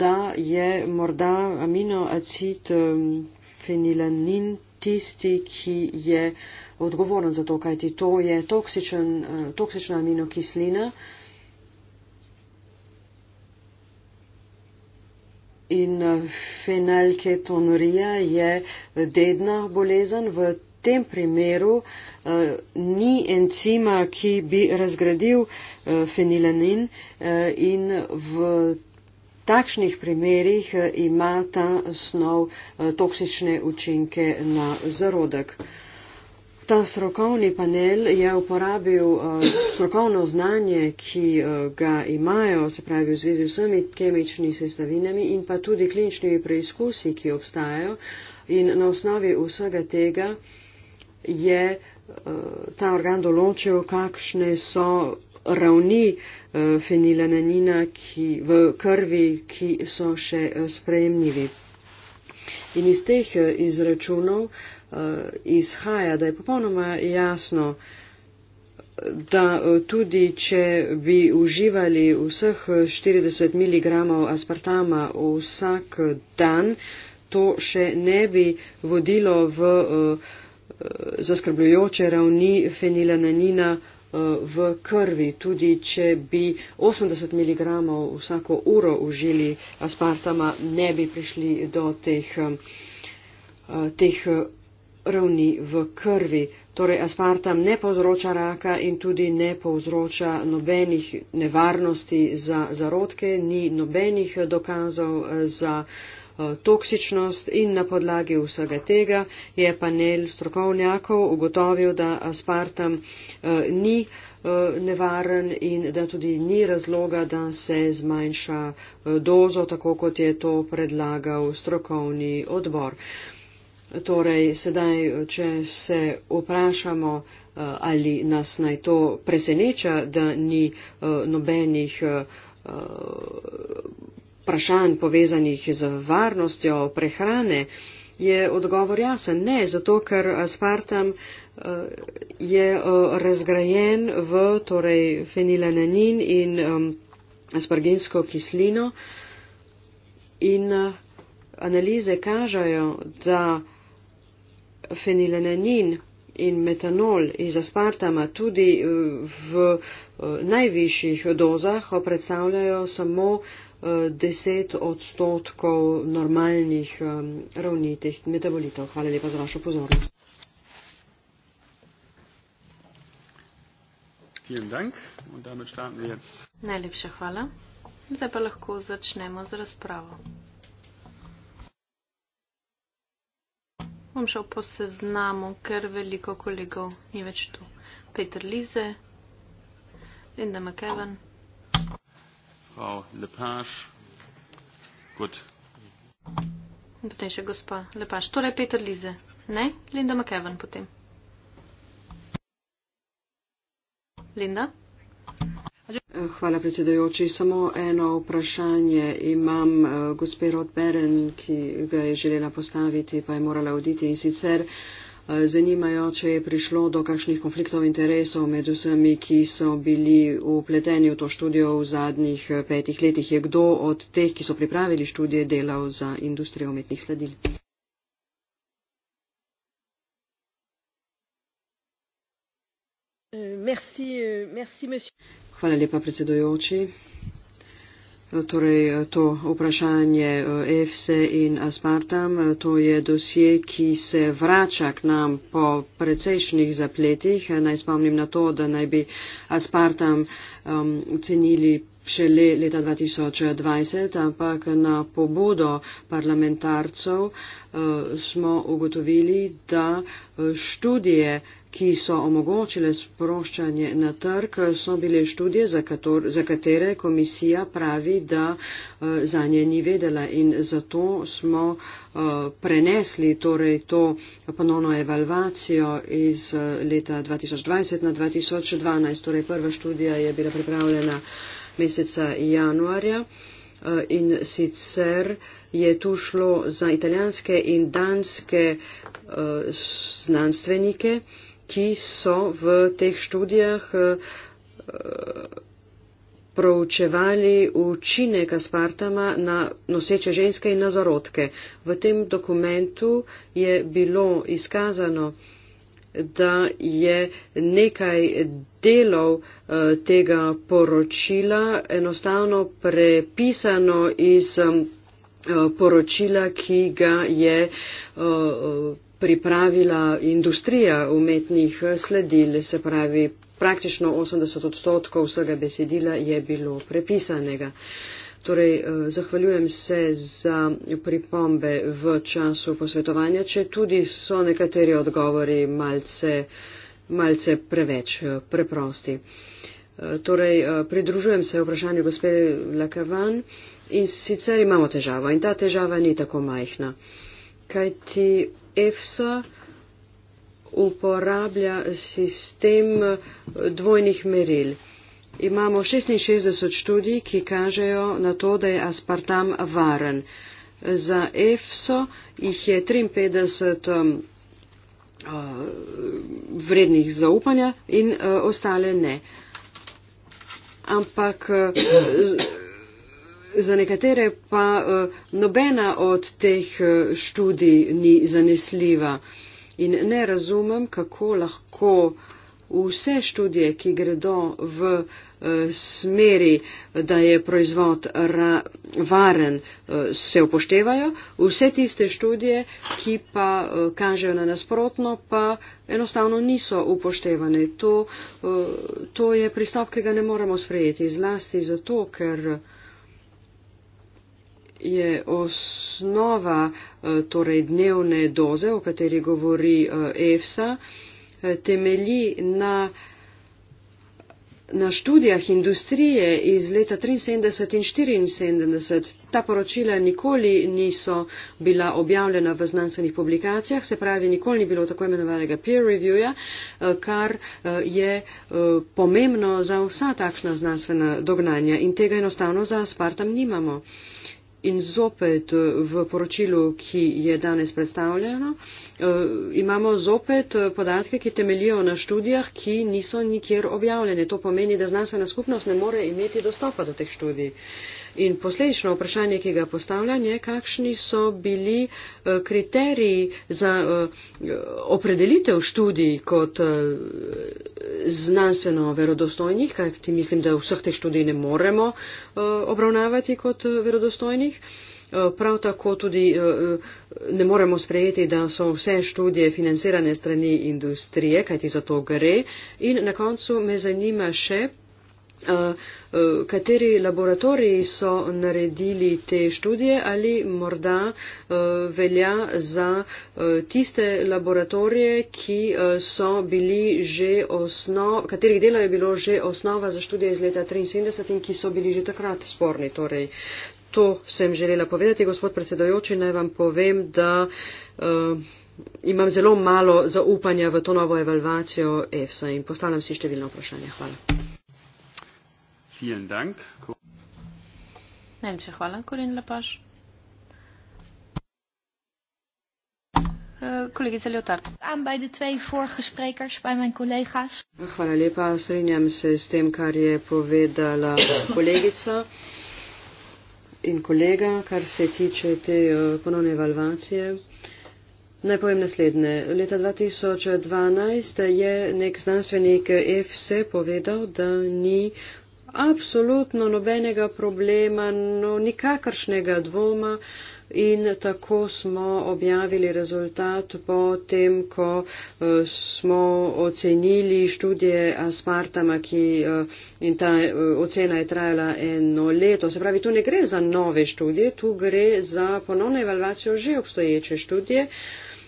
[SPEAKER 4] da je morda aminoacid fenilanin tisti, ki je uh, odgovoren za to, kajti to je toksičen, eh, toksična aminokislina. In eh, fenalketonurija je dedna bolezen. V tem primeru eh, ni encima, ki bi razgradil eh, fenilanin eh, in v takšnih primerih eh, ima ta snov eh, toksične učinke na zarodek. Eh, ta strokovni panel je uporabil uh, strokovno znanje, ki uh, ga imajo, se pravi v zvezi z vsemi kemičnimi sestavinami in pa tudi kliničnimi preizkusi, ki obstajajo. In na osnovi vsega tega je uh, ta organ določil, kakšne so ravni uh, fenilananina ki, v krvi, ki so še uh, sprejemljivi. In iz teh uh, izračunov uh, Eh, izhaja, da je popolnoma jasno, da eh, tudi če bi uživali vseh 40 mg aspartama vsak dan, to še ne bi vodilo v eh, zaskrbljujoče ravni fenilananina v krvi. Tudi če bi 80 mg vsako uro užili aspartama, ne bi prišli do teh, teh ravni v krvi. Torej, aspartam ne povzroča raka in tudi ne povzroča nobenih nevarnosti za zarodke, ni nobenih dokazov eh, za eh, toksičnost in na podlagi vsega tega je panel strokovnjakov ugotovil, da aspartam eh, ni nevaren in da tudi ni razloga, da se zmanjša dozo, tako kot je to predlagal strokovni odbor. Torej, sedaj, če se vprašamo, eh, ali nas naj to preseneča, da ni eh, nobenih eh, vprašanj povezanih z varnostjo prehrane, je odgovor jasen. Ne, zato ker aspartam je razgrajen v torej, fenilananin in aspargensko kislino in analize kažejo, da fenilenanin in metanol iz aspartama tudi eh, v eh, najvišjih dozah predstavljajo samo 10 eh, odstotkov normalnih ravni teh metabolitov. Hvala lepa za vašo pozornost.
[SPEAKER 1] Najlepša hvala. Zdaj pa lahko začnemo z razpravo. Bom šel po seznamu, ker veliko kolegov ni več tu. Peter Lize, Linda McEwan.
[SPEAKER 2] Frau Lepage, gut.
[SPEAKER 1] Potem še gospa Lepaš. Torej Peter Lize. Ne? Linda McEwan potem. Linda?
[SPEAKER 4] Hvala, predsedajoči. Samo eno vprašanje imam eh, gospe Rodberen, ki ga je želela postaviti, pa je morala oditi in sicer. Eh, zanimajo, če je prišlo do kakšnih konfliktov interesov med vsemi, ki so bili upleteni v to študijo v zadnjih eh, petih letih. Je kdo od teh, ki so pripravili študije, delal za industrijo umetnih sledil? Merci, merci, Hvala lepa, predsedojoči. Torej, to vprašanje EFSE eh, in Aspartam, eh, to je dosje, ki se vrača k nam po precejšnjih zapletih. Naj spomnim na to, da naj bi Aspartam um, ocenili šele leta 2020, ampak na pobudo parlamentarcev uh, smo ugotovili, da študije uh, ki so omogočile sproščanje na trg, so bile študije, za, kator, za katere komisija pravi, da eh, za nje ni vedela in zato smo eh, prenesli torej to ponovno evalvacijo iz eh, leta 2020 na 2012. Torej prva študija je bila pripravljena meseca januarja. In sicer je tu šlo za italijanske in danske uh, znanstvenike, uh, ki so v teh študijah eh, proučevali učinek aspartama na noseče ženske in na zarodke. V tem dokumentu je bilo izkazano, da je nekaj delov eh, tega poročila enostavno prepisano iz eh, poročila, ki ga je pripravila industrija umetnih sledil, se pravi praktično 80 odstotkov vsega besedila je bilo prepisanega. Torej, eh, zahvaljujem se za pripombe v času posvetovanja, če tudi so nekateri odgovori malce, malce preveč eh, preprosti. Eh, torej, pridružujem se vprašanju gospe Lakavan in sicer imamo težavo in ta težava ni tako majhna. Kaj ti EFSA uporablja sistem dvojnih meril. Imamo 66 študij, ki kažejo na to, da je aspartam varen. Za EFSO jih je 53 um, uh, vrednih zaupanja in uh, ostale ne. Ampak. Uh, za nekatere pa e, nobena od teh e, študij ni zanesljiva. In ne razumem, kako lahko vse študije, ki gredo v e, smeri, da je proizvod varen, se upoštevajo, vse tiste študije, ki pa kažejo na nasprotno, pa enostavno niso upoštevane. To, to je pristop, ki ga ne moremo sprejeti, zlasti zato, ker je osnova eh, torej dnevne doze, o kateri govori eh, EFSA, eh, temelji na, na študijah industrije iz leta 1973 in 1974. Ta poročila nikoli niso bila objavljena v znanstvenih publikacijah, se pravi, nikoli ni bilo tako imenovanega peer reviewja, kar je pomembno za vsa takšna znanstvena dognanja in tega enostavno za Spartam nimamo in zopet eh, v poročilu, ki je danes predstavljeno, Eh, imamo zopet eh, podatke, ki temelijo na študijah, ki niso nikjer objavljene. To pomeni, da znanstvena skupnost ne more imeti dostopa do teh študij. In posledično vprašanje, ki ga postavljam, je, kakšni so bili eh, kriteriji za opredelitev študij kot znanstveno verodostojnih, kajti mislim, da vseh teh študij ne moremo obravnavati kot verodostojnih. Eh, prav tako tudi eh, eh, ne moremo sprejeti, da so vse študije financirane strani industrije, kajti za to gre. In na koncu me zanima še, kateri laboratoriji so naredili te študije ali morda velja za tiste laboratorije, bili osnov, katerih delo je bilo že osnova za študije iz leta 1973 in ki so bili že takrat sporni. Torej, To sem želela povedati, gospod predsedojoči. Naj vam povem, da uh, imam zelo malo zaupanja v to novo evalvacijo EFSA in
[SPEAKER 2] postavljam si številno vprašanje. Hvala.
[SPEAKER 1] Najlepša hvala, Korin Lepaš. Eh,
[SPEAKER 4] hvala lepa, strinjam se s tem, kar je povedala kolegica in kolega, kar se tiče te eh, ponovne evalvacije. Naj povem naslednje. Leta 2012 je nek znanstvenik FC povedal, da ni absolutno nobenega problema, no nikakršnega dvoma, uh, in tako smo objavili rezultat po tem, ko eh, smo ocenili študije Aspartama ki, eh, in ta eh, ocena je trajala eno leto. Se pravi, tu ne gre za nove študije, tu gre za ponovno evalvacijo že obstoječe študije,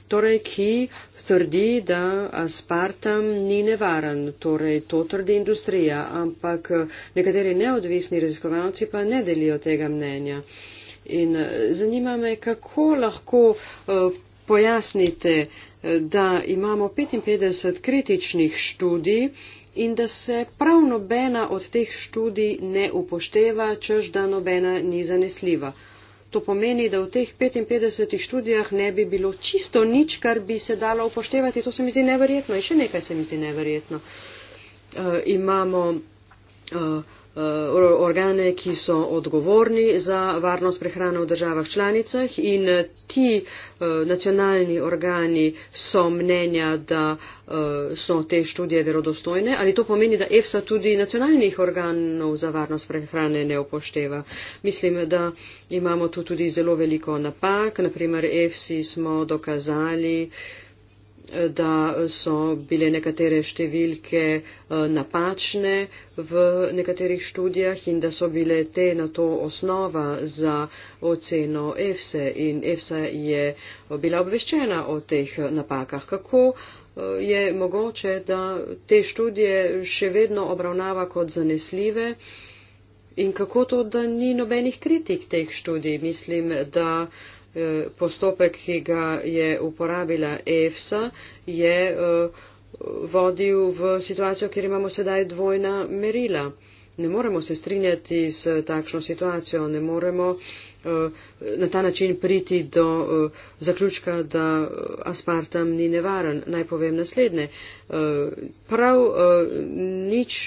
[SPEAKER 4] torej, ki trdi, da aspartam ni nevaren, torej to trdi industrija, ampak nekateri neodvisni raziskovalci pa ne delijo tega mnenja. In eh, zanima me, kako lahko eh, pojasnite, eh, da imamo 55 kritičnih študij in da se prav nobena od teh študij ne upošteva, čež da nobena ni zanesljiva. To pomeni, da v teh 55 študijah ne bi bilo čisto nič, kar bi se dalo upoštevati. To se mi zdi neverjetno in še nekaj se mi zdi neverjetno. Uh, imamo uh, Eh, organe, ki so odgovorni za varnost prehrane v državah članicah in eh, ti eh, nacionalni organi so mnenja, da so te študije verodostojne. Ali to pomeni, da EFSA tudi nacionalnih organov za varnost prehrane ne upošteva? Mislim, da imamo tu tudi zelo veliko napak. Naprimer, EFSI smo dokazali, da so bile nekatere številke eh, napačne v nekaterih študijah in da so bile te na to osnova za oceno EFSE in EFSA je bila obveščena o teh napakah. Kako eh, je mogoče, da te študije še vedno obravnava kot zanesljive in kako to, da ni nobenih kritik teh študij? Mislim, da Eh, postopek, ki ga je uporabila EFSA, je eh, vodil v situacijo, kjer imamo sedaj dvojna merila. Ne moremo se strinjati s takšno situacijo, ne moremo eh, na ta način priti do zaključka, da aspartam ni nevaren. Naj povem naslednje. Prav nič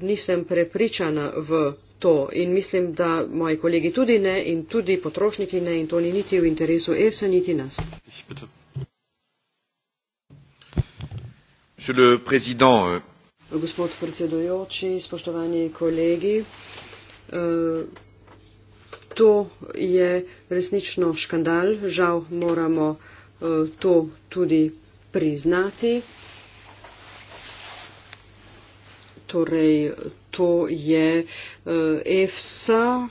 [SPEAKER 4] nisem prepričana v to in mislim, da moji kolegi tudi ne in tudi potrošniki ne in to ni niti v interesu EFSA niti nas.
[SPEAKER 2] Euh,
[SPEAKER 4] Gospod predsedujoči, spoštovani kolegi, eh, to je resnično škandal, žal moramo eh, to tudi priznati. Torej, to je eh, EFSA,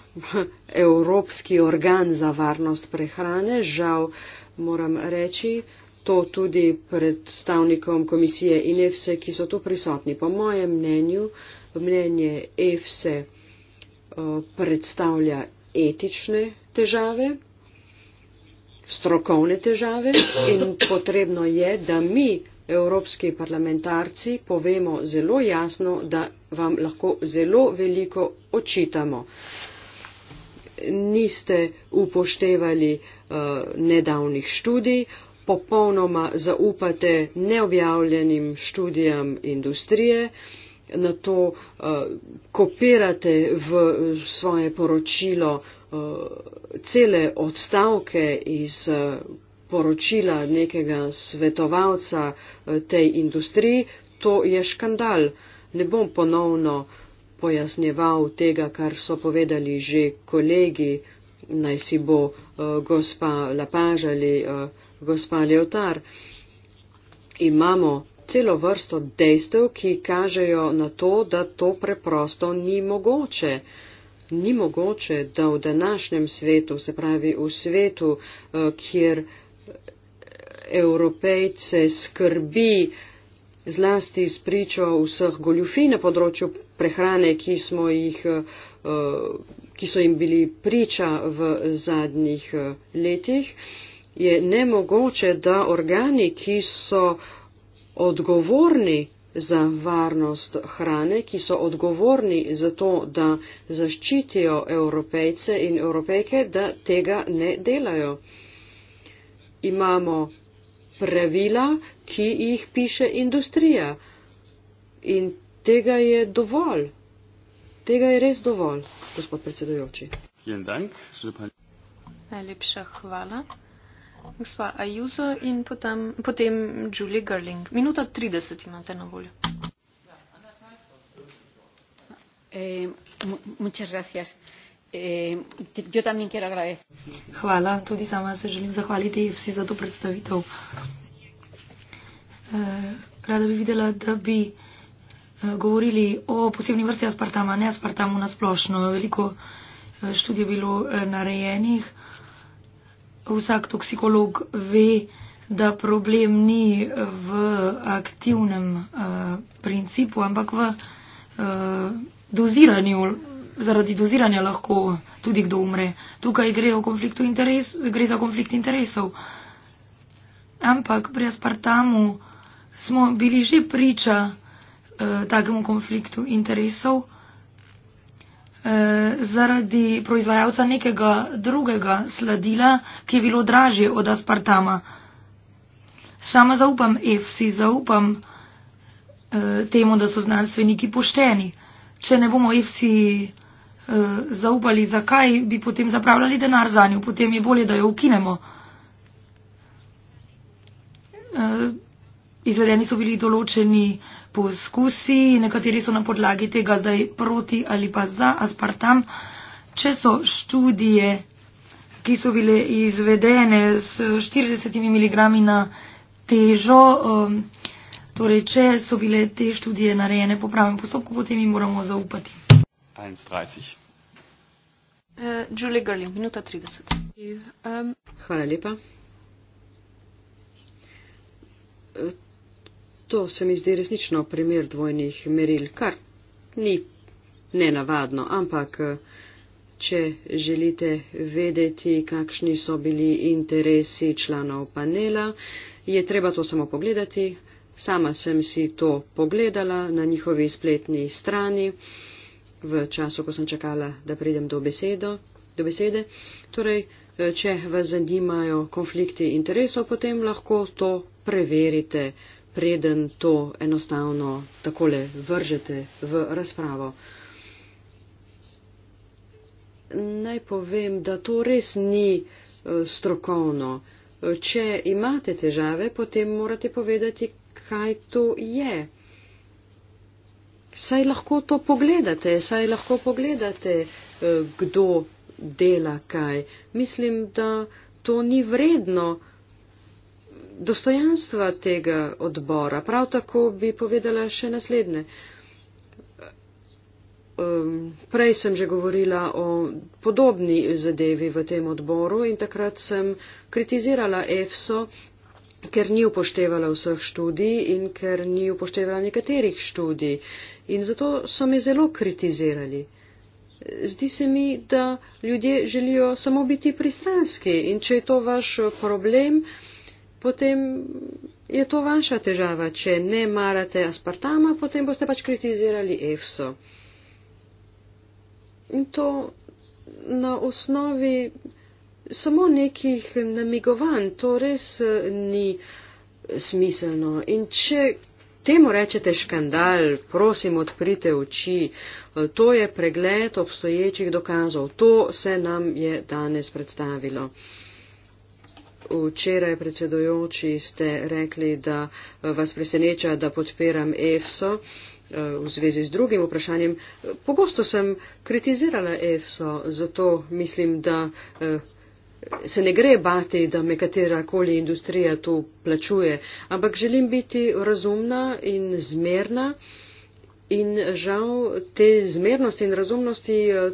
[SPEAKER 4] Evropski organ za varnost prehrane. Žal moram reči to tudi predstavnikom komisije in EFSA, ki so tu prisotni. Po mojem mnenju, mnenje EFSA eh, predstavlja etične težave strokovne težave in potrebno je, da mi evropski parlamentarci povemo zelo jasno, da vam lahko zelo veliko očitamo. Niste upoštevali uh, nedavnih študij, popolnoma zaupate neobjavljenim študijam industrije, na to uh, eh, kopirate v svoje poročilo uh, cele odstavke iz. Uh, poročila nekega svetovalca eh, tej industriji, to je škandal. Ne bom ponovno pojasnjeval tega, kar so povedali že kolegi, naj si bo uh, gospa Lapaž ali uh, gospa Leotar. Imamo celo vrsto dejstev, ki kažejo na to, da to preprosto ni mogoče. Ni mogoče, da v današnjem svetu, se pravi v svetu, uh, kjer uh, evropejce skrbi zlasti s pričo vseh goljufij na področju prehrane, ki, jih, eh, ki so jim bili priča v zadnjih eh, letih, je nemogoče, da organi, ki so odgovorni za varnost hrane, ki so odgovorni za to, da zaščitijo evropejce in evropejke, da tega ne delajo imamo pravila, ki jih piše industrija. In tega je dovolj. Tega je res dovolj,
[SPEAKER 2] gospod predsedujoči.
[SPEAKER 1] Najlepša hvala. Gospa Ajuzo in potem, potem Julie Gerling. Minuta 30 imate na voljo.
[SPEAKER 3] Eh, muchas gracias. Eh, Eh, yo también quiero agradecer. Hvala, tudi sama se želim zahvaliti vsi za to predstavitev. Eh, rada bi videla, da bi eh, govorili o posebni vrsti aspartama, ne aspartamu nasplošno. Veliko študij je bilo narejenih. Vsak toksikolog ve, da problem ni v aktivnem principu, ampak v doziranju zaradi doziranja lahko tudi kdo umre. Tukaj gre, interes, gre za konflikt interesov. Ampak pri Aspartamu smo bili že priča eh, takemu konfliktu interesov eh, zaradi proizvajalca nekega drugega sladila, ki je bilo dražje od Aspartama. Sama zaupam EFSI, zaupam eh, temu, da so znanstveniki pošteni. Če ne bomo EFSI. FC uh, zaupali, zakaj bi potem zapravljali denar za njo, potem je bolje, da jo ukinemo. Uh, izvedeni so bili določeni poskusi, nekateri so na podlagi tega zdaj proti ali pa za aspartam. Če so študije, ki so bile izvedene s 40 mg na težo, um, torej če so bile te študije narejene po pravem postopku, potem jim moramo zaupati.
[SPEAKER 2] 1.30.
[SPEAKER 1] Eh, um,
[SPEAKER 2] Hvala lepa.
[SPEAKER 4] Eh, to se mi zdi resnično primer dvojnih meril, kar ni nenavadno, ampak eh, če želite vedeti, kakšni so bili interesi članov panela, je treba to samo pogledati. Sama sem si to pogledala na njihovi spletni strani v času, ko sem čakala, da pridem do, besedo, do besede. Torej, eh, če vas zanimajo konflikti interesov, potem lahko to preverite, preden to enostavno takole vržete v razpravo. Naj povem, da to res ni eh, strokovno. Eh, če imate težave, potem morate povedati, kaj to je. Saj lahko to pogledate, saj lahko pogledate, eh, kdo dela kaj. Mislim, da to ni vredno dostojanstva tega odbora. Prav tako bi povedala še naslednje. Prej sem že govorila o podobni zadevi v tem odboru in takrat sem kritizirala EFSO, ker ni upoštevala vseh študij in ker ni upoštevala nekaterih študij in zato so me zelo kritizirali. Zdi se mi, da ljudje želijo samo biti pristranski in če je to vaš problem, potem je to vaša težava. Če ne marate aspartama, potem boste pač kritizirali EFSO. In to na osnovi samo nekih namigovanj, to res eh, ni smiselno. In če Temu rečete škandal, prosim odprite oči, e, to je pregled obstoječih dokazov, to se nam je danes predstavilo. Včeraj, predsedojoči, ste rekli, da e, vas preseneča, da podpiram EFSO e, v zvezi z drugim vprašanjem. Pogosto sem kritizirala EFSO, zato mislim, da se ne gre bati, da me katera koli industrija tu plačuje, ampak želim biti razumna in zmerna in žal te zmernosti in razumnosti eh,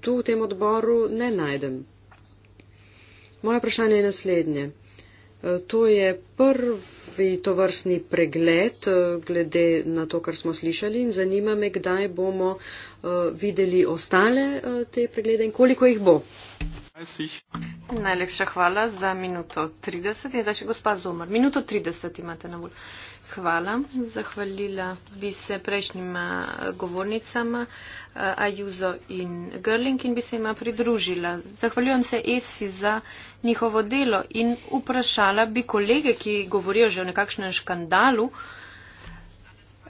[SPEAKER 4] tu v tem odboru ne najdem. Moje vprašanje je naslednje. Eh, to je prv takvi tovrstni pregled eh, glede na to, kar smo slišali in zanima me, kdaj bomo eh, videli ostale eh, te preglede in koliko
[SPEAKER 2] jih bo.
[SPEAKER 1] Najlepša hvala za minuto 30. Je zdaj še gospa Zomar. Minuto 30 imate na voljo. Hvala. Zahvalila bi se prejšnjima eh, govornicama eh, Ajuzo in Grling in bi se ima pridružila. Zahvaljujem se EFSI za njihovo delo in vprašala bi kolege, ki govorijo že o nekakšnem škandalu,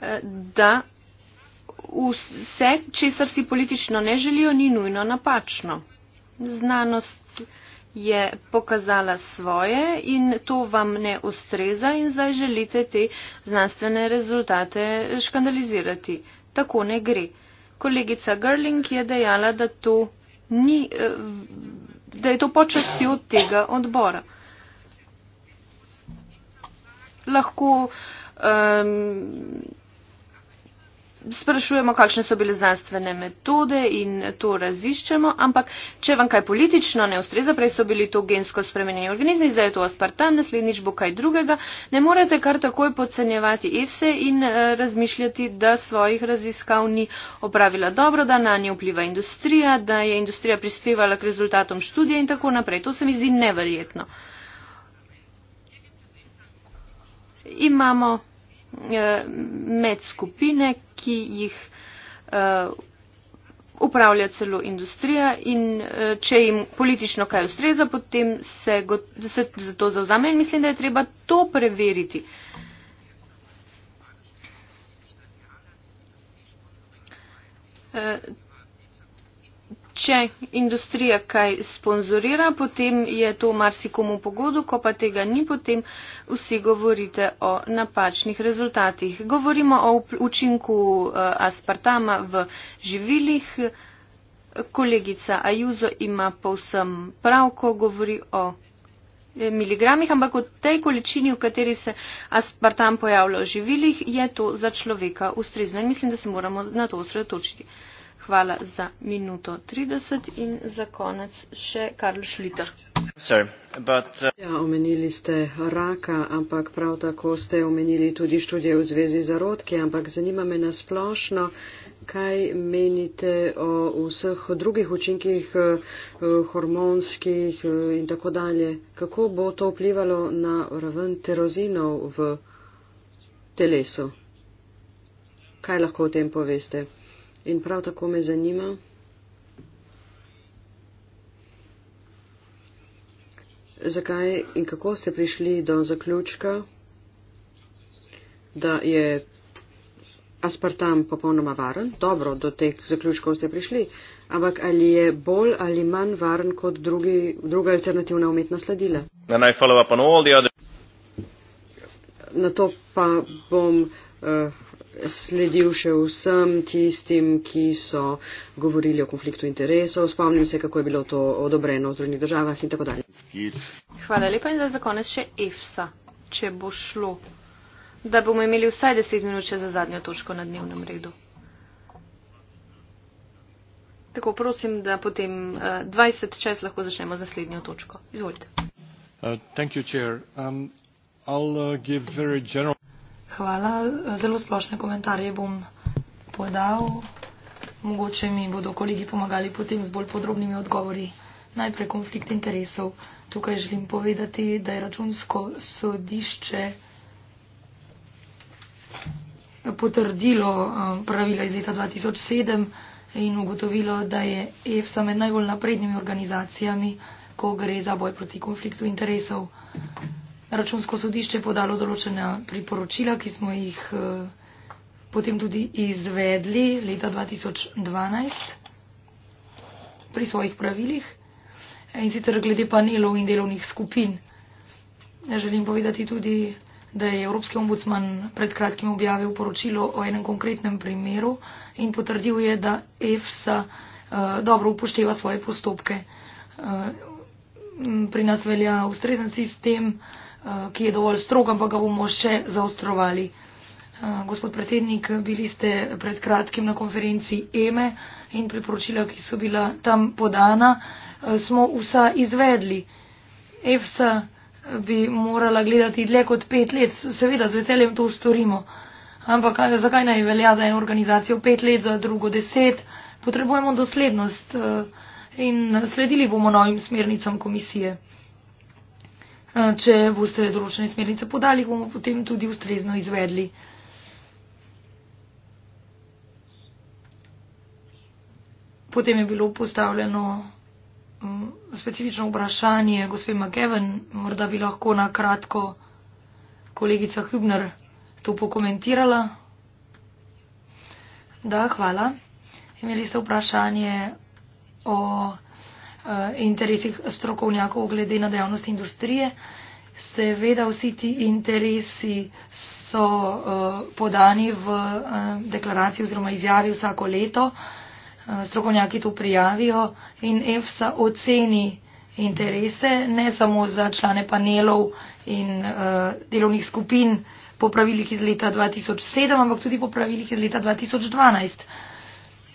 [SPEAKER 1] eh, da vse, česar si politično ne želijo, ni nujno napačno. Znanost je pokazala svoje in to vam ne ustreza in zdaj želite te znanstvene rezultate škandalizirati. Tako ne gre. Kolegica Gerling je dejala, da, to ni, eh, da je to počasti od tega odbora. Lahko um, sprašujemo, kakšne so bile znanstvene metode in to raziščemo, ampak če vam kaj politično ne ustreza, prej so bili to gensko spremenjeni organizmi, zdaj je to aspartam, naslednjič bo kaj drugega, ne morete kar takoj podcenjevati EFSE in eh, razmišljati, da svojih raziskav ni opravila dobro, da na nje vpliva industrija, da je industrija prispevala k rezultatom študije in tako naprej. To se mi zdi neverjetno. Imamo Eh, medskupine, ki jih eh, upravlja celo industrija in eh, če jim politično kaj ustreza, potem se, se za to zauzame in mislim, da je treba to preveriti. E, če industrija kaj sponzorira, potem je to marsikomu pogodu, ko pa tega ni, potem vsi govorite o napačnih rezultatih. Govorimo o učinku eh, aspartama v živilih. Kolegica Ajuzo ima povsem prav, ko govori o eh, miligramih, ampak v tej količini, v kateri se aspartam pojavlja v živilih, je to za človeka ustrezno in mislim, da se moramo na to osredotočiti. Hvala za minuto 30 in za konec še Karl Šliter.
[SPEAKER 4] Sir, but, uh... ja, omenili ste raka, ampak prav tako ste omenili tudi študije v zvezi z rodki, ampak zanima me nasplošno, kaj menite o vseh drugih učinkih eh, hormonskih eh, in tako dalje. Kako bo to vplivalo na raven terozinov v telesu? Kaj lahko o tem poveste? In prav tako me zanima, zakaj in kako ste prišli do zaključka, da je aspartam popolnoma varen. Dobro, do teh zaključkov ste prišli, ampak ali je bolj ali manj varen kot drugi, druga alternativna umetna sladila? Na to pa bom. Uh, sledil še vsem tistim, ki so govorili o konfliktu interesov. Spomnim se, kako je bilo to odobreno v Združenih državah in tako dalje.
[SPEAKER 1] Hvala lepa in da za konec še EFSA, če bo šlo, da bomo imeli vsaj 10 minut za zadnjo točko na dnevnem redu. Tako prosim, da potem 20 eh, čas lahko začnemo z naslednjo točko. Izvolite.
[SPEAKER 2] Uh, thank you, chair. Um, I'll uh, give very general.
[SPEAKER 3] Hvala. Zelo splošne komentarje bom podal. Mogoče mi bodo kolegi pomagali potem z bolj podrobnimi odgovori. Najprej konflikt interesov. Tukaj želim povedati, da je računsko sodišče potrdilo eh, pravila iz leta 2007 in ugotovilo, da je EFSA med najbolj naprednimi organizacijami, ko gre za boj proti konfliktu interesov računsko sodišče podalo določena priporočila, ki smo jih eh, potem tudi izvedli leta 2012 pri svojih pravilih. In sicer glede panelov in delovnih skupin. Ja, želim povedati tudi, da je Evropski ombudsman pred kratkim objavil poročilo o enem konkretnem primeru in potrdil je, da EFSA eh, dobro upošteva svoje postopke. Eh, pri nas velja ustrezen sistem, Eh, ki je dovolj strog, ampak ga bomo še zaostrovali. Eh, gospod predsednik, bili ste pred kratkim na konferenci EME e in priporočila, ki so bila tam podana, eh, smo vsa izvedli. EFSA bi morala gledati dlje kot pet let, seveda z veseljem to storimo. Ampak zakaj naj velja za eno organizacijo pet let, za drugo deset? Potrebujemo doslednost in sledili bomo novim smernicam komisije. Če boste določene smernice podali, bomo potem tudi ustrezno izvedli. Potem je bilo postavljeno mm, specifično vprašanje gospe McEwen, morda bi lahko na kratko kolegica Hübner to pokomentirala. Da, hvala. Imeli ste vprašanje o. Eh, interesih strokovnjakov glede na dejavnost industrije. Seveda vsi ti interesi so uh, podani v uh, deklaraciji oziroma izjavi vsako leto, uh, strokovnjaki to prijavijo in EFSA oceni interese, ne samo za člane panelov in uh, delovnih skupin po pravilih iz leta 2007, ampak tudi po pravilih iz leta 2012.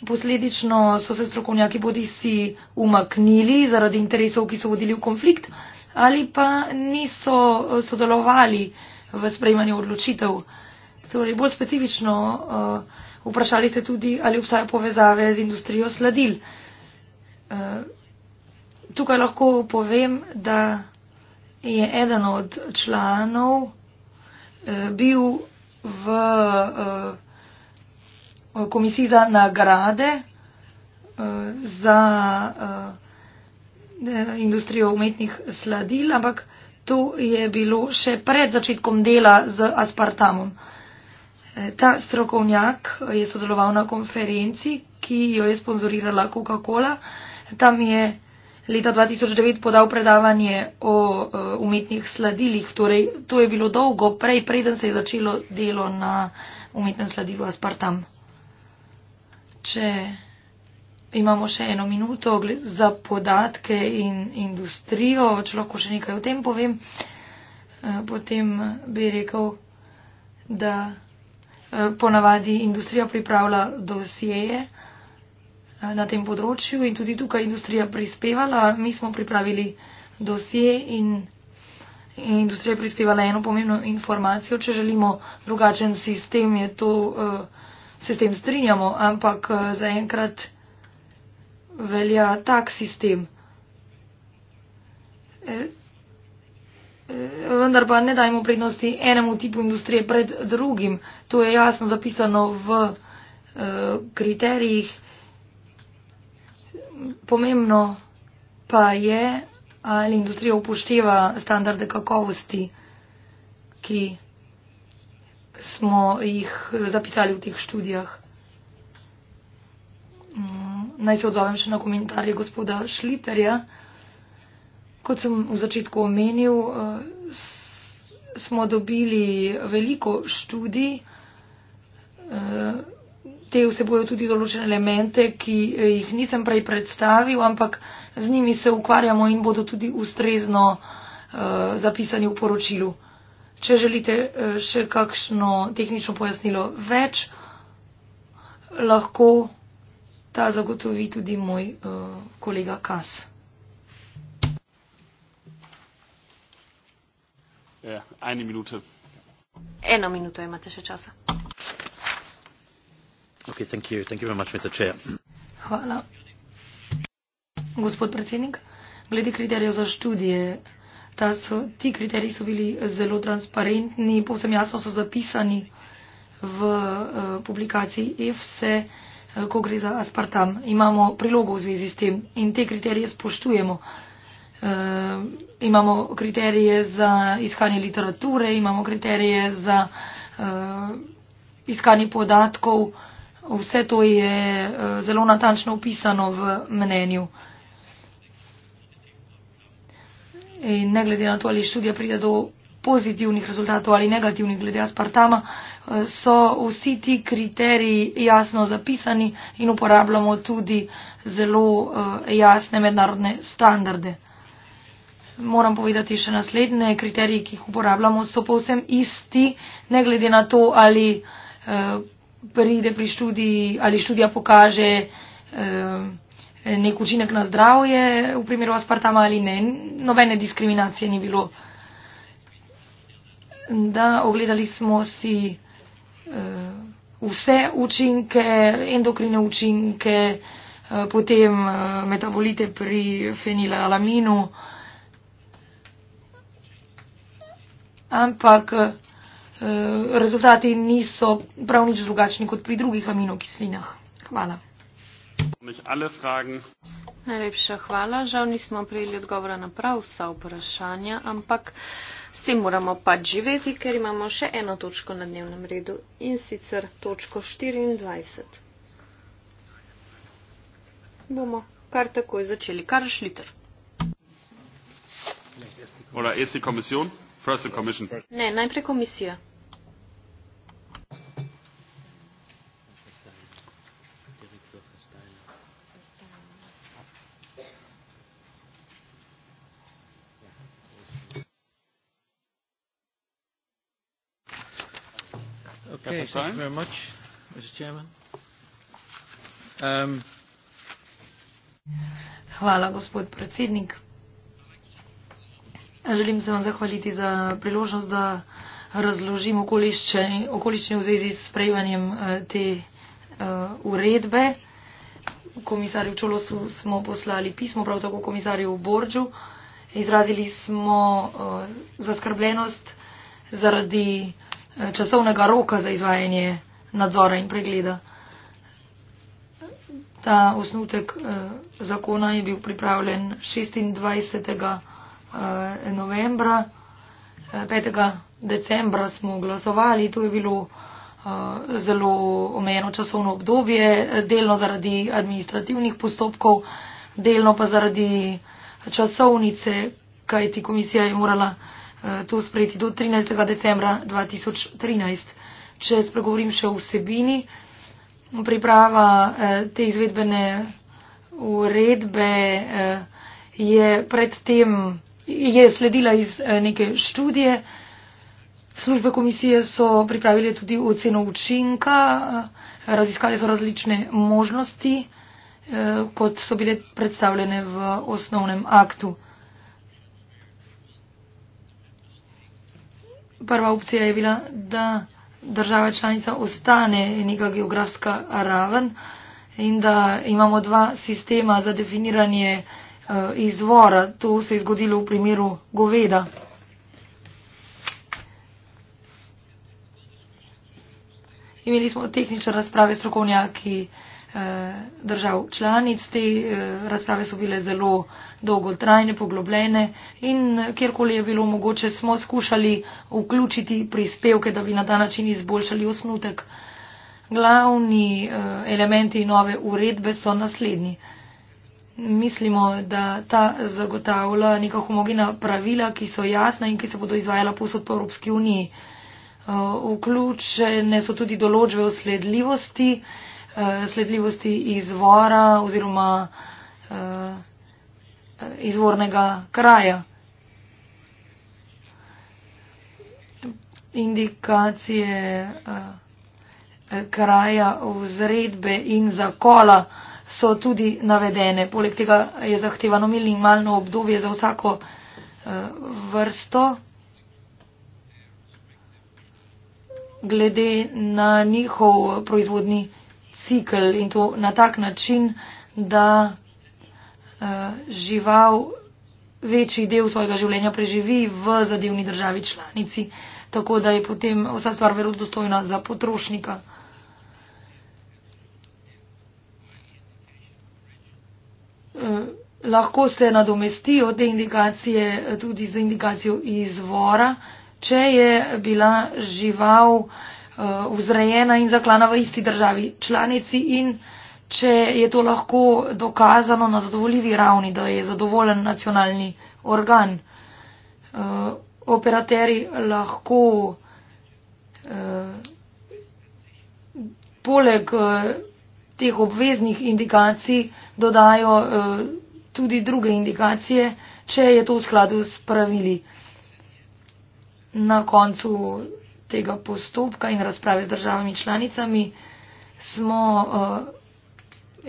[SPEAKER 3] Posledično so se strokovnjaki bodi si umaknili zaradi interesov, ki so vodili v konflikt, ali pa niso eh, sodelovali v sprejmanju odločitev. Torej, bolj specifično uh, vprašali ste tudi, ali obstaja povezave z industrijo sladil. Uh, tukaj lahko povem, da je eden od članov uh, bil v. Uh, komisij za nagrade eh, za eh, eh, industrijo umetnih sladil, ampak to je bilo še pred začetkom dela z aspartamom. Ta strokovnjak je sodeloval na konferenci, ki jo je sponzorirala Coca-Cola. Tam je leta 2009 podal predavanje o umetnih sladilih, torej to je bilo dolgo prej, preden se je začelo delo na umetnem sladilu aspartam če imamo še eno minuto za podatke in industrijo, če lahko še nekaj o tem povem, eh, potem bi rekel, da eh, ponavadi industrija pripravlja dosjeje eh, na tem področju in tudi tukaj industrija prispevala. Mi smo pripravili dosje in, in industrija prispevala eno pomembno informacijo, če želimo drugačen sistem, je to. Uh, se s tem strinjamo, ampak eh, zaenkrat velja tak sistem. Eh, eh, vendar pa ne dajmo prednosti enemu tipu industrije pred drugim. To je jasno zapisano v kriterijih. Pomembno pa je, ali industrija upošteva standarde kakovosti, ki smo jih zapisali v teh študijah. Mm, naj se odzovem še na komentarje gospoda Šliterja. Kot sem v začetku omenil, eh, smo dobili veliko študij. Eh, te vsebojo tudi določene elemente, ki eh, jih nisem prej predstavil, ampak z njimi se ukvarjamo in bodo tudi ustrezno zapisani v poročilu. Če želite eh, še kakšno tehnično pojasnilo več, lahko ta zagotovi tudi moj uh, kolega Kas.
[SPEAKER 2] Ja, minute.
[SPEAKER 1] Eno minuto imate še časa.
[SPEAKER 2] Okay, thank you. Thank you very much, Mr. Chair.
[SPEAKER 3] Hvala. Gospod predsednik, glede kriterijev za študije so, ti kriteriji so bili zelo transparentni, povsem jasno so zapisani v uh, publikaciji EFSE, uh, eh, ko gre za aspartam. Imamo prilogo v zvezi s tem in te kriterije spoštujemo. Uh, imamo kriterije za iskanje literature, imamo kriterije za uh, iskanje podatkov. Vse to je uh, zelo natančno opisano v mnenju. Uh, In ne glede na to, ali študija pride do pozitivnih rezultatov ali negativnih glede aspartama, eh, so vsi ti kriteriji jasno zapisani in uporabljamo tudi zelo eh, jasne mednarodne standarde. Moram povedati še naslednje, kriteriji, ki jih uporabljamo, so povsem isti, ne glede na to, ali eh, pride pri študiji, ali študija pokaže nek učinek na zdravje v primeru aspartama ali ne. Nobene diskriminacije ni bilo. Da, ogledali smo si eh, vse učinke, endokrine učinke, eh, potem eh, metabolite pri fenilalaminu. Ampak rezultati niso prav nič drugačni kot pri drugih aminokislinah. Hvala.
[SPEAKER 1] Najlepša hvala. Žal nismo prijeli odgovora na prav vsa vprašanja, ampak s tem moramo pač živeti, ker imamo še eno točko na dnevnem redu in sicer točko 24. Bomo kar takoj začeli. Kar šliter? Ne, najprej komisija.
[SPEAKER 3] Thank time. Thank you very much, Mr. Chairman. Um, Hvala, gospod predsednik. Želim se vam zahvaliti za priložnost, da razložim okoliščine v zvezi s sprejemanjem eh, te uh, uredbe. Komisarju Čolosu smo poslali pismo, prav tako komisarju Borđu. Izrazili smo uh, zaskrbljenost zaradi uh, časovnega roka za izvajanje nadzora in pregleda. Ta osnutek eh, zakona je bil pripravljen 26. Eh, novembra. 5. Eh, decembra smo glasovali, to je bilo zelo omejeno časovno obdobje, delno zaradi administrativnih postopkov, delno pa zaradi časovnice, kajti komisija je morala Eh, to sprejeti do 13. decembra 2013. Če spregovorim še o vsebini, priprava eh, te izvedbene uredbe eh, je predtem je sledila iz neke študije. Službe komisije so pripravile tudi oceno učinka, raziskali so različne možnosti, kot so bile predstavljene v osnovnem aktu. prva opcija je bila, da država članica ostane neka geografska raven in da imamo dva sistema za definiranje eh, izvora. To se je zgodilo v primeru goveda. Imeli smo tehnične razprave strokovnjaki, ki Eh, držav članic. Te eh, razprave so bile zelo dolgotrajne, poglobljene in eh, kjerkoli je bilo mogoče, smo skušali vključiti prispevke, da bi na ta način izboljšali osnutek. Glavni elementi nove uredbe so naslednji. Mislimo, da ta zagotavlja neka homogena pravila, ki so jasna in ki se bodo izvajala posod po Evropski uniji. Vključene so tudi določbe o sledljivosti, Eh, sledljivosti izvora oziroma eh, izvornega kraja. Indikacije eh, kraja vzredbe in zakola so tudi navedene. Poleg tega je zahtevano minimalno obdobje za vsako vrsto. Glede na njihov proizvodni cikl in to na tak način, da eh, žival večji del svojega življenja preživi v zadevni državi članici, tako da je potem vsa stvar verodostojna za potrošnika. Eh, lahko se nadomestijo te indikacije eh, tudi z indikacijo izvora, če je bila žival. Uh, vzrejena in zaklana v isti državi članici in če je to lahko dokazano na zadovoljivi ravni, da je zadovoljen nacionalni organ. Uh, operateri lahko uh, poleg teh obveznih indikacij dodajo tudi druge indikacije, če je to v skladu s pravili. Na koncu tega postopka in razprave z državami članicami smo uh,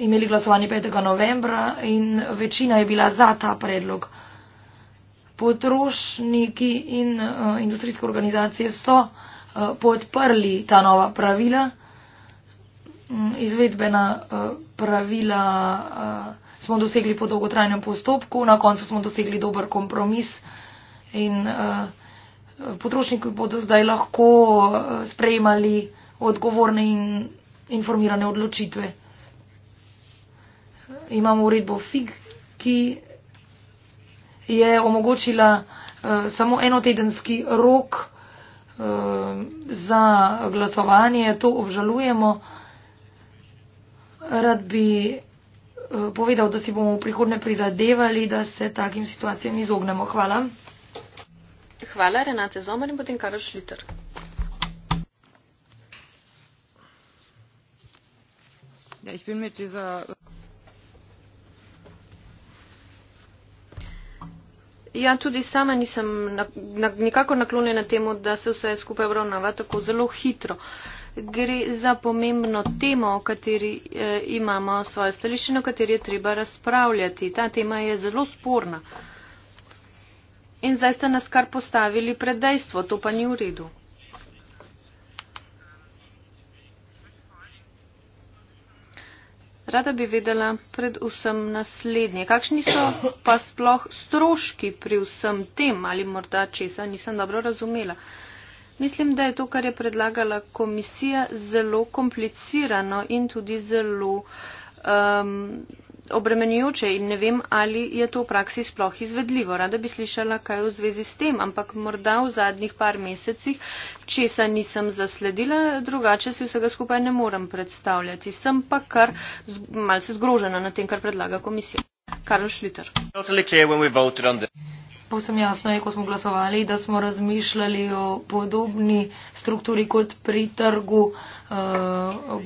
[SPEAKER 3] imeli glasovanje 5. novembra in večina je bila za ta predlog. Potrošniki in uh, industrijske organizacije so uh, podprli ta nova pravila. Mm, izvedbena uh, pravila uh, smo dosegli po dolgotrajnem postopku, na koncu smo dosegli dober kompromis in uh, potrošniki bodo zdaj lahko eh, sprejemali odgovorne in informirane odločitve. Imamo uredbo FIG, ki je omogočila uh, samo enotedenski rok uh, za glasovanje. To obžalujemo. Rad bi uh, povedal, da si bomo v prihodnje prizadevali, da se takim situacijam izognemo. Hvala.
[SPEAKER 1] Hvala, Renate Zomer in potem Karol
[SPEAKER 3] Šliter. Ja, ich bin mit dieser
[SPEAKER 1] Ja, tudi sama nisem na, na, nikako naklonjena temu, da se vse skupaj obravnava tako zelo hitro. Gre za pomembno temo, o kateri eh, imamo svoje stališče, o kateri je treba razpravljati. Ta tema je zelo sporna. Eh, In zdaj ste nas kar postavili pred dejstvo, to pa ni v redu. Rada bi vedela predvsem naslednje. Kakšni so pa sploh stroški pri vsem tem ali morda česa nisem dobro razumela? Mislim, da je to, kar je predlagala komisija, zelo komplicirano in tudi zelo um, obremenjujoče in ne vem, ali je to v praksi sploh izvedljivo. Rada bi slišala, kaj v zvezi s tem, ampak morda v zadnjih par mesecih, če se nisem zasledila, drugače si vsega skupaj ne morem predstavljati. Sem pa kar malce zgrožena na tem, kar predlaga komisija. Karl Šliter.
[SPEAKER 3] Povsem jasno je, ko smo glasovali, da smo razmišljali o podobni strukturi kot pri trgu uh,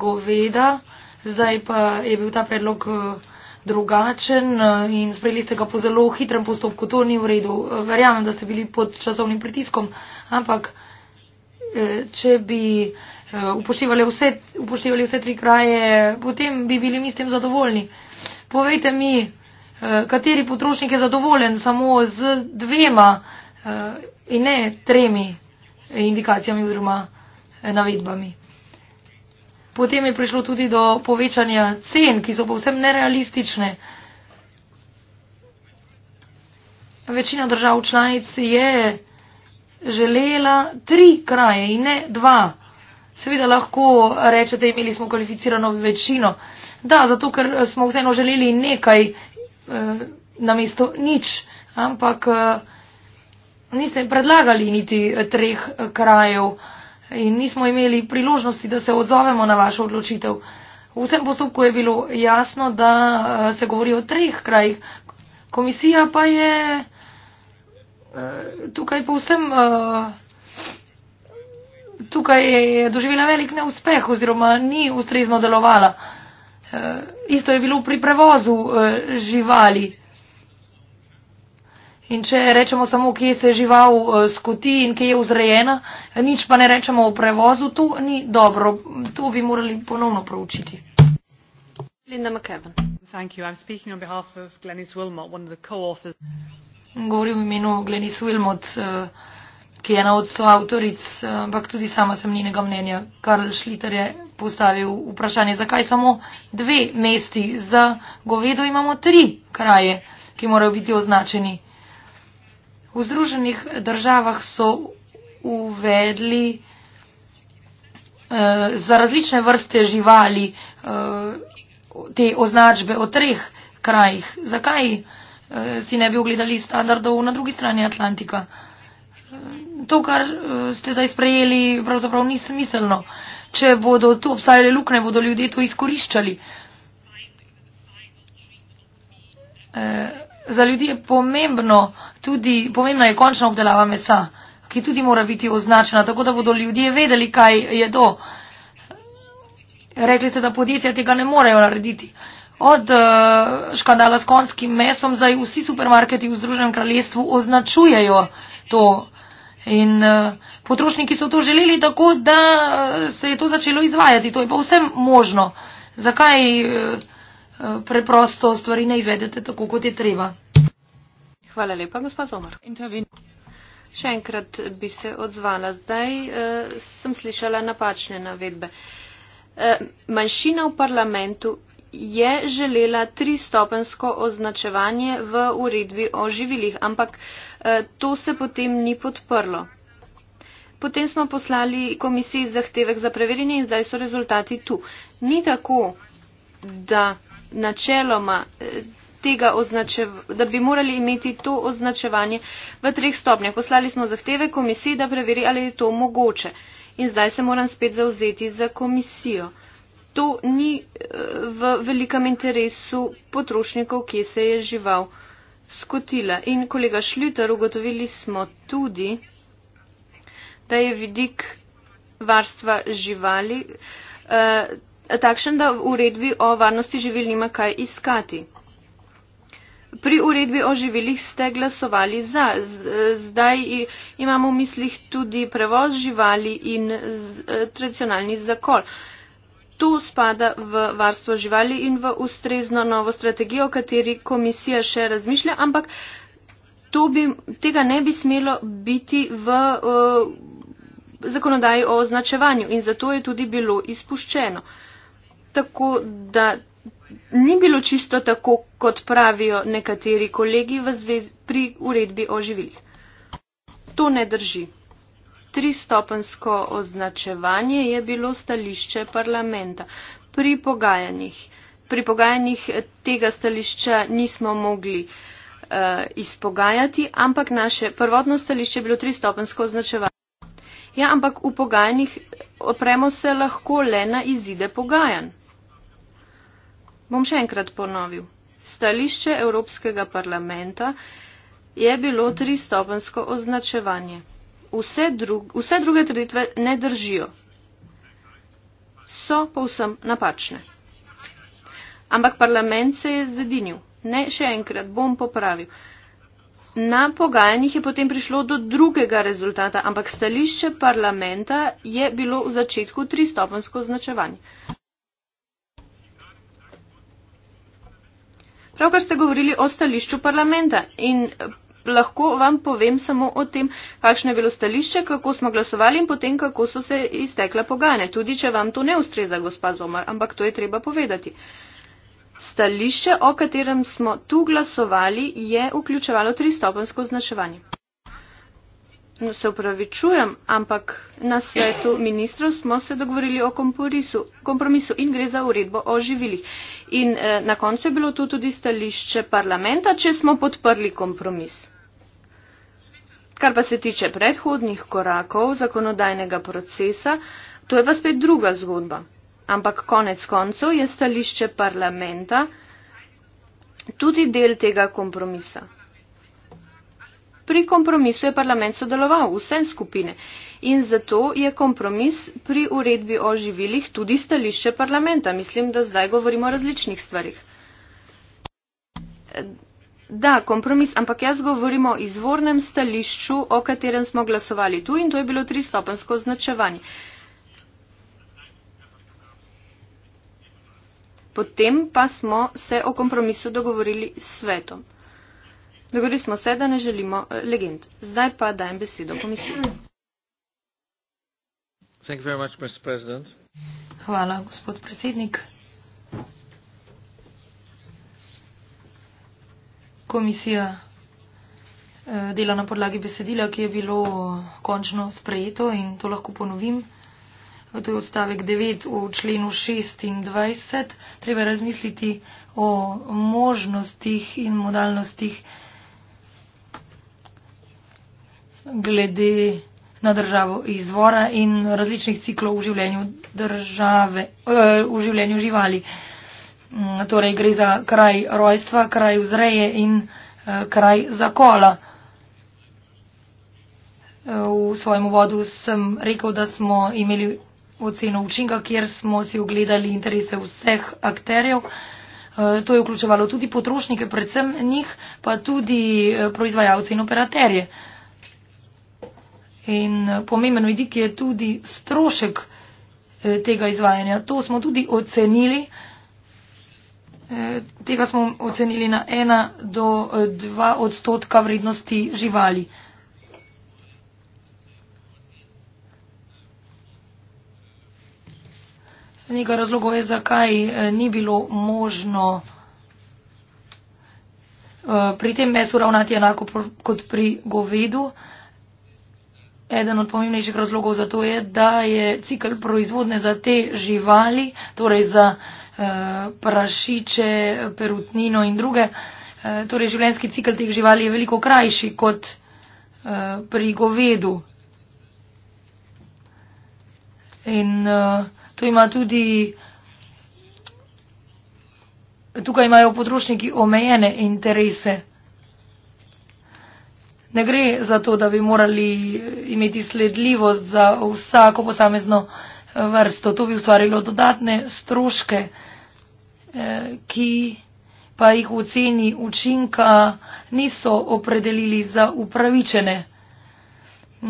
[SPEAKER 3] goveda. Zdaj pa je bil ta predlog. Uh, drugačen eh, in sprejeli ste ga po zelo hitrem postopku. To ni v redu. Eh, verjamem, da ste bili pod časovnim pritiskom, ampak eh, če bi upoštevali vse, upoštevali vse tri kraje, potem bi bili mi s tem zadovoljni. Povejte mi, kateri potrošnik je zadovoljen samo z dvema in ne tremi indikacijami oziroma navedbami. Potem je prišlo tudi do povečanja cen, ki so povsem nerealistične. Večina držav članic je želela tri kraje in ne dva. Seveda lahko rečete, imeli smo kvalificirano večino. Da, zato ker smo vseeno želeli nekaj eh, namesto nič, ampak eh, niste predlagali niti treh krajev. Eh, in nismo imeli priložnosti, da se odzovemo na vašo odločitev. V vsem postopku je bilo jasno, da eh, se govori o treh krajih. Komisija pa je eh, tukaj povsem. Eh, tukaj je doživela velik neuspeh oziroma ni ustrezno delovala. E, isto je bilo pri prevozu e, živali. In če rečemo samo, kje se žival eh, skuti in kje je vzrejena, nič pa ne rečemo o prevozu, tu ni dobro. To bi morali ponovno proučiti.
[SPEAKER 1] Linda McKevin. Thank you. I'm speaking on behalf of Glenys Wilmot, one of the co-authors.
[SPEAKER 3] Govorim v imenu Glenys Wilmot, eh, ki je ena od soavtoric, eh, ampak tudi sama sem njenega mnenja. Karl Schlitter je postavil vprašanje, zakaj samo dve mesti. Za govedo imamo tri kraje, ki morajo biti označeni. V Združenih državah so uvedli eh, za različne vrste živali eh, te označbe o treh krajih. Zakaj eh, si ne bi ogledali standardov na drugi strani Atlantika? Eh, to, kar eh, ste zdaj sprejeli, pravzaprav ni smiselno. Če bodo tu obstajale lukne, bodo ljudje to izkoriščali. Eh, Za ljudi je pomembno tudi, pomembna je končna obdelava mesa, ki tudi mora biti označena, tako da bodo ljudje vedeli, kaj je to. Rekli ste, da podjetja tega ne morejo narediti. Od eh, škandala s konskim mesom, zdaj vsi supermarketi v Združenem kraljestvu označujejo to. In eh, potrošniki so to želeli tako, da eh, se je to začelo izvajati. To je pa vsem možno. Zakaj? Eh, preprosto stvari ne izvedete tako, kot je treba.
[SPEAKER 1] Hvala lepa, gospa Zomar. Še enkrat bi se odzvala. Zdaj eh, sem slišala napačne navedbe. Eh, manjšina v parlamentu je želela tristopensko označevanje v uredbi o živilih, ampak eh, to se potem ni podprlo. Potem smo poslali komisiji zahtevek za preverjanje in zdaj so rezultati tu. Ni tako, da načeloma eh, tega označevanja, da bi morali imeti to označevanje v treh stopnjah. Poslali smo zahteve komisiji, da preveri, ali je to mogoče. In zdaj se moram spet zauzeti za komisijo. To ni eh, v velikem interesu potrošnikov, ki se je žival skotila. In kolega Šljuter, ugotovili smo tudi, da je vidik varstva živali. Uh, takšen, da v uredbi o varnosti živil nima kaj iskati. Pri uredbi o živilih ste glasovali za. Zdaj imamo v mislih tudi prevoz živali in eh, tradicionalni zakol. To spada v varstvo živali in v ustrezno novo strategijo, o kateri komisija še razmišlja, ampak bi, tega ne bi smelo biti v uh, zakonodaji o označevanju in zato je tudi bilo izpuščeno. Uh, tako, da ni bilo čisto tako, kot pravijo nekateri kolegi v zvezi pri uredbi o živilih. To ne drži. Tristopensko označevanje je bilo stališče parlamenta. Pri pogajanjih, pri pogajanjih tega stališča nismo mogli uh, izpogajati, ampak naše prvotno stališče je bilo tristopensko označevanje. Ja, ampak v pogajanjih opremo se lahko le na izide pogajanj. Bom še enkrat ponovil. Stališče Evropskega parlamenta je bilo tristopensko označevanje. Vse, drug, vse druge trditve ne držijo. So povsem napačne. Ampak parlament se je zedinil. Ne še enkrat, bom popravil. Na pogajanjih je potem prišlo do drugega rezultata, ampak stališče parlamenta je bilo v začetku tristopensko označevanje. Pravkar ste govorili o stališču parlamenta in eh, lahko vam povem samo o tem, kakšno je bilo stališče, kako smo glasovali in potem, kako so se iztekla pogajanja. Tudi, če vam to ne ustreza, gospa Zomar, ampak to je treba povedati. Stališče, o katerem smo tu glasovali, je vključevalo tristopensko označevanje. No, se upravičujem, ampak na svetu ministrov smo se dogovorili o kompromisu in gre za uredbo o živilih in eh, na koncu je bilo to tudi stališče parlamenta, če smo podprli kompromis. Kar pa se tiče predhodnih korakov zakonodajnega procesa, to je pa spet druga zgodba. Ampak konec koncev je stališče parlamenta tudi del tega kompromisa. Pri kompromisu je parlament sodeloval vse skupine in zato je kompromis pri uredbi o živilih tudi stališče parlamenta. Mislim, da zdaj govorimo o različnih stvarih. Da, kompromis, ampak jaz govorim o izvornem stališču, o katerem smo glasovali tu in to je bilo tristopensko označevanje. Potem pa smo se o kompromisu dogovorili s svetom. Dogovorili smo se, da ne želimo uh, legend. Zdaj pa dajem besedo komisiji.
[SPEAKER 3] Thank you very much, Mr. President. Hvala, gospod predsednik. Komisija eh, dela na podlagi besedila, ki je bilo končno sprejeto in to lahko ponovim. To je odstavek 9 v členu 26. Treba razmisliti o možnostih in modalnostih glede na državo izvora in različnih ciklov v življenju, države, eh, v življenju živali. Mm, torej gre za kraj rojstva, kraj vzreje in eh, kraj zakola. V svojem uvodu sem rekel, da smo imeli oceno učinka, kjer smo si ogledali interese vseh akterjev. Eh, to je vključevalo tudi potrošnike, predvsem njih, pa tudi proizvajalce in operaterje. In pomemben vidik je tudi strošek eh, tega izvajanja. To smo tudi ocenili. Eh, tega smo ocenili na 1 do 2 eh, odstotka vrednosti živali. Nega razlogov je, zakaj ni bilo možno pri tem mesu ravnati enako kot pri govedu. Eden od pomembnejših razlogov za to je, da je cikl proizvodne za te živali, torej za eh, prašiče, perutnino in druge, eh, torej življenjski cikl teh živali je veliko krajši kot eh, pri govedu. In eh, to ima tudi. Tukaj imajo potrošniki omejene interese ne gre za to, da bi morali imeti sledljivost za vsako posamezno eh, vrsto. To bi ustvarilo dodatne stroške, eh, ki pa jih v ceni učinka niso opredelili za upravičene.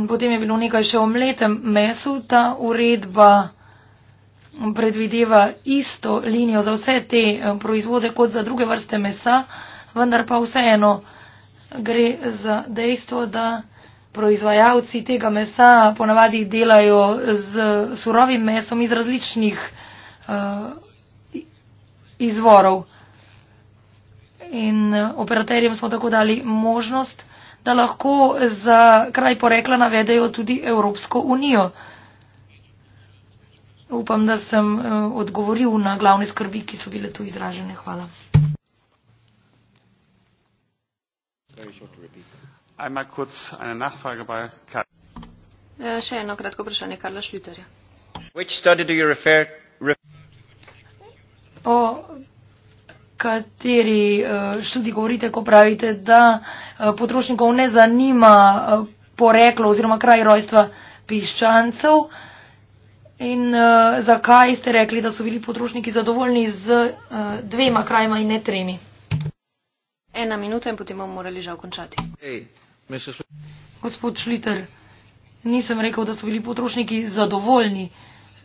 [SPEAKER 3] Potem je bilo nekaj še o mletem mesu. Ta uredba predvideva isto linijo za vse te eh, proizvode kot za druge vrste mesa, vendar pa vseeno gre za dejstvo, da proizvajalci tega mesa ponavadi delajo z surovim mesom iz različnih uh, izvorov. In eh, operaterjem smo tako dali možnost, da lahko za kraj porekla navedejo tudi Evropsko unijo. Upam, da sem eh, odgovoril na glavne skrbi, ki so bile tu izražene. Hvala.
[SPEAKER 2] Einmal kurz eine Nachfrage bei Karl.
[SPEAKER 1] Ja, še eno kratko
[SPEAKER 3] vprašanje Karla Šliterja.
[SPEAKER 2] Which study do you refer, refer?
[SPEAKER 3] O kateri uh, študiji govorite, ko pravite, da uh, potrošnikov ne zanima uh, poreklo oziroma kraj rojstva piščancev in uh, zakaj ste rekli, da so bili potrošniki zadovoljni z uh, dvema krajima in ne tremi?
[SPEAKER 1] ena minuta in potem bomo morali žal
[SPEAKER 3] končati. Ej, Gospod Šliter, nisem rekel, da so bili potrošniki zadovoljni.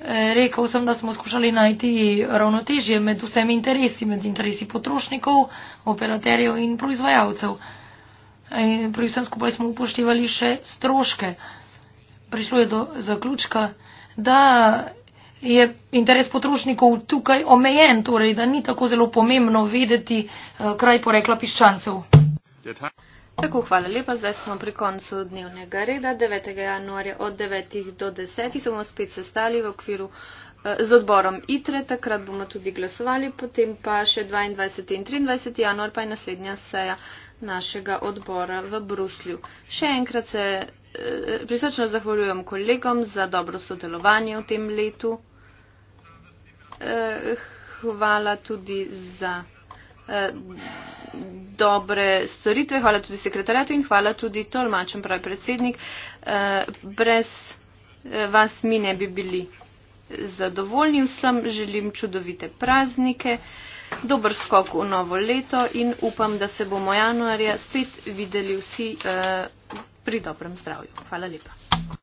[SPEAKER 3] E, rekel sem, da smo skušali najti ravnotežje med vsemi interesi, med interesi potrošnikov, operaterjev in proizvajalcev. E, pri vsem skupaj smo upoštevali še stroške. Prišlo je do zaključka, da je interes potrošnikov tukaj omejen, torej da ni tako zelo pomembno vedeti eh, kraj porekla piščancev.
[SPEAKER 1] Tako, hvala lepa. Zdaj smo pri koncu dnevnega reda. 9. januarja od 9. do 10. se bomo spet sestali v okviru eh, z odborom ITRE, takrat bomo tudi glasovali, potem pa še 22. in 23. januar pa je naslednja seja našega odbora v Bruslju. Še enkrat se eh, prisrčno zahvaljujem kolegom za dobro sodelovanje v tem letu. Eh, hvala tudi za eh, dobre storitve, hvala tudi sekretarjatu in hvala tudi tolmačem, pravi predsednik. Eh, brez vas mi ne bi bili zadovoljni vsem, želim čudovite praznike, dober skok v novo leto in upam, da se bomo januarja spet videli vsi pri dobrem zdravju. Hvala lepa.